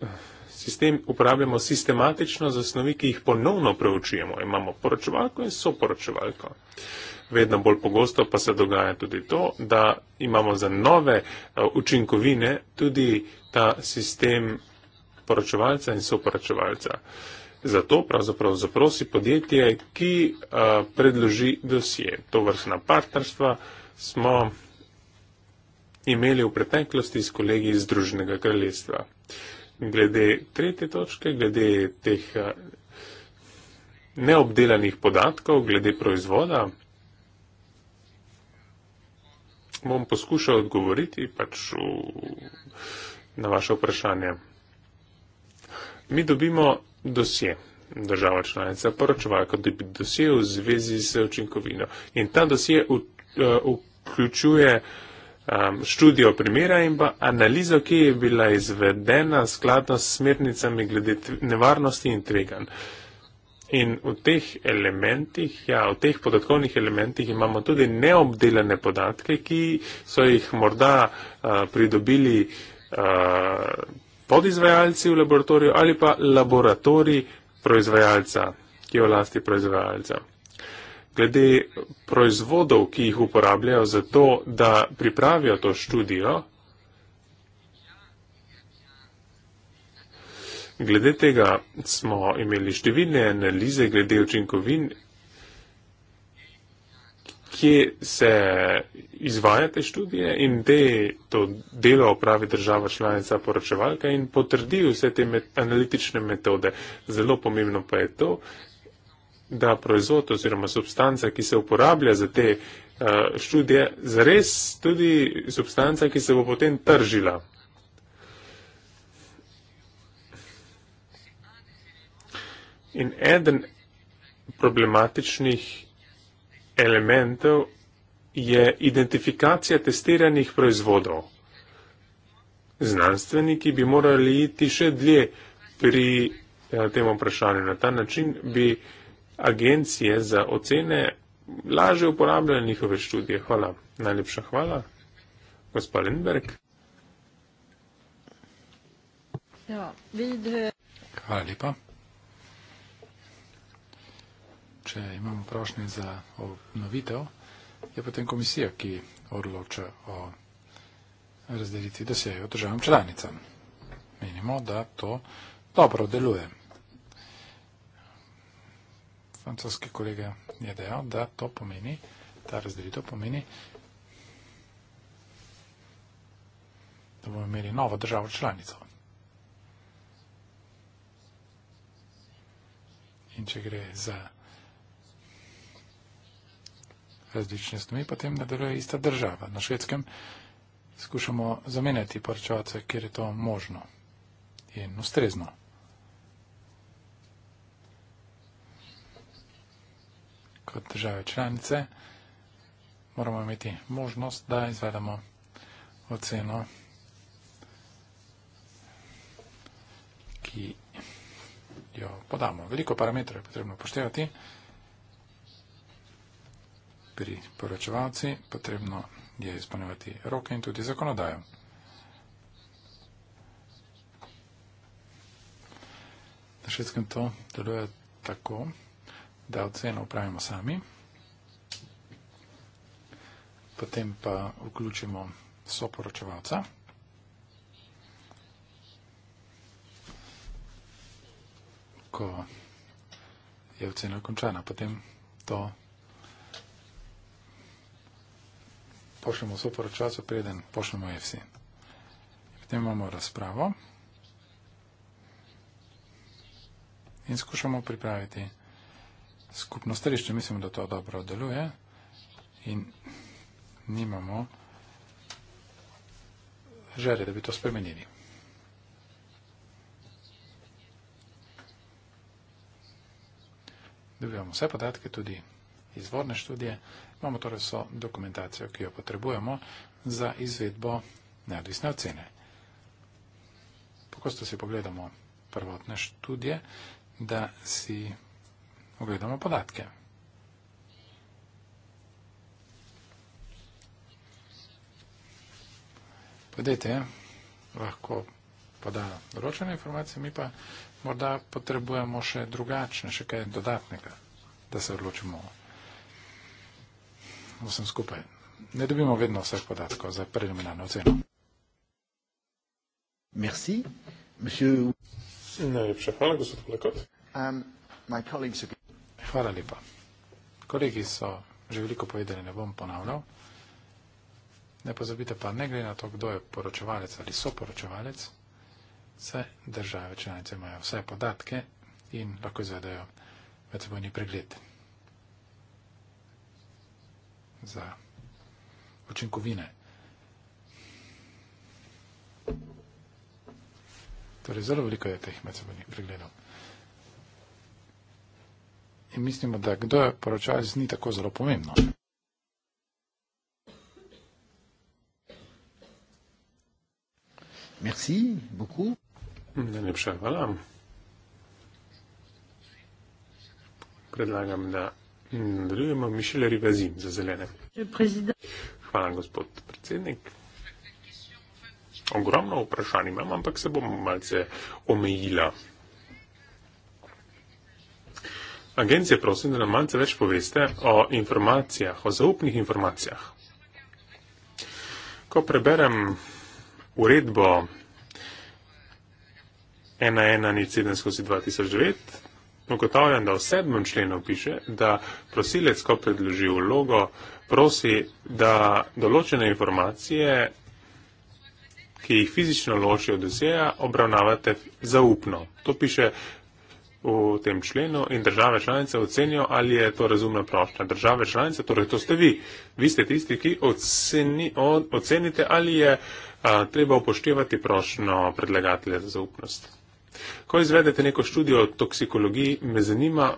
eh, sistem uporabljamo sistematično za snovi, ki jih ponovno preučujemo. Imamo poročevalko in soporočevalko. Vedno bolj pogosto pa se dogaja tudi to, da imamo za nove eh, učinkovine tudi ta sistem poročevalca in soporočevalca. Zato pravzaprav zaprosi podjetje, ki uh, predloži dosje. To vrstna partnerstva uh, smo imeli v preteklosti s kolegi iz Združenega kraljestva. Glede tretje točke, glede teh eh, neobdelanih podatkov, glede proizvoda, bom poskušal odgovoriti pač v, na vaše vprašanje. Mi dobimo dosje, država članica, poročevalka dobi dosje v zvezi s učinkovino. In ta dosje Eh, vključuje um, študijo primera in pa analizo, ki je bila izvedena skladno s smernicami glede nevarnosti in tvegan. In v teh elementih, ja, v teh podatkovnih elementih imamo tudi neobdelane podatke, ki so jih morda uh, pridobili uh, podizvajalci v laboratoriju ali pa laboratoriji proizvajalca, ki je v lasti proizvajalca glede proizvodov, ki jih uporabljajo za to, da pripravijo to študijo, glede tega smo imeli številne analize glede učinkovin, kje se izvajate študije in te to delo opravi država članica poročevalka in potrdi vse te met analitične metode. Zelo pomembno pa je to, da proizvod oziroma substanca, ki se uporablja za te uh, študije, zares tudi substanca, ki se bo potem tržila. In eden problematičnih elementov je identifikacija testiranih proizvodov. Znanstveniki bi morali iti še dlje pri eh, tem vprašanju. Na ta način bi uh, agencije za ocene laže uporabljajo njihove študije. Hvala. Najlepša hvala. Gospa Lindberg. Ja, vidite. Hvala lepa. Če imamo prošnje za obnovitev, je potem komisija, ki odloča o razdelitvi dosjejo državam članicam. Menimo, da to dobro deluje francoski kolega je dejal, da to pomeni, ta razdelitev pomeni, da bomo imeli novo državo članico. In če gre za različne snovi, potem nadaljuje ista država. Na švedskem skušamo zamenjati poročavce, kjer je to možno in ustrezno. kot države članice moramo imeti možnost, da izvedemo oceno, ki jo podamo. Veliko parametrov je potrebno poštevati. Pri poročevalci potrebno je izpolnjevati roke in tudi zakonodajo. Na švedskem to deluje tako da oceno upravimo sami, potem pa vključimo soporočevalca. Ko je ocena končana, potem to pošljemo soporočevalcu, preden pošljemo EFSI. Potem imamo razpravo in skušamo pripraviti razpravo skupno stališče, mislim, da to dobro deluje in nimamo želje, da bi to spremenili. Dobivamo vse podatke, tudi izvorne študije. Imamo torej so dokumentacijo, ki jo potrebujemo za izvedbo neodvisne ocene. Pokosto si pogledamo prvotne študije, da si Ogledamo podatke. Podjetje lahko poda določene informacije, mi pa morda potrebujemo še drugačne, še kaj dodatnega, da se odločimo vsem skupaj. Ne dobimo vedno vseh podatkov za preliminarno oceno. Merci, monsieur. Najlepša hvala, gospod Plekot. Um, my colleagues are... Hvala lepa. Kolegi so že veliko povedali, ne bom ponavljal. Ne pozabite pa, ne glede na to, kdo je poročevalec ali so poročevalec, vse države članice imajo vse podatke in lahko izvedajo medsebojni pregled za učinkovine. Torej, zelo veliko je teh medsebojnih pregledov in mislimo, da kdo je poročalec, ni tako zelo pomembno. Merci, Najlepša hvala. Predlagam, da nadaljujemo Mišele Rivazin za zelene. Hvala, gospod predsednik. Ogromno vprašanj imam, ampak se bom malce omejila. Agencije prosim, da nam malce več poveste o informacijah, o zaupnih informacijah. Ko preberem uredbo 1107-2009, ugotavljam, da v sedmem členu piše, da prosilec, ko predloži vlogo, prosi, da določene informacije, ki jih fizično loči od oseja, obravnavate zaupno. To piše v tem členu in države članice ocenijo, ali je to razumna prošnja. Države članice, torej to ste vi, vi ste tisti, ki oceni, o, ocenite, ali je a, treba upoštevati prošnjo predlagatelja za zaupnost. Ko izvedete neko študijo o toksikologiji, me zanima,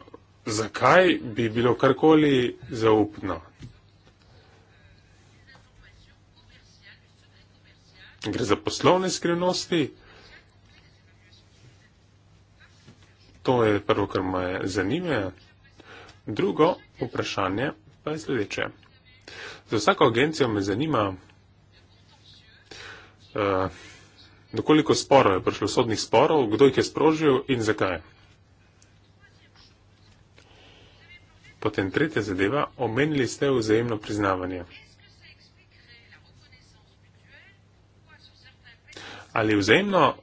zakaj bi bilo karkoli zaupno. Gre za poslovne skrivnosti. To je prvo, kar me zanima. Drugo vprašanje pa je sledeče. Za vsako agencijo me zanima, eh, dokoliko uh, sporov je prišlo, sodnih sporov, kdo jih je sprožil in zakaj. Potem tretja zadeva, omenili ste vzajemno priznavanje. Ali vzajemno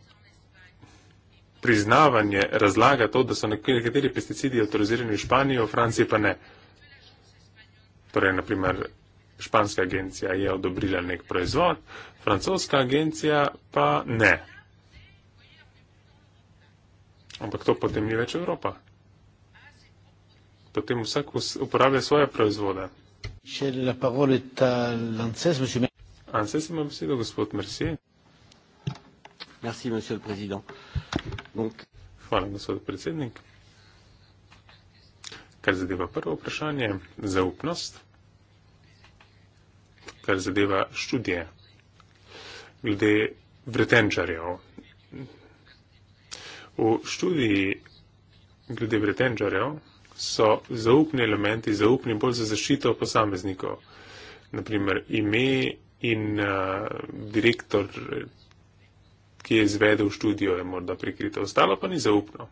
priznavanje razlaga to, da so nekateri pesticidi autorizirani v Španiji, v Franciji pa ne. Torej, naprimer, španska agencija je odobrila nek proizvod, francoska agencija pa ne. Ampak to potem ni več Evropa. Potem vsak uporablja svoje proizvode. Ansesima besedo, gospod Merci. Merci, monsieur le président. Bunke. Hvala, gospod predsednik. Kar zadeva prvo vprašanje, zaupnost, kar zadeva študije, glede vretenčarjev. V študiji glede vretenčarjev so zaupni elementi, zaupni bolj za zaščito posameznikov, naprimer ime in uh, direktor ki je izvedel študijo, je morda prikrito, ostalo pa ni zaupno.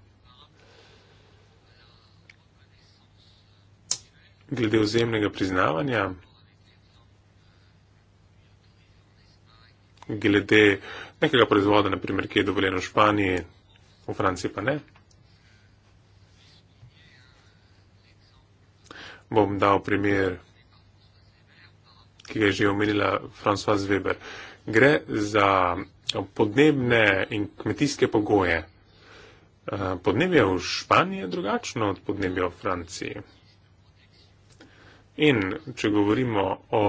Glede vzemnega priznavanja, glede nekega proizvoda, naprimer, ki je dovoljeno v Španiji, v Franciji pa ne, bom dal primer, ki ga je že omenila Françoise Weber. Gre za podnebne in kmetijske pogoje. Eh, podnebje v Španiji je drugačno od podnebja v Franciji. In če govorimo o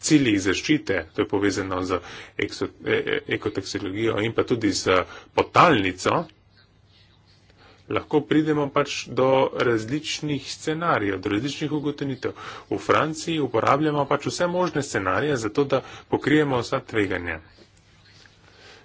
ciljih zaščite, to je povezano z e, e, ekoteksologijo in pa tudi z potalnico, lahko pridemo pač do različnih scenarijev, do različnih ugotovitev. V Franciji uporabljamo pač vse možne scenarije za to, da pokrijemo vsa tveganja.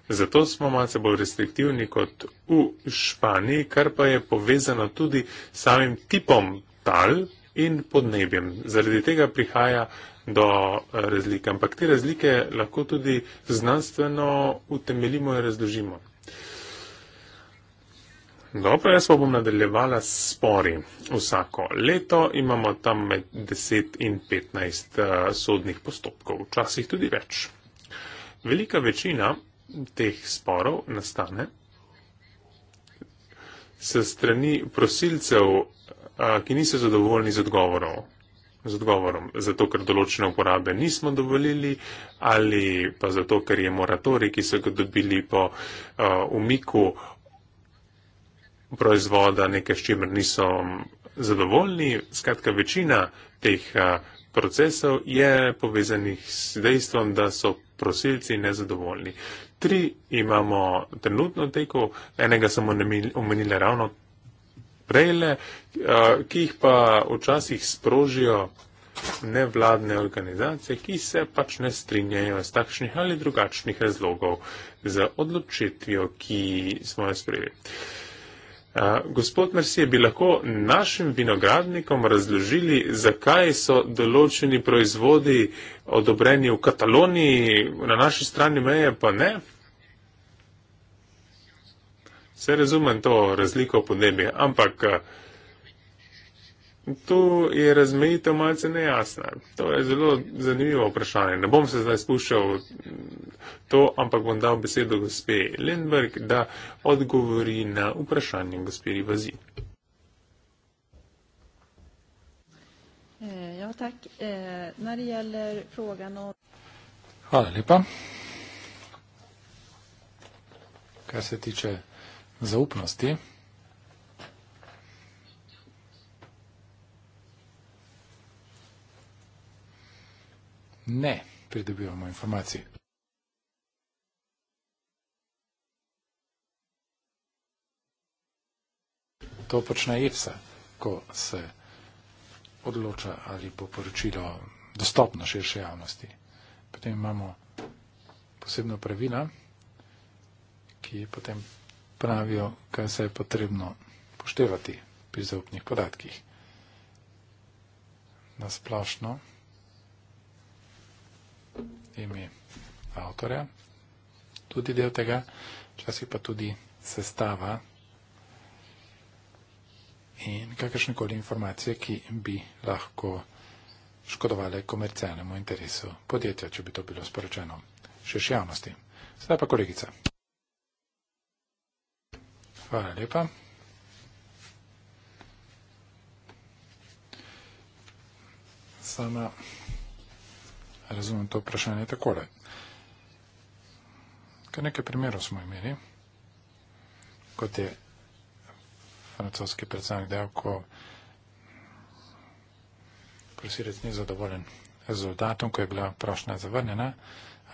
Zato smo malce bolj restriktivni kot v Španiji, kar pa je povezano tudi s samim tipom tal in podnebjem. Zaradi tega prihaja do eh, razlike. Ampak te razlike lahko tudi znanstveno utemeljimo in razložimo. Dobro, jaz pa bom nadaljevala s spori. Vsako leto imamo tam med 10 in 15 eh, sodnih postopkov, včasih tudi več. Velika večina teh sporov nastane? Se strani prosilcev, ki niso zadovoljni z odgovorom, z odgovorom, zato ker določene uporabe nismo dovolili ali pa zato, ker je moratori, ki so ga dobili po umiku proizvoda nekaj, s čimer niso zadovoljni. Skratka, večina teh procesov je povezanih s dejstvom, da so prosilci nezadovoljni tri imamo trenutno teku, enega sem omenila ravno prejle, ki jih pa včasih sprožijo nevladne organizacije, ki se pač ne strinjajo z takšnih ali drugačnih razlogov za odločitvijo, ki smo jo sprejeli gospod Mersije, bi lahko našim vinogradnikom razložili, zakaj so določeni proizvodi odobreni v Kataloniji, na naši strani meje pa ne? Vse razumem to razliko podnebja, ampak tu je razmejitev malce nejasna. To je zelo zanimivo vprašanje. Ne bom se zdaj spuščal to, ampak bom dal besedo gospe Lindberg, da odgovori na vprašanje gospe Rivazi. Eh, ja, tak. Eh, Når det gjelder frågan om... Hvala lepa. Kar se tiče zaupnosti. Ne pridobivamo informacije. to počne EFSA, ko se odloča, ali bo poročilo dostopno širše javnosti. Potem imamo posebno pravila, ki potem pravijo, kaj se je potrebno poštevati pri zaupnih podatkih. Na splošno ime avtorja, tudi del tega, včasih pa tudi sestava in kakršne koli informacije, ki bi lahko škodovale komercialnemu interesu podjetja, če bi to bilo sporočeno širši javnosti. Sedaj pa kolegica. Hvala lepa. Sama razumem to vprašanje takole. Kar nekaj primerov smo imeli, kot je francoski predsednik dejal, ko prosilec ni zadovoljen rezultatom, ko je bila prošnja zavrnjena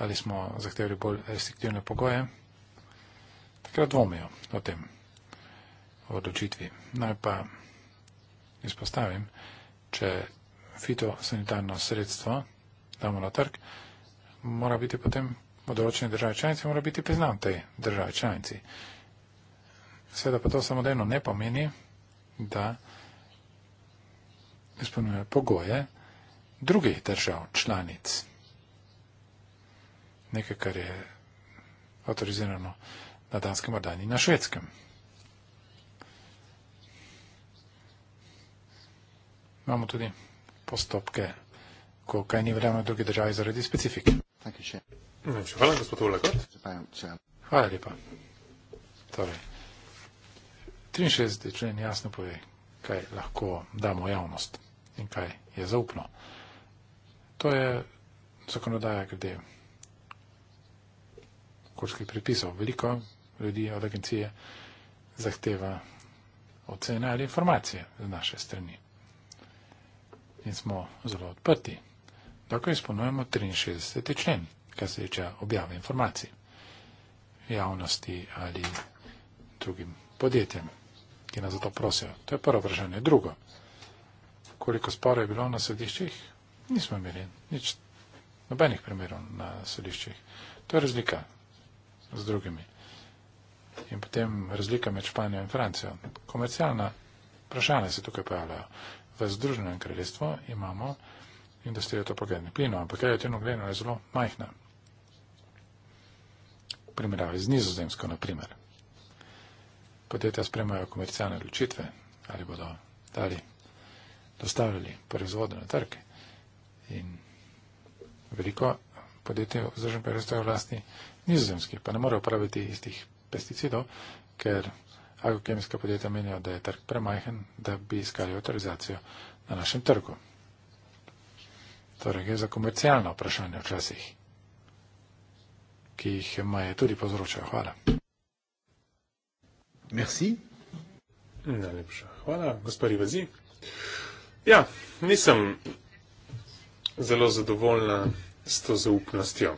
ali smo zahtevali bolj restriktivne pogoje, takrat dvomijo o tem odločitvi. Naj pa izpostavim, če fitosanitarno sredstvo damo na trg, mora biti potem v določeni državi članici, mora biti priznan tej državi članici. Seveda pa to samodejno ne pomeni, da izpolnjuje pogoje drugih držav članic. Nekaj, kar je avtorizirano na danskem ordani, na švedskem. Imamo tudi postopke, ko kaj ni veljavno v drugi državi zaradi specifike. Hvala, gospod Olekot. Hvala lepa. Torej. 63. člen jasno pove, kaj lahko damo javnost in kaj je zaupno. To je zakonodaja glede okoljskih predpisov. Veliko ljudi od agencije zahteva ocene ali informacije z naše strani. In smo zelo odprti. Tako izpolnujemo 63. člen, kar se reče objave informacij javnosti ali drugim podjetjem ki nas za to prosijo. To je prvo vprašanje. Drugo, koliko sporo je bilo na sodiščih? Nismo imeli nič, nobenih primerov na sodiščih. To je razlika z drugimi. In potem razlika med Španijo in Francijo. Komercialna vprašanja se tukaj pojavljajo. V Združenem kraljestvu imamo industrijo topogenih plinov, ampak ja, je tudi gledano zelo majhna. V primerjavi z nizozemsko, na primer podjetja spremajo komercialne odločitve, ali bodo dali, dostavljali proizvode na trg. In veliko podjetij v zržnem prerastu je vlastni nizozemski, pa ne more uporabiti istih pesticidov, ker agrokemijska podjetja menijo, da je trg premajhen, da bi iskali avtorizacijo na našem trgu. Torej, gre za komercialno vprašanje včasih, ki jih maje tudi povzročajo. Hvala. Merci. Najlepša hvala, gospod Rivazi. Ja, nisem zelo zadovoljna s to zaupnostjo.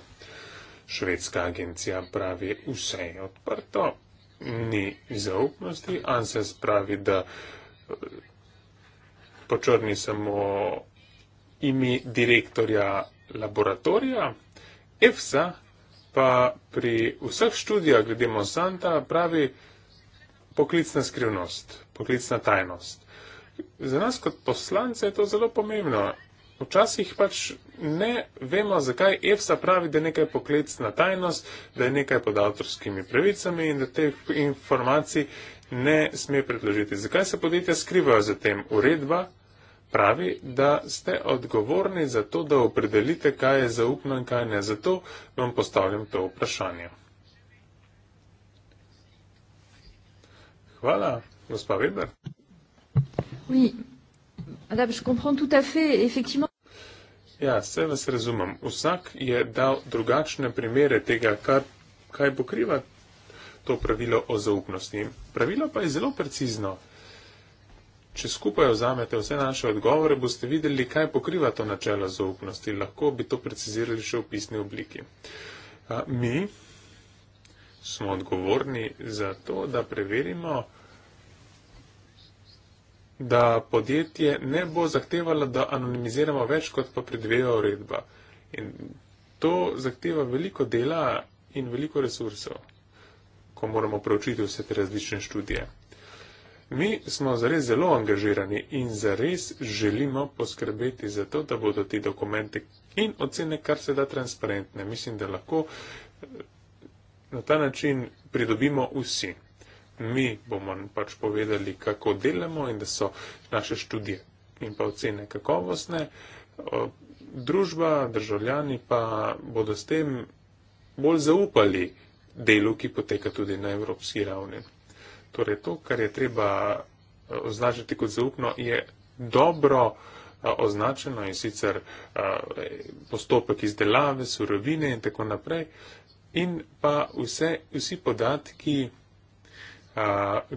Švedska agencija pravi, vse je odprto, ni zaupnosti, ANSES pravi, da eh, počrni samo imi direktorja laboratorija, EFSA pa pri vseh študijah glede Monsanta pravi, poklicna skrivnost, poklicna tajnost. Za nas kot poslance je to zelo pomembno. Včasih pač ne vemo, zakaj EFSA pravi, da je nekaj poklicna tajnost, da je nekaj pod avtorskimi pravicami in da teh informacij ne sme predložiti. Zakaj se podjetja skrivajo za tem? Uredba pravi, da ste odgovorni za to, da opredelite, kaj je zaupno in kaj ne. Zato vam postavljam to vprašanje. Voilà, gospa Weber. Oui, madame, je comprends tout à fait, effectivement. Ja, vse vas razumem. Vsak je dal drugačne primere tega, kar, kaj pokriva to pravilo o zaupnosti. Pravilo pa je zelo precizno. Če skupaj vzamete vse naše odgovore, boste videli, kaj pokriva to načelo zaupnosti. Lahko bi to precizirali še v pisni obliki. Mi smo odgovorni za to, da preverimo, da podjetje ne bo zahtevalo, da anonimiziramo več, kot pa predvideva uredba. In to zahteva veliko dela in veliko resursov, ko moramo preučiti vse te različne študije. Mi smo zares zelo angažirani in zares želimo poskrbeti za to, da bodo ti dokumenti in ocene kar se da transparentne. Mislim, da lahko na ta način pridobimo vsi. Mi bomo pač povedali, kako delamo in da so naše študije in pa ocene kakovostne. Družba, državljani pa bodo s tem bolj zaupali delu, ki poteka tudi na evropski ravni. Torej, to, kar je treba e, označiti kot zaupno, je dobro e, označeno in sicer e, postopek izdelave, surovine in tako naprej in pa vse, vsi podatki a,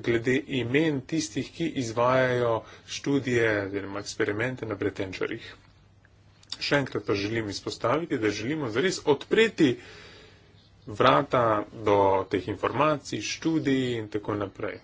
glede imen tistih, ki izvajajo študije oziroma eksperimente na pretenčarjih. Še enkrat pa želim izpostaviti, da želimo zares odpreti vrata do teh informacij, študij in tako naprej.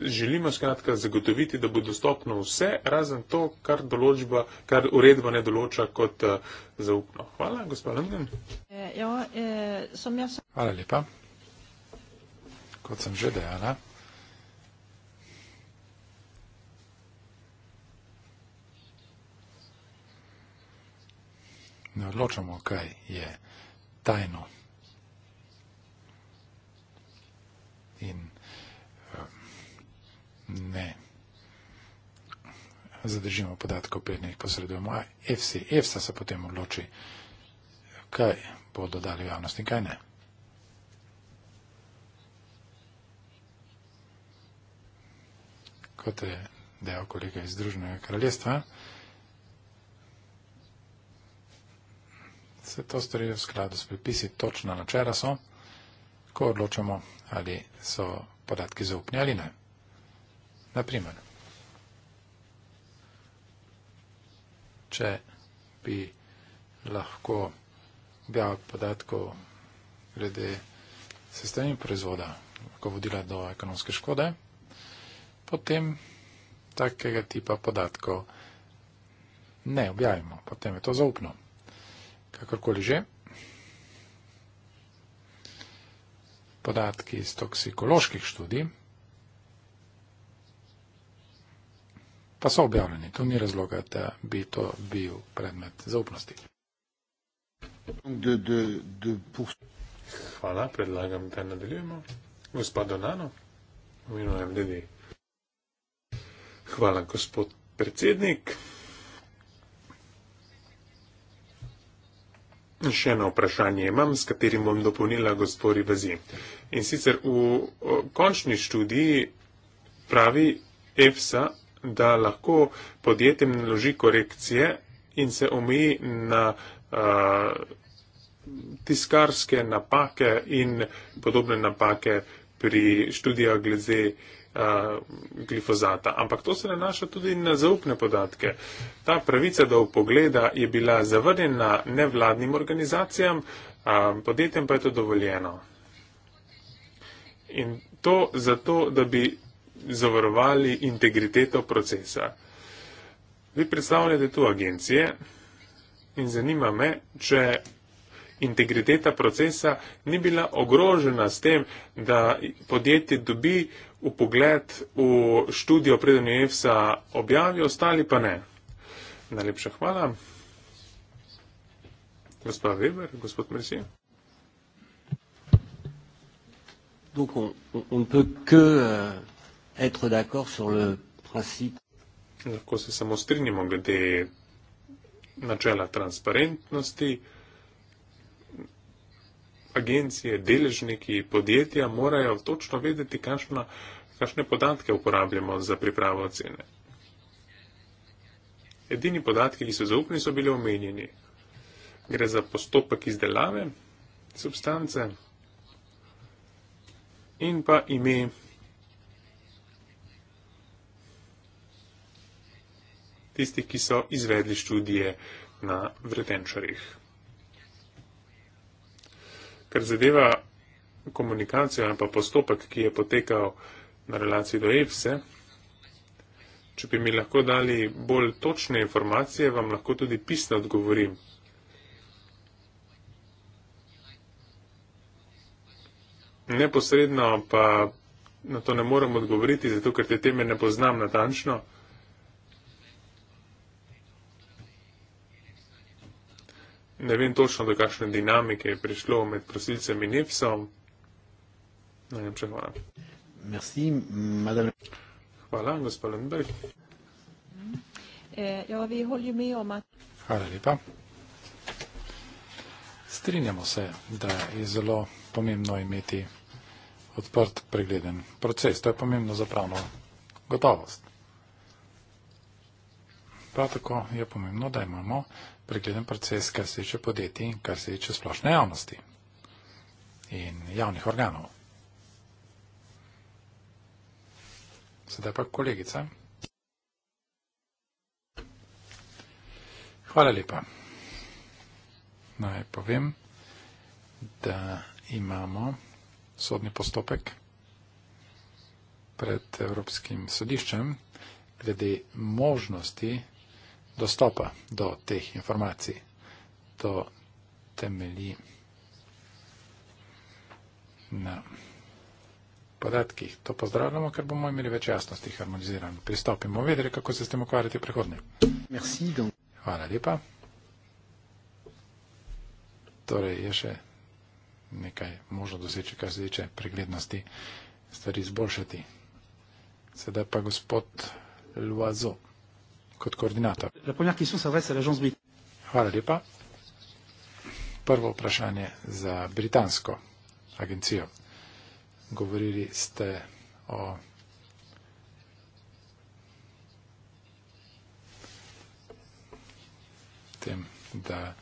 želimo skratka zagotoviti, da bo dostopno vse, razen to, kar, določba, kar uredba ne določa kot eh, zaupno. Hvala, gospod Lengen. Eh, ja, eh, Hvala lepa. Kot sem že dejala. Ne odločamo, kaj je tajno in ne zadržimo podatkov, pred njih posredujemo, a EFSA, EFSA se potem odloči, kaj bodo dali javnosti, kaj ne. Kot je del kolega iz Združenega kraljestva, se to storijo v skladu s pripisi, točna načera so, ko odločamo, ali so podatki zaupni ali ne. Naprimer, če bi lahko objav podatkov glede sistemi proizvoda lahko vodila do ekonomske škode, potem takega tipa podatkov ne objavimo, potem je to zaupno. Kakorkoli že, podatki iz toksikoloških študij, pa so objavljeni. To ni razlog, da bi to bil predmet zaupnosti. Hvala, predlagam, da nadaljujemo. Gospod Donano, imenu MDD. Hvala, gospod predsednik. Še eno vprašanje imam, s katerim bom dopolnila gospod Ribazi. In sicer v končni študiji pravi EFSA, da lahko podjetjem naloži korekcije in se omeji na uh, tiskarske napake in podobne napake pri študijah glede uh, glifozata. Ampak to se nanaša tudi na zaupne podatke. Ta pravica do upogleda je bila zavrnjena nevladnim organizacijam, uh, podjetjem pa je to dovoljeno. In to zato, da bi zavarovali integriteto procesa. Vi predstavljate tu agencije in zanima me, če integriteta procesa ni bila ogrožena s tem, da podjetje dobi v pogled v študijo predanje EFSA objavi, ostali pa ne. Najlepša hvala. Gospod Weber, gospod Mersi. Donc on, on, on peut que euh, être d'accord sur le principe. Lahko se samo strinjamo glede načela transparentnosti. Agencije, deležniki, podjetja morajo točno vedeti, kakšna, kakšne podatke uporabljamo za pripravo ocene. Edini podatki, ki so zaupni, so bili omenjeni. Gre za postopek izdelave substance in pa ime tistih, ki so izvedli študije na vretenčarjih. Kar zadeva komunikacijo in pa postopek, ki je potekal na relaciji do EFSE, če bi mi lahko dali bolj točne informacije, vam lahko tudi pisno odgovorim. Neposredno pa na to ne morem odgovoriti, zato ker te teme ne poznam natančno. ne vem točno, do kakšne dinamike je prišlo med prosilcem in nefsom. Najlepša hvala. Merci, madame. Hvala, gospod Lendberg. Eh, ja, vi holju mi oma. Hvala lepa. Strinjamo se, da je zelo pomembno imeti odprt, pregleden proces. To je pomembno za pravno gotovost. Prav tako je pomembno, da imamo pregleden proces, kar se tiče podjetij in kar se tiče splošne javnosti in javnih organov. Sedaj pa kolegica. Hvala lepa. Naj povem, da imamo sodni postopek pred Evropskim sodiščem glede možnosti dostopa do teh informacij. To temelji na podatkih. To pozdravljamo, ker bomo imeli več jasnosti, harmoniziran pristop in bomo vedeli, kako se s tem ukvarjati v prihodnje. Merci, Hvala lepa. Torej je še nekaj možno doseči, kar se tiče preglednosti, stvari izboljšati. Sedaj pa gospod Luazok kot koordinator. Hvala lepa. Prvo vprašanje za britansko agencijo. Govorili ste o. Tem, da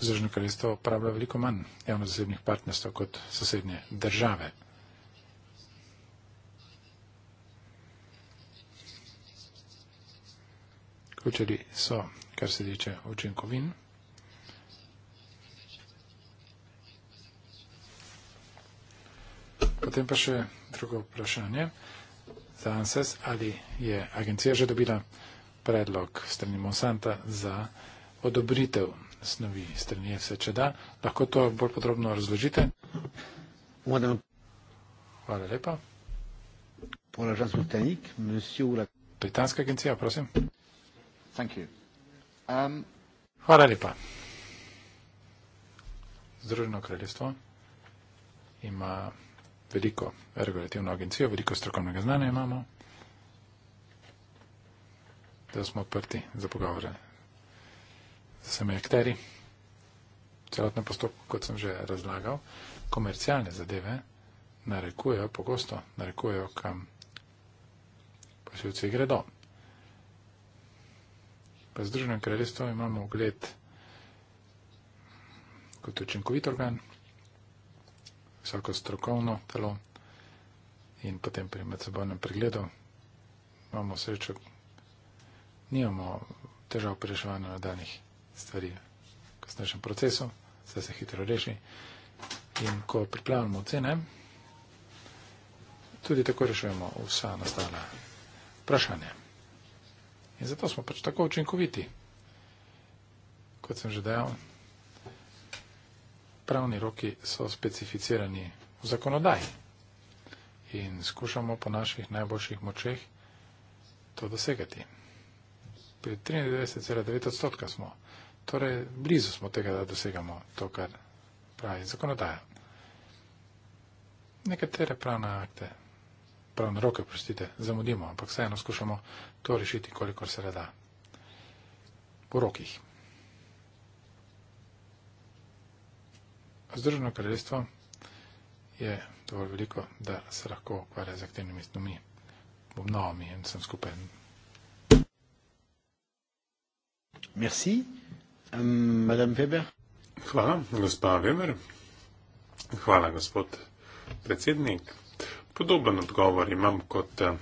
Združeno kraljestvo uporablja veliko manj javno-zasebnih partnerstv kot sosednje države. Ključeri so, kar se tiče učinkovin. Potem pa še drugo vprašanje za ANSES, ali je agencija že dobila predlog strani Monsanta za odobritev snovi strani FSE. Če da, lahko to bolj podrobno razložite. Hvala lepa. Britanska agencija, prosim. Thank you. Um, Hvala lepa. Združeno kraljestvo ima veliko regulativno agencijo, veliko strokovnega znanja imamo, da smo odprti za pogovore z vsemi akteri. Celotno postopko, kot sem že razlagal, komercialne zadeve narekujejo, pogosto narekujejo, kam posilci gredo pa Združenem kraljestvu imamo ugled kot učinkovit organ, vsako strokovno telo in potem pri medsebojnem pregledu imamo srečo, nimamo težav pri reševanju nadaljnih stvari v kasnejšem procesu, vse se hitro reši in ko pripravljamo ocene, tudi tako rešujemo vsa nastala vprašanja. In zato smo pač tako učinkoviti. Kot sem že dejal, pravni roki so specificirani v zakonodaji in skušamo po naših najboljših močeh to dosegati. Pri 93,9 odstotka smo, torej blizu smo tega, da dosegamo to, kar pravi zakonodaja. Nekatere pravne akte prav na roke, prostite, zamudimo, ampak vseeno skušamo to rešiti, kolikor se le da. V rokih. Združeno kraljestvo je dovolj veliko, da se lahko ukvarja z aktivnimi snumi, obnovami in sem skupaj. Merci. Um, Madame Weber. Hvala, gospa Weber. Hvala, gospod predsednik podoben odgovor imam kot eh,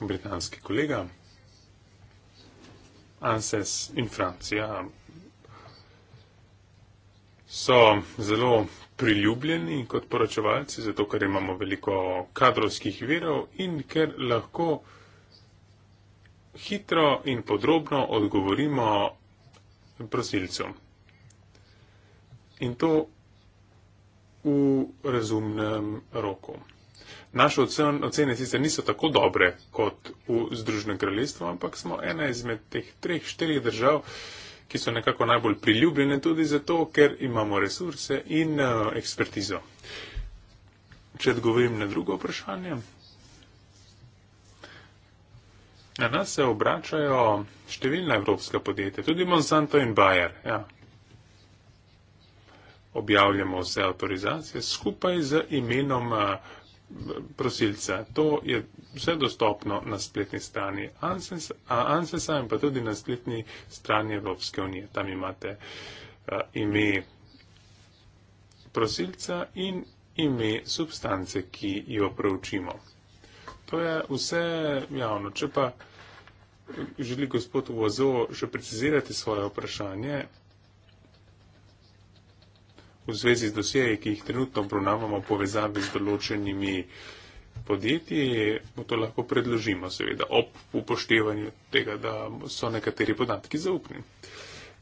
britanski kolega. Anses in Francija so zelo priljubljeni kot poročevalci, zato ker imamo veliko kadrovskih verov in ker lahko hitro in podrobno odgovorimo prosilcem. In to v razumnem roku. Naše ocene sicer niso tako dobre kot v Združenem kraljestvu, ampak smo ena izmed teh treh, štirih držav, ki so nekako najbolj priljubljene tudi zato, ker imamo resurse in uh, ekspertizo. Če odgovorim na drugo vprašanje. Na nas se obračajo številna evropska podjetja, tudi Monsanto in Bayer. Ja. Objavljamo vse avtorizacije skupaj z imenom uh, prosilca. To je vse dostopno na spletni strani ANSESA in pa tudi na spletni strani Evropske unije. Tam imate uh, ime prosilca in ime substance, ki jo preučimo. To je vse javno. Če pa želi gospod Vozo še precizirati svoje vprašanje, v zvezi z dosjeji, ki jih trenutno obravnavamo v povezavi z določenimi podjetji, bo to lahko predložimo, seveda, ob upoštevanju tega, da so nekateri podatki zaupni.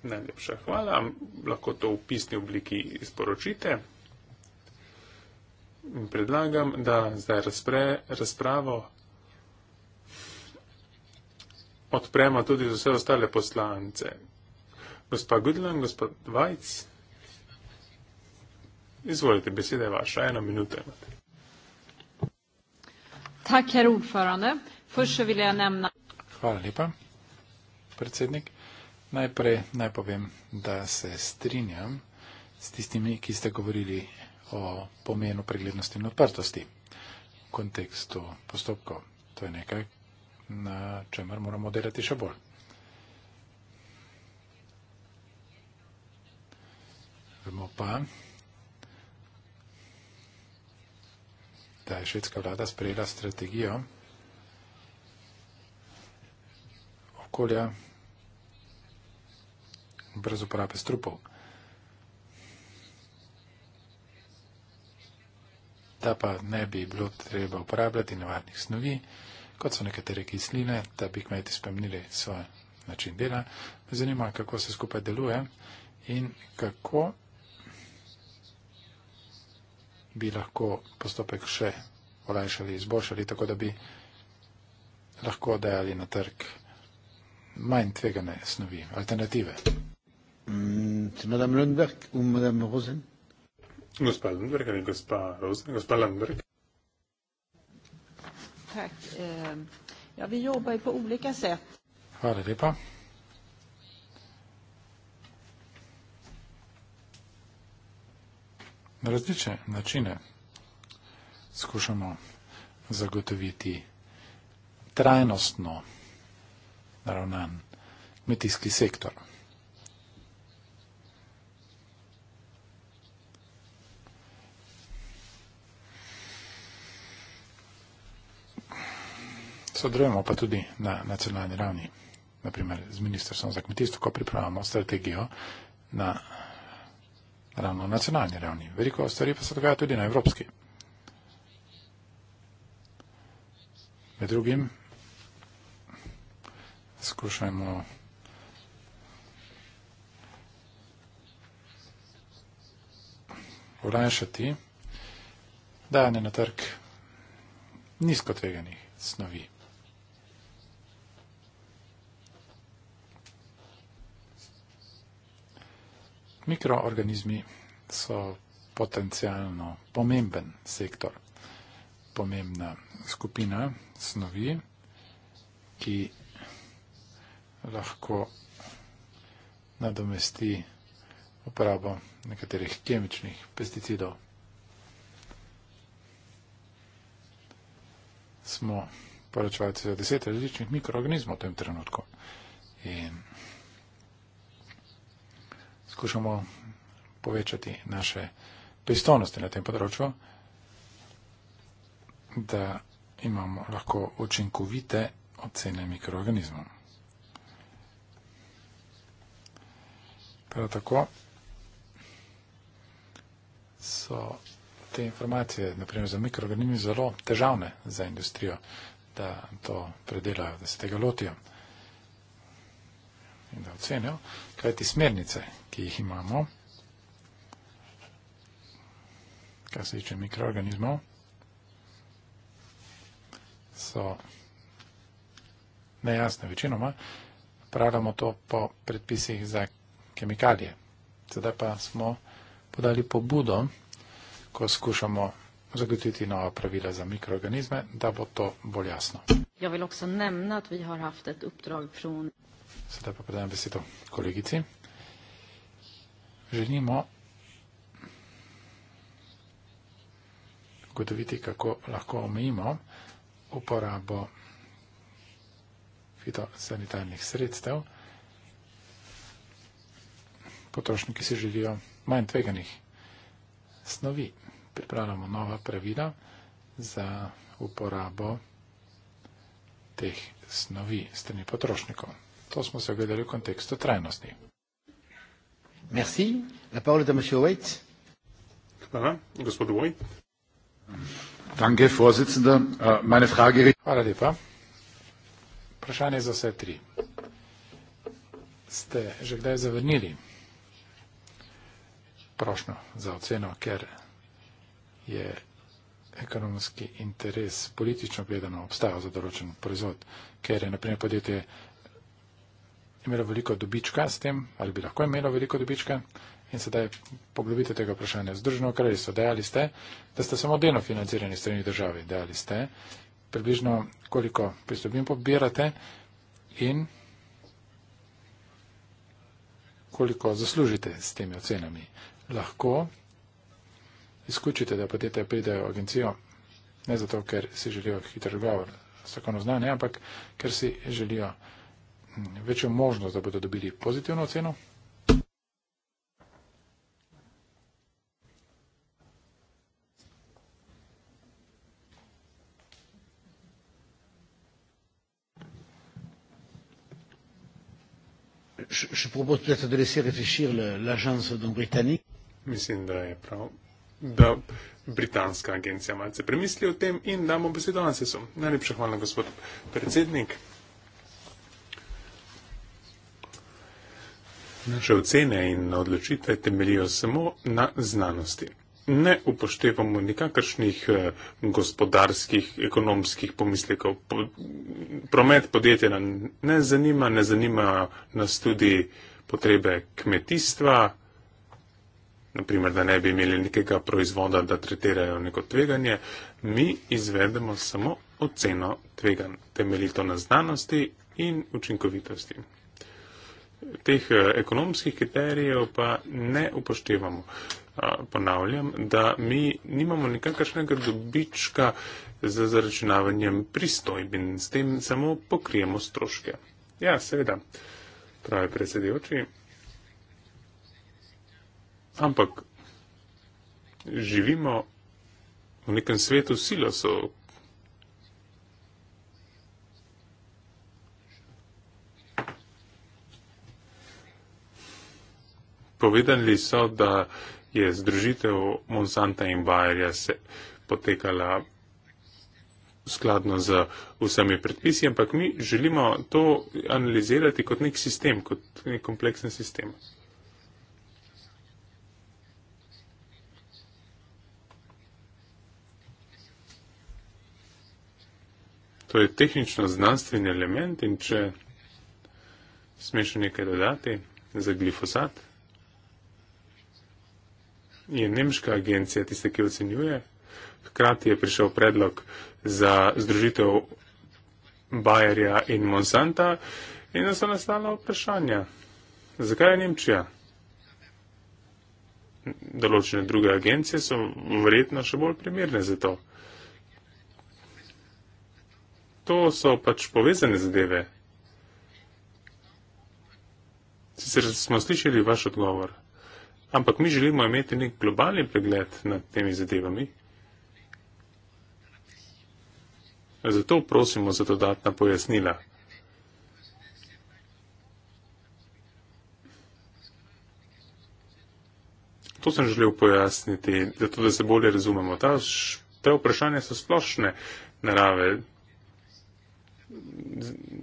Najlepša hvala, lahko to v pisni obliki sporočite. Predlagam, da zdaj razpre, razpravo odpremo tudi za vse ostale poslance. Gospa Gudlan, gospod Vajc. Izvolite, beseda je vaša, eno minuto imate. Tak, ker ordförande, prvi še vilja nemna. Hvala lepa, predsednik. Najprej naj povem, da se strinjam s tistimi, ki ste govorili o pomenu preglednosti in odprtosti v kontekstu postopkov. To je nekaj, na čemer moramo delati še bolj. Vemo pa, da je švedska vlada sprejela strategijo okolja brez uporabe strupov. Da pa ne bi bilo treba uporabljati nevarnih snovi, kot so nekatere kisline, da bi kmeti spremnili svoj način dela. Me zanima, kako se skupaj deluje in kako bi lahko postopek še olajšali, izboljšali, tako da bi lahko dajali na trg manj tvegane snovi, alternative. Mm, gospa Lundberg ali gospa Rosen, gospa Lundberg. Tak, eh, ja, vi jobbar på olika sätt. Hvala lepa. na različne načine skušamo zagotoviti trajnostno naravnan kmetijski sektor. Sodelujemo pa tudi na nacionalni ravni, naprimer z ministrstvom za kmetijstvo, ko pripravljamo strategijo na ravno na nacionalni ravni. Veliko stvari pa se dogaja tudi na evropski. Med drugim skušajmo olajšati dajanje na trg nizkotveganih snovi. Mikroorganizmi so potencijalno pomemben sektor, pomembna skupina snovi, ki lahko nadomesti uporabo nekaterih kemičnih pesticidov. Smo poračevalci za deset različnih mikroorganizmov v tem trenutku in skušamo povečati naše pristojnosti na tem področju, da imamo lahko učinkovite ocene mikroorganizmov. Prav tako so te informacije, naprimer za mikroorganizme, zelo težavne za industrijo, da to predelajo, da se tega lotijo in da ocenijo, kaj ti smernice, ki jih imamo, kar se tiče mikroorganizmov, so nejasne večinoma, pravljamo to po predpisih za kemikalije. Sedaj pa smo podali pobudo, ko skušamo zagotoviti nova pravila za mikroorganizme, da bo to bolj jasno. Sedaj pa predajam besedo kolegici. Želimo ugotoviti, kako lahko omejimo uporabo fitosanitarnih sredstev potrošniki si želijo manj tveganih snovi. Pripravljamo nova pravila za uporabo teh snovi strani potrošnikov. To smo se ogledali v kontekstu trajnosti. Merci. La parole est à monsieur Wojt. Hvala, gospod Wojt. Danke, vorsitzende. Äh, meine Frage... Hvala lepa. Vprašanje za vse tri. Ste že kdaj zavrnili prošnjo za oceno, ker je ekonomski interes politično gledano obstajal za določen proizvod, ker je naprimer podjetje imelo veliko dobička s tem, ali bi lahko imelo veliko dobička. In sedaj poglobite tega vprašanja. Združeno kraljestvo, dejali ste, da ste samo delno financirani strani države, dejali ste, približno koliko pristopin pobirate in koliko zaslužite s temi ocenami. Lahko izključite, da podjetja pridejo v agencijo, ne zato, ker si želijo hiter govor, strokovno znanje, ampak ker si želijo večjo možnost, da bodo dobili pozitivno oceno. Je propose peut-être de laisser réfléchir l'agence britannique. Mislim, da je prav, da britanska agencija malce premisli o tem in damo besedo ANSES-u. Najlepša hvala, gospod predsednik. Naše ocene in odločitve temeljijo samo na znanosti. Ne upoštevamo nikakršnih eh, gospodarskih, ekonomskih pomislekov. Promet podjetja nam ne zanima, ne zanima nas tudi potrebe kmetijstva, naprimer, da ne bi imeli nekega proizvoda, da tretirajo neko tveganje. Mi izvedemo samo oceno tveganj, temeljito na znanosti in učinkovitosti teh eh, ekonomskih kriterijev pa ne upoštevamo. Ponavljam, da mi nimamo nikakršnega dobička za zaračunavanjem pristojb in s tem samo pokrijemo stroške. Ja, seveda, pravi predsedujoči. Ampak živimo v nekem svetu silosov, Povedali so, da je združitev Monsanta in Bayerja potekala skladno z vsemi predpisi, ampak mi želimo to analizirati kot nek sistem, kot nek kompleksen sistem. To je tehnično znanstveni element in če smeš nekaj dodati za glifosat je nemška agencija tista, ki ocenjuje. Hkrati je prišel predlog za združitev Bayerja in Monsanta in so nastala vprašanja. Zakaj je Nemčija? Določene druge agencije so verjetno še bolj primerne za to. To so pač povezane zadeve. Sicer smo slišali vaš odgovor ampak mi želimo imeti nek globalni pregled nad temi zadevami. Zato prosimo za dodatna pojasnila. To sem želel pojasniti, zato da se bolje razumemo. Ta, te vprašanja so splošne narave.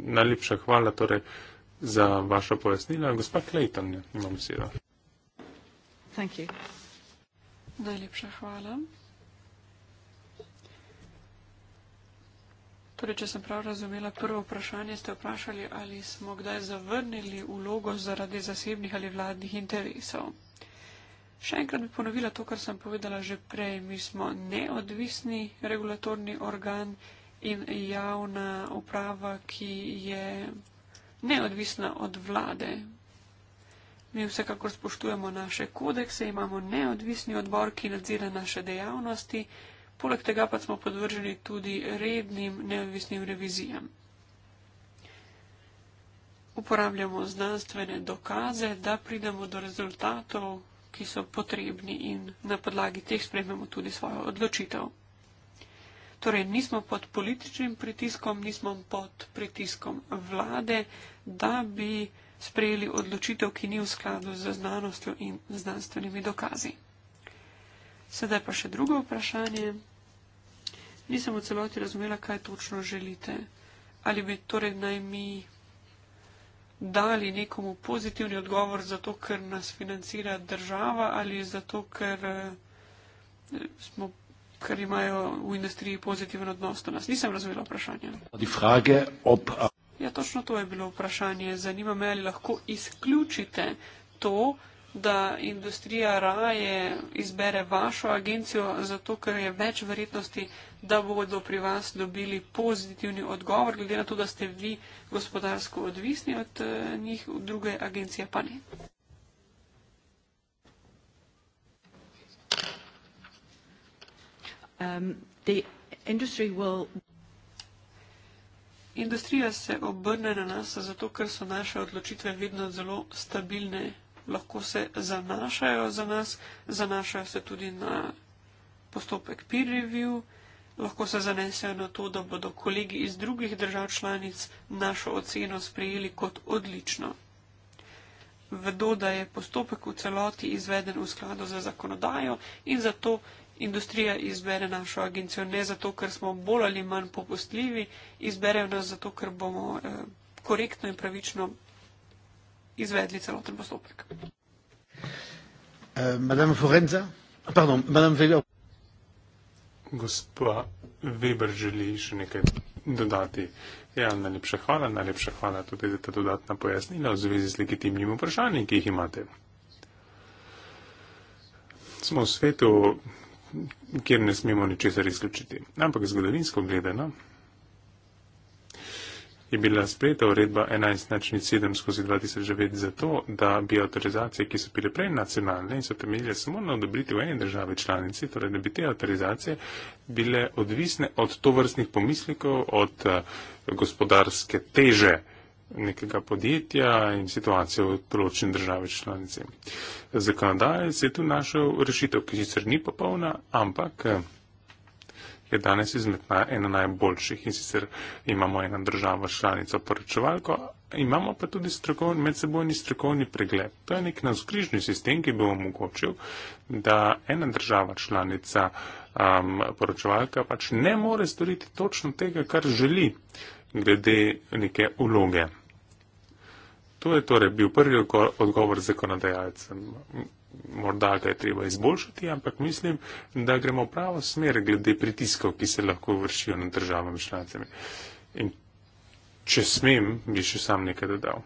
Najlepša hvala torej za vaša pojasnila. Gospa Clayton, imam besedo. Thank you. Najlepša hvala. Torej, če sem prav razumela, prvo vprašanje ste vprašali, ali smo kdaj zavrnili vlogo zaradi zasebnih ali vladnih interesov. Še enkrat bi ponovila to, kar sem povedala že prej. Mi smo neodvisni regulatorni organ in javna uprava, ki je neodvisna od vlade. Mi vsekakor spoštujemo naše kodekse, imamo neodvisni odbor, ki nadzira naše dejavnosti, poleg tega pa smo podvrženi tudi rednim neodvisnim revizijam. Uporabljamo znanstvene dokaze, da pridemo do rezultatov, ki so potrebni in na podlagi teh sprememo tudi svojo odločitev. Torej, nismo pod političnim pritiskom, nismo pod pritiskom vlade, da bi sprejeli odločitev, ki ni v skladu z znanostjo in znanstvenimi dokazi. Sedaj pa še drugo vprašanje. Nisem v celoti razumela, kaj točno želite. Ali bi torej naj mi dali nekomu pozitivni odgovor zato, ker nas financira država ali zato, ker, eh, smo, ker imajo v industriji pozitiven odnos do nas. Nisem razumela vprašanja. Ja, točno to je bilo vprašanje. Zanima me, ali lahko izključite to, da industrija raje izbere vašo agencijo, zato ker je več verjetnosti, da bodo pri vas dobili pozitivni odgovor, glede na to, da ste vi gospodarsko odvisni od eh, njih, od druge agencije pa ne. Um, the industry will. Industrija se obrne na nas, zato ker so naše odločitve vedno zelo stabilne. Lahko se zanašajo za nas, zanašajo se tudi na postopek peer review, lahko se zanesejo na to, da bodo kolegi iz drugih držav članic našo oceno sprejeli kot odlično. Vedo, da je postopek v celoti izveden v skladu z zakonodajo in zato industrija izbere našo agencijo ne zato, ker smo bolj ali manj popustljivi, izberejo nas zato, ker bomo eh, korektno in pravično izvedli celoten postopek. Eh, ah, Gospa Weber želi še nekaj dodati. Ja, najlepša hvala, najlepša hvala tudi za ta dodatna pojasnila v zvezi z legitimnimi vprašanji, ki jih imate. Smo v svetu kjer ne smemo ničesar izključiti. Ampak zgodovinsko gledano je bila sprejeta uredba 11.7 skozi 2009 zato, da bi avtorizacije, ki so bile prej nacionalne in so temeljile samo na odobriti v eni državi članici, torej da bi te avtorizacije bile odvisne od tovrstnih pomislikov, od eh, gospodarske teže uh, nekega podjetja in situacijo v določeni državi članice. Zakonodajec je tu našel rešitev, ki sicer ni popolna, ampak eh, je danes izmed na, ena najboljših in sicer imamo eno državo članico poročevalko, imamo pa tudi strokovni, medsebojni strokovni pregled. To je nek navzkrižni sistem, ki bi omogočil, da ena država članica um, poročevalka pač ne more storiti točno tega, kar želi. Uh, glede neke uloge. To je torej bil prvi odgovor zakonodajalcem. Morda ga je treba izboljšati, ampak mislim, da gremo v pravo smer glede pritiskov, ki se lahko vršijo nad državami članicami. In če smem, bi še sam nekaj dodal.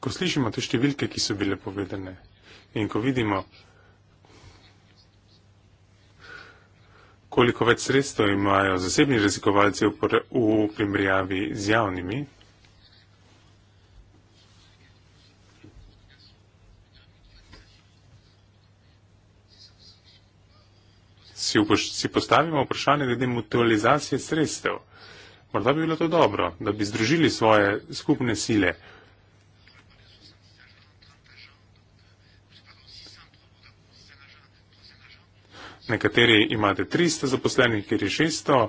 Ko slišimo te številke, ki so bile povedane, in ko vidimo, koliko več sredstev imajo zasebni raziskovalci v primerjavi z javnimi? Si postavimo vprašanje glede mutualizacije sredstev. Morda bi bilo to dobro, da bi združili svoje skupne sile Nekateri imate 300 zaposlenih, kjer je 600,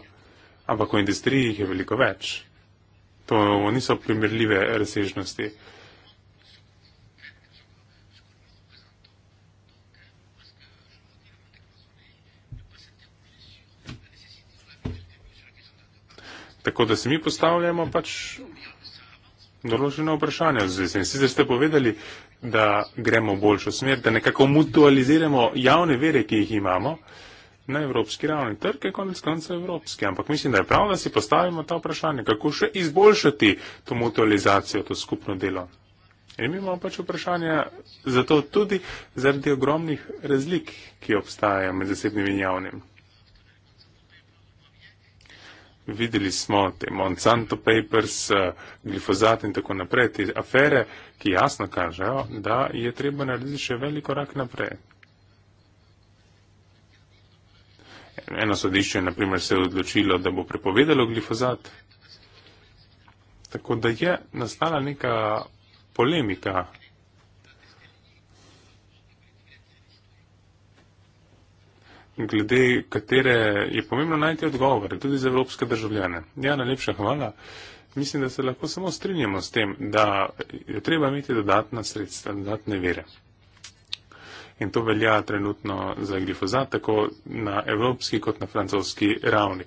ampak v industriji jih je veliko več. To niso primerljive razsežnosti. Tako da se mi postavljamo pač določeno vprašanje. Sicer ste povedali, da gremo v boljšo smer, da nekako mutualiziramo javne vere, ki jih imamo na evropski ravni. Trg je konec konca evropski, ampak mislim, da je prav, da si postavimo ta vprašanje, kako še izboljšati to mutualizacijo, to skupno delo. In mi imamo pač vprašanje za to tudi zaradi ogromnih razlik, ki obstajajo med zasebnim in javnim videli smo te Monsanto papers, eh, glifozat in tako naprej, te afere, ki jasno kažejo, da je treba narediti še velik korak naprej. Eno sodišče je naprimer se odločilo, da bo prepovedalo glifozat. Tako da je nastala neka polemika glede katere je pomembno najti odgovore, tudi za evropske državljane. Ja, najlepša hvala. Mislim, da se lahko samo strinjamo s tem, da je treba imeti dodatna sredstva, dodatne vere. In to velja trenutno za glifozat, tako na evropski kot na francoski ravni.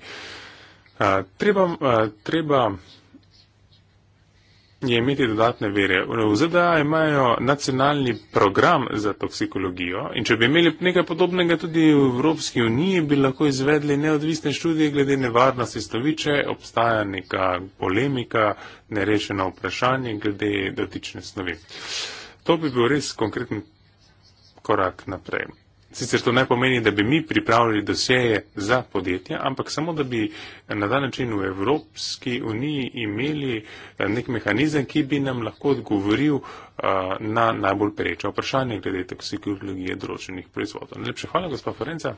Uh, treba, uh, treba je imeti dodatne vere. V ZDA imajo nacionalni program za toksikologijo in če bi imeli nekaj podobnega tudi v Evropski uniji, bi lahko izvedli neodvisne študije glede nevarnosti stoviče, obstaja neka polemika, nerešena vprašanje glede dotične snovi. To bi bil res konkreten korak naprej. Sicer to ne pomeni, da bi mi pripravljali doseje za podjetja, ampak samo, da bi na dan način v Evropski uniji imeli eh, nek mehanizem, ki bi nam lahko odgovoril eh, na najbolj pereča vprašanja glede toksikologije določenih proizvodov. Najlepše hvala, gospa Ferenca.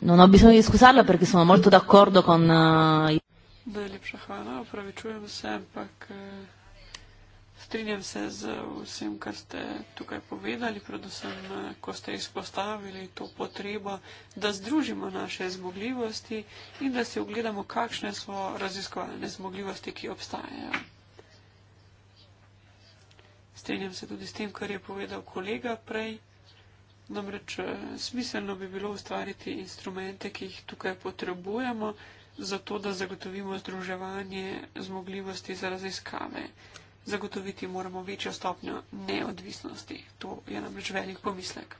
No, no, bi se izkusala, ker smo morali tudi akordo kon. Najlepša hvala, opravičujem se, ampak. Eh... Strinjam se z vsem, kar ste tukaj povedali, predvsem, eh, ko ste izpostavili to potrebo, da združimo naše zmogljivosti in da si ogledamo, kakšne so raziskovalne zmogljivosti, ki obstajajo. Strinjam se tudi s tem, kar je povedal kolega prej. Namreč eh, smiselno bi bilo ustvariti instrumente, ki jih tukaj potrebujemo, zato da zagotovimo združevanje zmogljivosti za raziskave. Zagotoviti moramo večjo stopnjo neodvisnosti. To je namreč velik pomislek.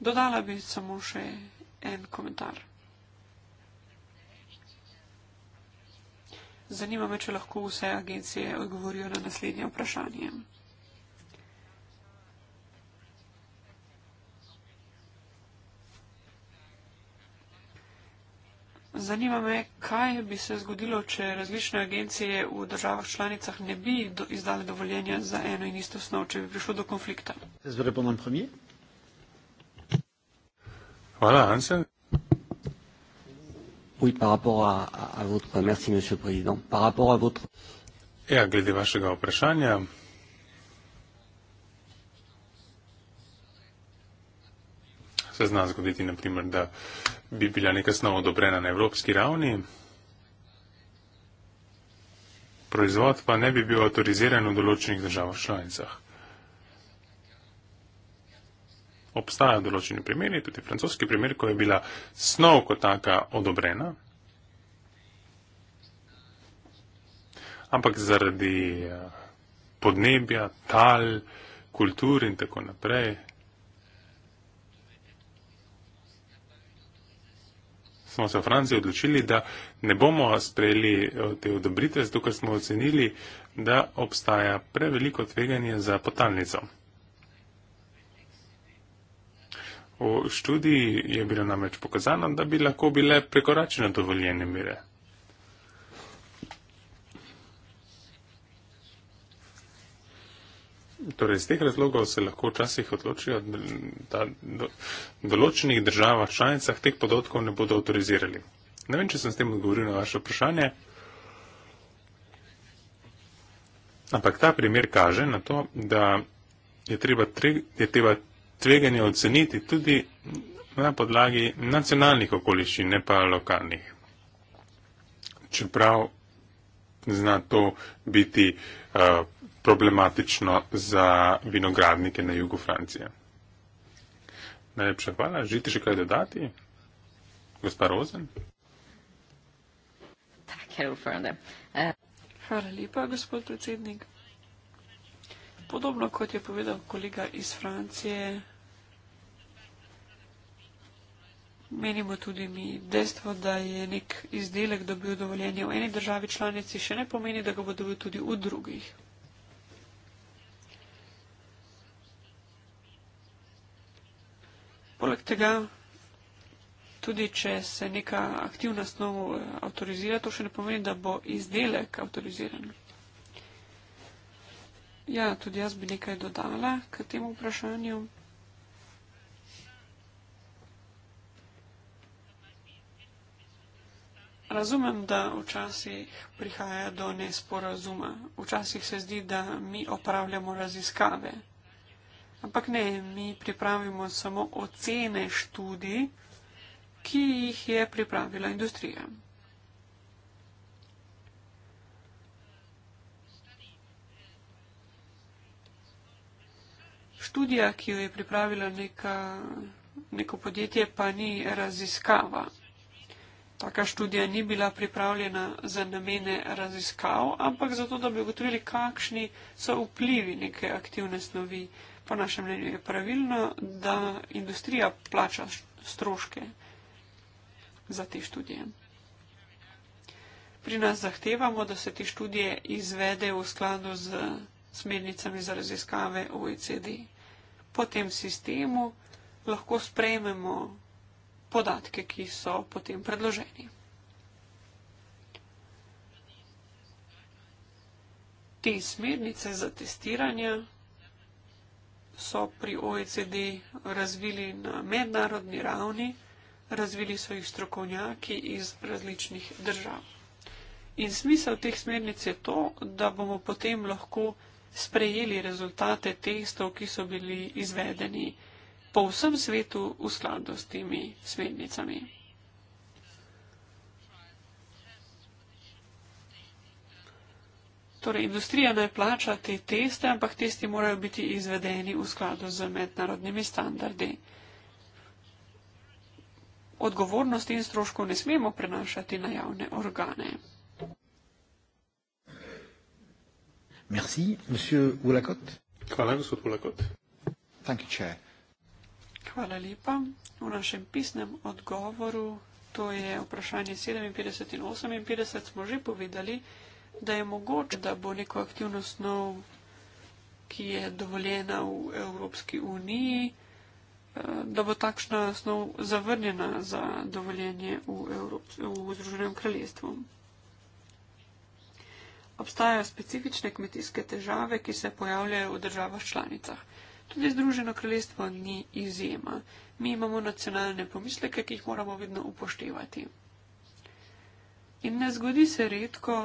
Dodala bi samo še en komentar. Zanima me, če lahko vse agencije odgovorijo na naslednje vprašanje. Zanima me, kaj bi se zgodilo, če različne agencije v državah članicah ne bi do, izdale dovoljenja za eno in isto snov, če bi prišlo do konflikta. Hvala, Ansel. Oui, par rapport à, à votre. Merci, Monsieur le Président. Par rapport à votre. Ja, Et à vašega vprašanja. se zna zgoditi, naprimer, da bi bila neka snov odobrena na evropski ravni, proizvod pa ne bi bil autoriziran v določenih državah članicah. Obstajajo določeni primeri, tudi francoski primer, ko je bila snov kot taka odobrena, ampak zaradi eh, podnebja, tal, kultur in tako naprej, smo se v Franciji odločili, da ne bomo sprejeli eh, te odobritve, zato ker smo ocenili, da obstaja preveliko tveganje za potalnico. V študiji je bilo namreč pokazano, da bi lahko bile prekoračene dovoljene mere. Torej, iz teh razlogov se lahko včasih odločijo, da v določenih državah članicah teh podatkov ne bodo autorizirali. Ne vem, če sem s tem odgovoril na vaše vprašanje, ampak ta primer kaže na to, da je treba, je treba tveganje oceniti tudi na podlagi nacionalnih okoliščin, ne pa lokalnih. Čeprav zna to biti. Uh, problematično za vinogradnike na jugu Francije. Najlepša hvala. Želite še kaj dodati? Gospa Rozen? Eh. Hvala lepa, gospod predsednik. Podobno kot je povedal kolega iz Francije, menimo tudi mi dejstvo, da je nek izdelek dobil dovoljenje v eni državi članici, še ne pomeni, da ga bo dobil tudi v drugih. Poleg tega, tudi če se neka aktivna snov eh, avtorizira, to še ne pomeni, da bo izdelek avtoriziran. Ja, tudi jaz bi nekaj dodala k temu vprašanju. Razumem, da včasih prihaja do nesporazuma. Včasih se zdi, da mi opravljamo raziskave. Ampak ne, mi pripravimo samo ocene študij, ki jih je pripravila industrija. Študija, ki jo je pripravila neka, neko podjetje, pa ni raziskava. Taka študija ni bila pripravljena za namene raziskav, ampak zato, da bi ugotovili, kakšni so vplivi neke aktivne snovi po našem mnenju je pravilno, da industrija plača stroške za te študije. Pri nas zahtevamo, da se te študije izvede v skladu z smernicami za raziskave OECD. Po tem sistemu lahko sprejmemo podatke, ki so potem predloženi. Te smernice za testiranje so pri OECD razvili na mednarodni ravni, razvili so jih strokovnjaki iz različnih držav. In smisel teh smernic je to, da bomo potem lahko sprejeli rezultate testov, ki so bili izvedeni po vsem svetu v skladu s temi smernicami. Torej, industrija naj plača te teste, ampak testi morajo biti izvedeni v skladu z mednarodnimi standardi. Odgovornosti in stroškov ne smemo prenašati na javne organe. Merci, Hvala, gospod Ulakot. Hvala lepa. V našem pisnem odgovoru, to je vprašanje 57 in 58, smo že povedali, da je mogoče, da bo neko aktivno snov, ki je dovoljena v Evropski uniji, eh, da bo takšna snov zavrnjena za dovoljenje v, v Združenem kraljestvu. Obstajajo specifične kmetijske težave, ki se pojavljajo v državah članicah. Tudi Združeno kraljestvo ni izjema. Mi imamo nacionalne pomisleke, ki jih moramo vedno upoštevati. In ne zgodi se redko,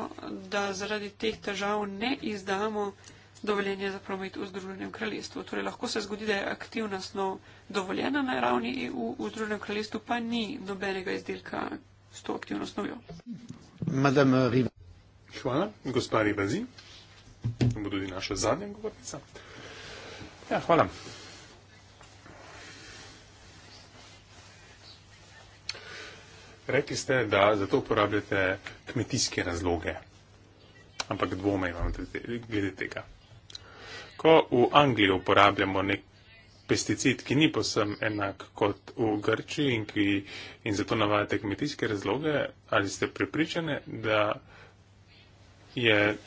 da zaradi teh težav ne izdamo dovoljenja za promet v Združenem kraljestvu. Torej, lahko se zgodi, da je aktivna snov dovoljena na ravni EU, v Združenem kraljestvu pa ni nobenega izdelka s to aktivno snovjo. Hvala, gospa Ribazi. To bo tudi naša zadnja govornica. Ja, hvala. rekli ste, da za to uporabljate kmetijske razloge. Ampak dvome imam glede tega. Ko v Angliji uporabljamo nek pesticid, ki ni posem enak kot v Grčiji in, ki, in zato navajate kmetijske razloge, ali ste prepričane, da je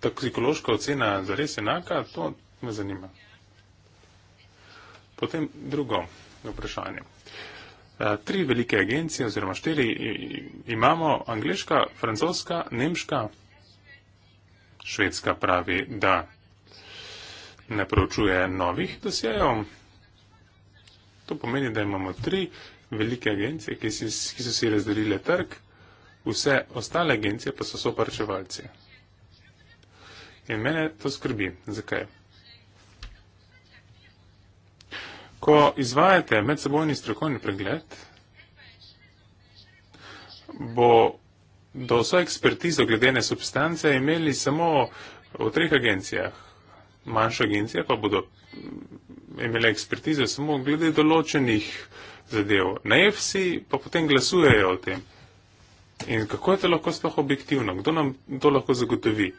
toksikološka ocena zares enaka, to me zanima. Potem drugo vprašanje. Eh, tri velike agencije oziroma štiri imamo, angliška, francoska, nemška, švedska pravi, da ne proučuje novih dosjejev. To pomeni, da imamo tri velike agencije, ki, si, ki so si razdelile trg, vse ostale agencije pa so soparčevalci. In mene to skrbi. Zakaj? Ko izvajate medsebojni strokovni pregled, bo do vso ekspertizo gledene substance imeli samo v treh agencijah. Manjša agencija pa bodo mm, imele ekspertizo samo glede določenih zadev. Na EFSI pa potem glasujejo o tem. In kako je to lahko sploh objektivno? Kdo nam to lahko zagotovi?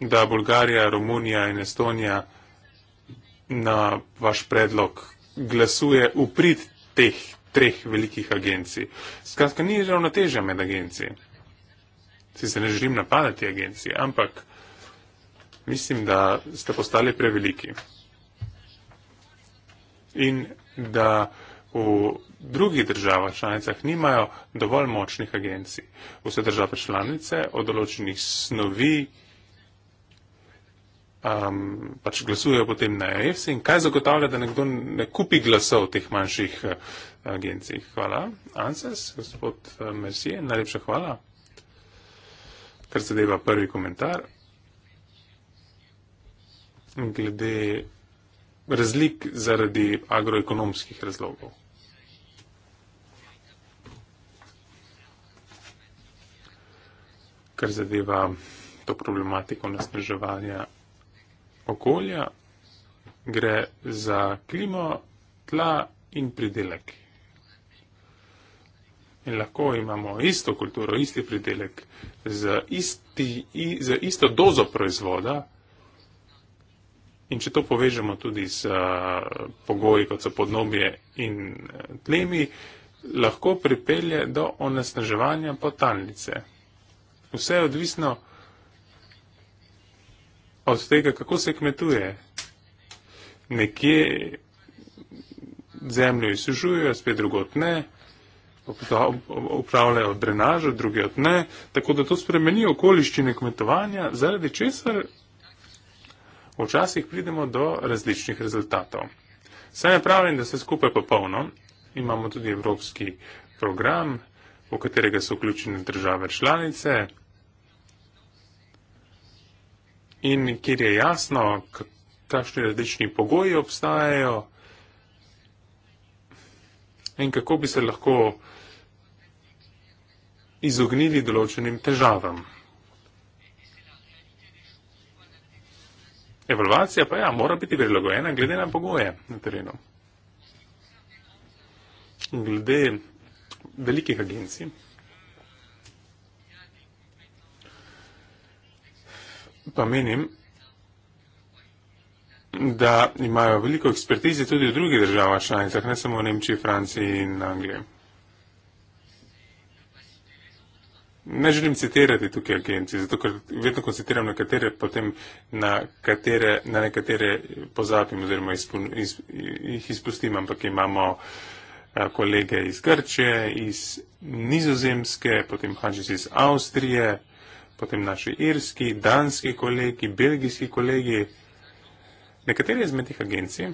Da Bolgarija, Romunija in Estonija na vaš predlog glasuje v prid teh treh velikih agencij. Skratka, ni ravnotežja med agencije. Si se ne želim napadati agencije, ampak mislim, da ste postali preveliki. In da v drugih državah članicah nimajo dovolj močnih agencij. Vse države članice od določenih snovi, um, pač glasujejo potem na EFSI in kaj zagotavlja, da nekdo ne kupi glasov v teh manjših eh, agencij. Hvala. Anses, gospod eh, Mercier, najlepša hvala. Kar se deva prvi komentar. Glede razlik zaradi agroekonomskih razlogov. Kar zadeva to problematiko nasneževanja okolja, gre za klimo, tla in pridelek. In lahko imamo isto kulturo, isti pridelek, za, isti, i, za isto dozo proizvoda. In če to povežemo tudi z eh, pogoji, kot so podnobje in eh, tlemi, lahko pripelje do onesnaževanja potalnice. Vse je odvisno od od tega, kako se kmetuje. Nekje zemljo izsužujejo, spet drugot ne, upravljajo drenažo, druge od ne, tako da to spremeni okoliščine kmetovanja, zaradi česar včasih pridemo do različnih rezultatov. Sam je pravljen, da se skupaj popolno, imamo tudi evropski program, v katerega so vključene države članice, in kjer je jasno, kakšni različni pogoji obstajajo in kako bi se lahko izognili določenim težavam. Evalvacija pa ja, mora biti prilagojena glede na pogoje na terenu. Glede velikih agencij. pa menim, da imajo veliko ekspertizi tudi v drugih državah članicah, ne samo v Nemčiji, Franciji in Angliji. Ne želim citirati tukaj agencije, zato ker vedno, ko citiram nekatere, potem na, katere, na nekatere pozabim oziroma izpun, iz, jih izpustim, ampak imamo eh, kolege iz Grče, iz Nizozemske, potem Hanžis iz Avstrije, potem naši irski, danski kolegi, belgijski kolegi, nekateri izmed teh agencij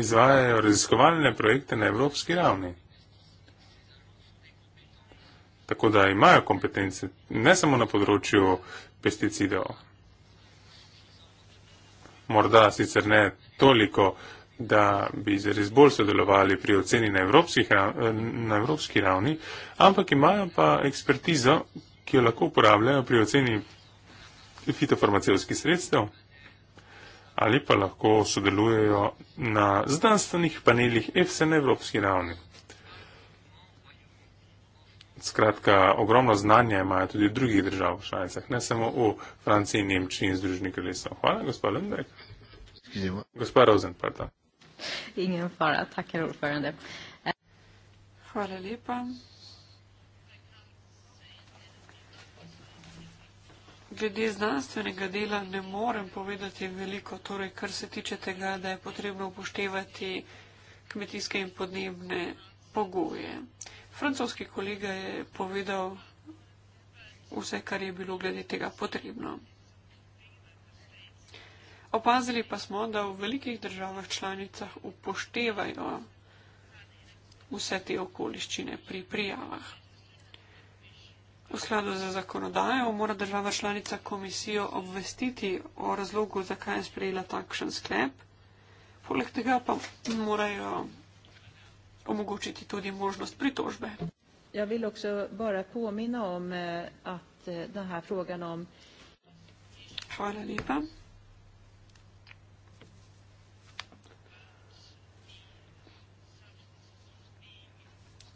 izvajajo raziskovalne projekte na evropski ravni. Tako da imajo kompetence ne samo na področju pesticidov. Morda sicer ne toliko da bi zares bolj sodelovali pri oceni na, na evropski ravni, ampak imajo pa ekspertizo, ki jo lahko uporabljajo pri oceni fitofarmacevskih sredstev ali pa lahko sodelujejo na zdanstvenih panelih EFSA na evropski ravni. Skratka, ogromno znanja imajo tudi v drugih državah članicah, ne samo v Franciji, Nemčiji in Združenih kraljestvih. Hvala, gospod Lendek. Gospod Rozen, pardon. [LAUGHS] Ingen fara. Tack, herr ordförande. Hvala lepa. Glede znanstvenega dela ne morem povedati veliko, torej, kar se tiče tega, da je potrebno upoštevati kmetijske in podnebne pogoje. Francoski kolega je povedal vse, kar je bilo glede tega potrebno. Opazili pa smo, da v velikih državah članicah upoštevajo vse te okoliščine pri prijavah. V skladu z zakonodajo mora država članica komisijo obvestiti o razlogu, zakaj je sprejela takšen sklep. Poleg tega pa morajo omogočiti tudi možnost pritožbe. Eh, eh, Hvala lepa.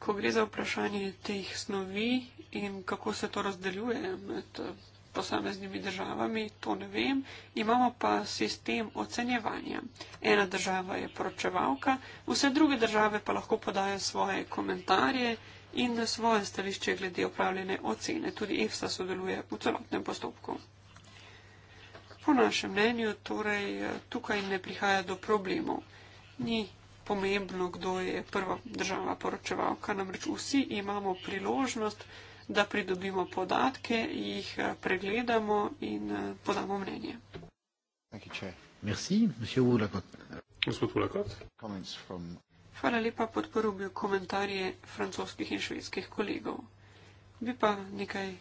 ko gre za vprašanje teh snovi in kako se to razdeljuje med posameznimi državami, to ne vem. Imamo pa sistem ocenjevanja. Ena država je poročevalka, vse druge države pa lahko podajo svoje komentarje in svoje stališče glede opravljene ocene. Tudi EFSA sodeluje v celotnem postopku. Po našem mnenju torej eh, tukaj ne prihaja do problemov. Ni pomembno, kdo je prva država poročevalka. Namreč vsi imamo priložnost, da pridobimo podatke, jih eh, pregledamo in eh, podamo mnenje. Hvala lepa, podporil bi komentarje francoskih in švedskih kolegov. Bi pa nekaj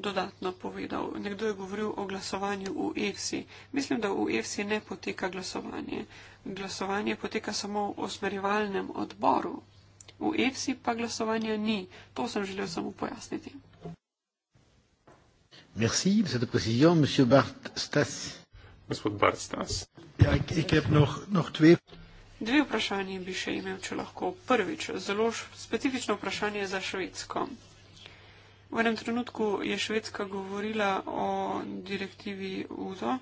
dodatno povedal. Nekdo je govoril o glasovanju v EFSI. Mislim, da v EFSI ne poteka glasovanje. Glasovanje poteka samo v osmerivalnem odboru. V EFSI pa glasovanja ni. To sem želel samo pojasniti. Merci za to precizijo, monsieur Bart Stas. Gospod Bart Stas. Ja, ik heb nog, nog twee. Dve vprašanje bi še imel, če lahko. Prvič, zelo specifično vprašanje za Švedsko. V enem trenutku je Švedska govorila o direktivi UZO.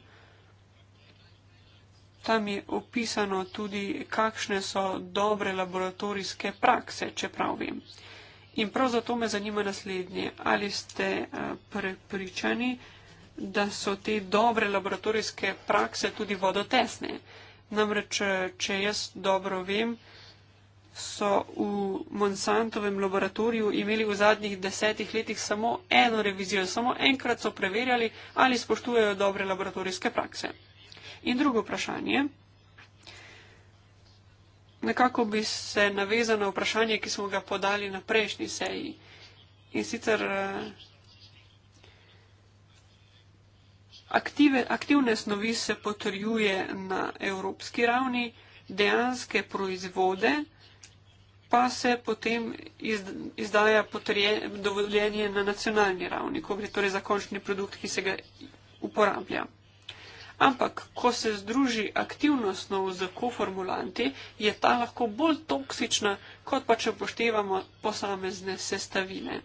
Tam je opisano tudi, kakšne so dobre laboratorijske prakse, čeprav vem. In prav zato me zanima naslednje. Ali ste eh, prepričani, da so te dobre laboratorijske prakse tudi vodotesne? Namreč, eh, če jaz dobro vem, so v Monsantovem laboratoriju imeli v zadnjih desetih letih samo eno revizijo, samo enkrat so preverjali, ali spoštujejo dobre laboratorijske prakse. In drugo vprašanje, nekako bi se navezano vprašanje, ki smo ga podali na prejšnji seji. In sicer eh, aktive, aktivne snovi se potrjuje na evropski ravni, dejanske proizvode, pa se potem izdaja potrje, dovoljenje na nacionalni ravni, ko gre torej za končni produkt, ki se ga uporablja. Ampak, ko se združi aktivno snov z koformulanti, je ta lahko bolj toksična, kot pa če upoštevamo posamezne sestavine.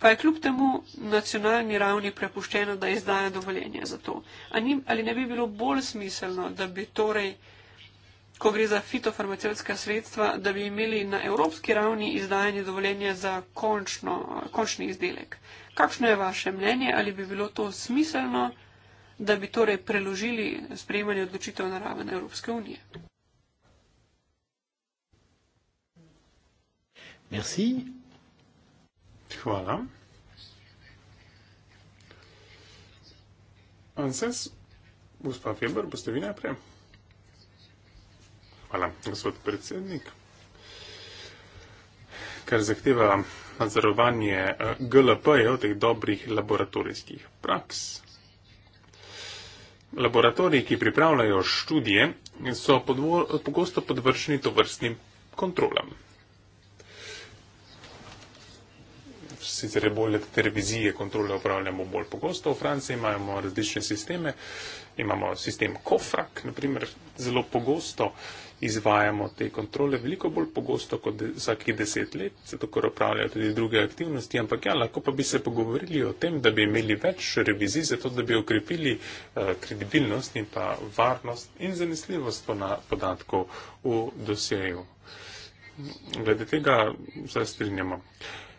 Pa je kljub temu nacionalni ravni prepuščeno, da izdaja dovoljenje za to. Ali ne bi bilo bolj smiselno, da bi torej ko gre za fitofarmacevtska sredstva, da bi imeli na evropski ravni izdajanje dovoljenja za končno, končni izdelek. Kakšno je vaše mnenje, ali bi bilo to smiselno, da bi torej preložili sprejemanje odločitev na raven Evropske unije? Merci. Hvala. Anses, gospod Feber, boste vi najprej? Hvala, gospod predsednik. Kar zahteva nadzorovanje eh, GLP-jev, teh dobrih laboratorijskih praks. Laboratoriji, ki pripravljajo študije, so pogosto podvršeni to vrstnim kontrolam. Sicer je bolje, da televizije kontrole upravljamo bolj pogosto. V Franciji imamo različne sisteme. Imamo sistem COFRAC, naprimer, zelo pogosto. Uh, izvajamo te kontrole veliko bolj pogosto kot de, vsaki deset let, zato ker opravljajo tudi druge aktivnosti, ampak ja, lahko pa bi se pogovorili o tem, da bi imeli več revizij, zato da bi okrepili eh, kredibilnost in pa varnost in zanesljivost podatkov v dosjeju. Glede tega se strinjamo.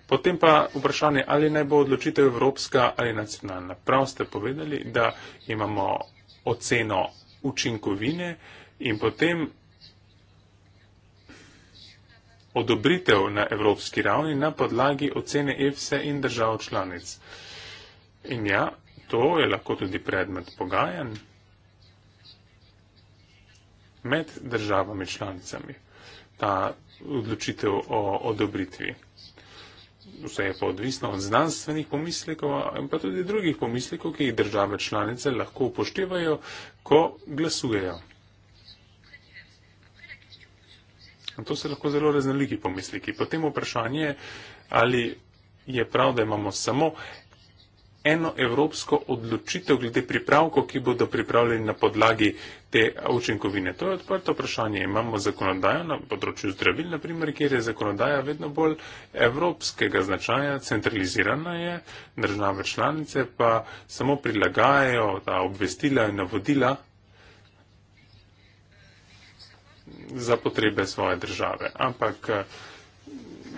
Potem pa vprašanje, ali naj bo odločitev evropska ali nacionalna. Prav ste povedali, da imamo oceno učinkovine in potem odobritev na evropski ravni na podlagi ocene EFSE in držav članic. In ja, to je lahko tudi predmet pogajanj med državami članicami, ta odločitev o odobritvi. Vse je pa odvisno od znanstvenih pomislekov in pa tudi drugih pomislekov, ki jih države članice lahko upoštevajo, ko glasujejo. jezika. To so lahko zelo raznoliki pomisliki. Potem vprašanje je, ali je prav, da imamo samo eno evropsko odločitev glede pripravko, ki bodo pripravljeni na podlagi te učinkovine. To je odprto vprašanje. Imamo zakonodajo na področju zdravil, naprimer, kjer je zakonodaja vedno bolj evropskega značaja, centralizirana je, države članice pa samo prilagajajo ta obvestila in navodila za potrebe svoje države. Ampak eh,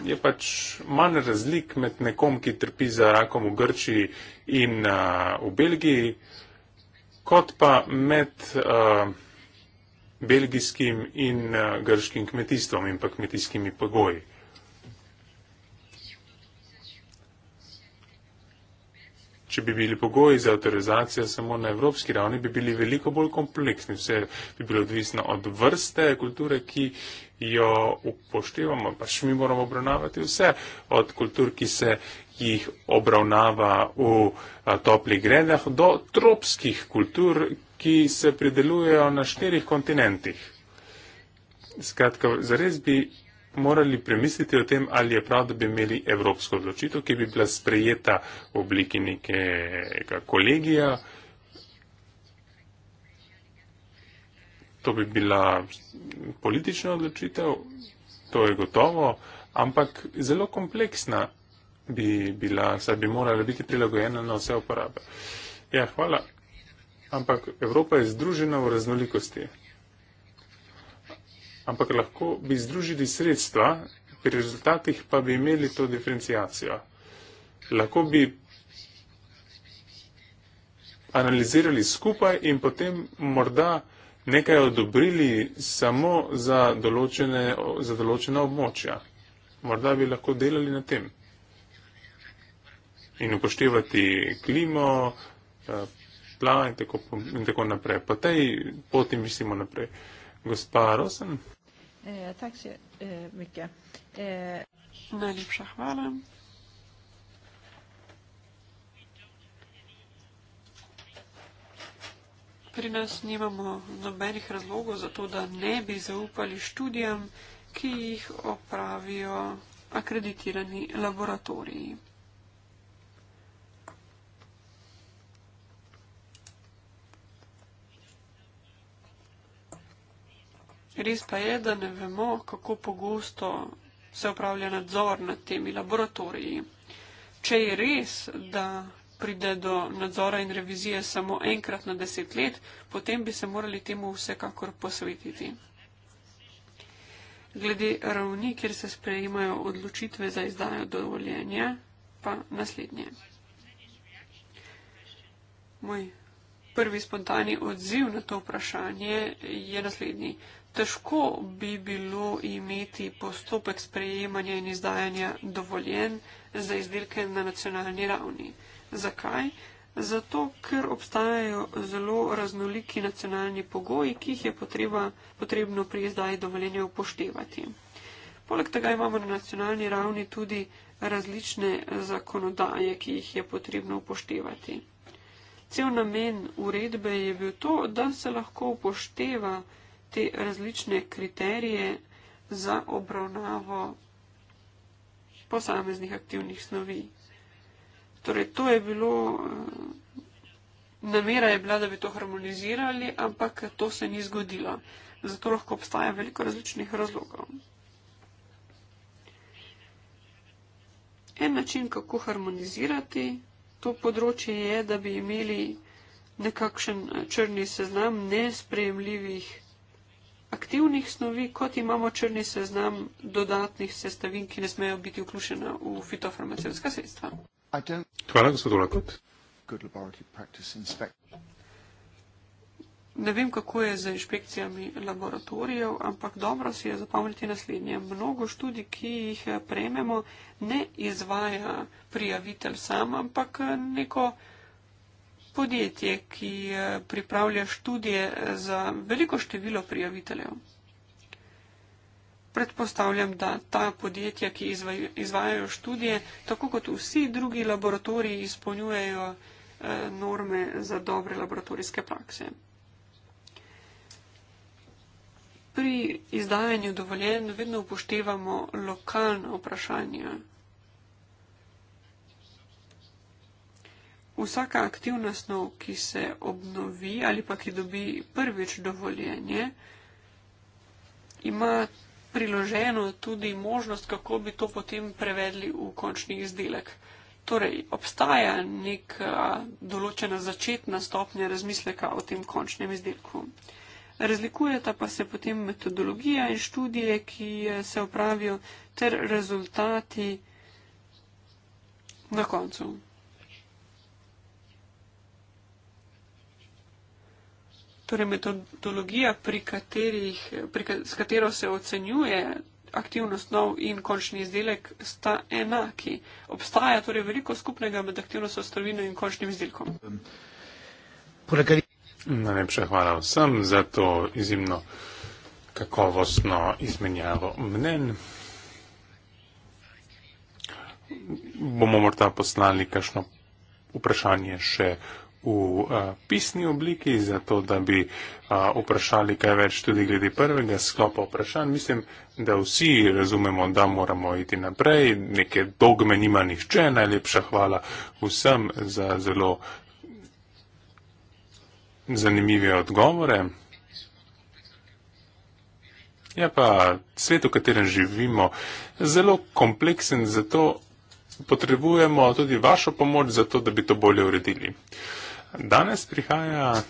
je pač manj razlik med nekom, ki trpi za rakom v Grčiji in uh, v Belgiji, kot pa med uh, belgijskim in uh, grškim kmetijstvom in pa kmetijskimi pogoji. Če bi bili pogoji za avtorizacijo samo na evropski ravni, bi bili veliko bolj kompleksni. Vse bi bilo odvisno od vrste kulture, ki jo upoštevamo. Pač mi moramo obravnavati vse od kultur, ki se jih obravnava v toplih grenah, do tropskih kultur, ki se pridelujejo na štirih kontinentih. Skratka, zares bi morali premisliti o tem, ali je prav, da bi imeli evropsko odločitev, ki bi bila sprejeta v obliki nekega kolegija. To bi bila politična odločitev, to je gotovo, ampak zelo kompleksna bi bila, saj bi morala biti prilagojena na vse uporabe. Ja, hvala. Ampak Evropa je združena v raznolikosti ampak lahko bi združili sredstva, pri rezultatih pa bi imeli to diferencijacijo. Lahko bi analizirali skupaj in potem morda nekaj odobrili samo za, določene, za določena območja. Morda bi lahko delali na tem in upoštevati klimo, tla eh, in tako, in tako naprej. Po tej poti mislimo naprej. Gospa Rosen. Eh, tack så eh, mycket. Eh, Najib Shahwala. Pri nas nimamo nobenih razlogov za to, da ne bi zaupali študijam, ki jih opravijo akreditirani laboratoriji. Res pa je, da ne vemo, kako pogosto se upravlja nadzor nad temi laboratoriji. Če je res, da pride do nadzora in revizije samo enkrat na deset let, potem bi se morali temu vsekakor posvetiti. Glede ravni, kjer se sprejemajo odločitve za izdajo dovoljenja, pa naslednje. Moj prvi spontani odziv na to vprašanje je naslednji. Težko bi bilo imeti postopek sprejemanja in izdajanja dovoljen za izdelke na nacionalni ravni. Zakaj? Zato, ker obstajajo zelo raznoliki nacionalni pogoji, ki jih je potreba, potrebno pri izdaji dovoljenja upoštevati. Poleg tega imamo na nacionalni ravni tudi različne zakonodaje, ki jih je potrebno upoštevati. Cel namen uredbe je bil to, da se lahko upošteva te različne kriterije za obravnavo posameznih aktivnih snovi. Torej, to je bilo, eh, namera je bila, da bi to harmonizirali, ampak to se ni zgodilo. Zato lahko obstaja veliko različnih razlogov. En način, kako harmonizirati to področje, je, da bi imeli nekakšen eh, črni seznam nesprejemljivih aktivnih snovi, kot imamo črni seznam dodatnih sestavin, ki ne smejo biti vključena v fitofarmacijska sredstva. Hvala, gospod Olakot. Ne vem, kako je z inšpekcijami laboratorijev, ampak dobro si je zapomniti naslednje. Mnogo študij, ki jih prejmemo, ne izvaja prijavitelj sam, ampak neko podjetje, ki eh, pripravlja študije za veliko število prijaviteljev. Predpostavljam, da ta podjetja, ki izvajajo študije, tako kot vsi drugi laboratoriji, izpolnjujejo eh, norme za dobre laboratorijske prakse. Pri izdajanju dovoljen vedno upoštevamo lokalne vprašanja, Vsaka aktivna snov, ki se obnovi ali pa ki dobi prvič dovoljenje, ima priloženo tudi možnost, kako bi to potem prevedli v končni izdelek. Torej, obstaja neka določena začetna stopnja razmisleka o tem končnem izdelku. Razlikujeta pa se potem metodologija in študije, ki se opravijo, ter rezultati na koncu. Torej metodologija, katerih, ka, s katero se ocenjuje aktivnost snov in končni izdelek, sta enaki. Obstaja torej veliko skupnega med aktivnostjo snovino in končnim izdelkom. Najlepša hvala vsem za to izjemno kakovostno izmenjavo mnen. Bomo morda poslali kakšno vprašanje še v eh, pisni obliki, zato da bi eh, vprašali kaj več tudi glede prvega sklopa vprašanj. Mislim, da vsi razumemo, da moramo iti naprej. Neke dogme nima nihče. Najlepša hvala vsem za zelo zanimive odgovore. Ja pa, svet, v katerem živimo, zelo kompleksen, zato potrebujemo tudi vašo pomoč, zato da bi to bolje uredili. Danes prihaja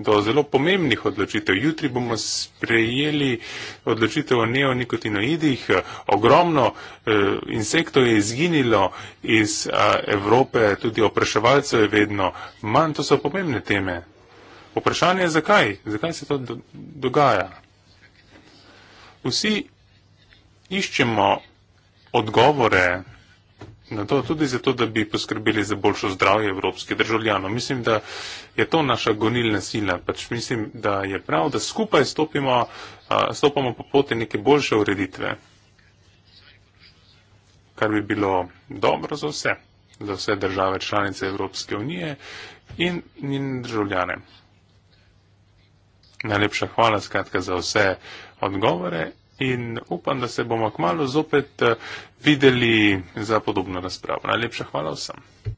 do zelo pomembnih odločitev. Jutri bomo sprejeli odločitev o neonikotinoidih. Ogromno eh, insektov je izginilo iz eh, Evrope, tudi opraševalcev je vedno manj. To so pomembne teme. Vprašanje je, zakaj? Zakaj se to do dogaja? Vsi iščemo odgovore na to, tudi zato, da bi poskrbeli za boljšo zdravje evropskih državljanov. Mislim, da je to naša gonilna sila. Pač mislim, da je prav, da skupaj stopimo, stopamo po poti neke boljše ureditve, kar bi bilo dobro za vse, za vse države članice Evropske unije in njene državljane. Najlepša hvala skratka za vse odgovore in upam, da se bomo kmalo zopet eh, videli za podobno razpravo. Najlepša hvala vsem.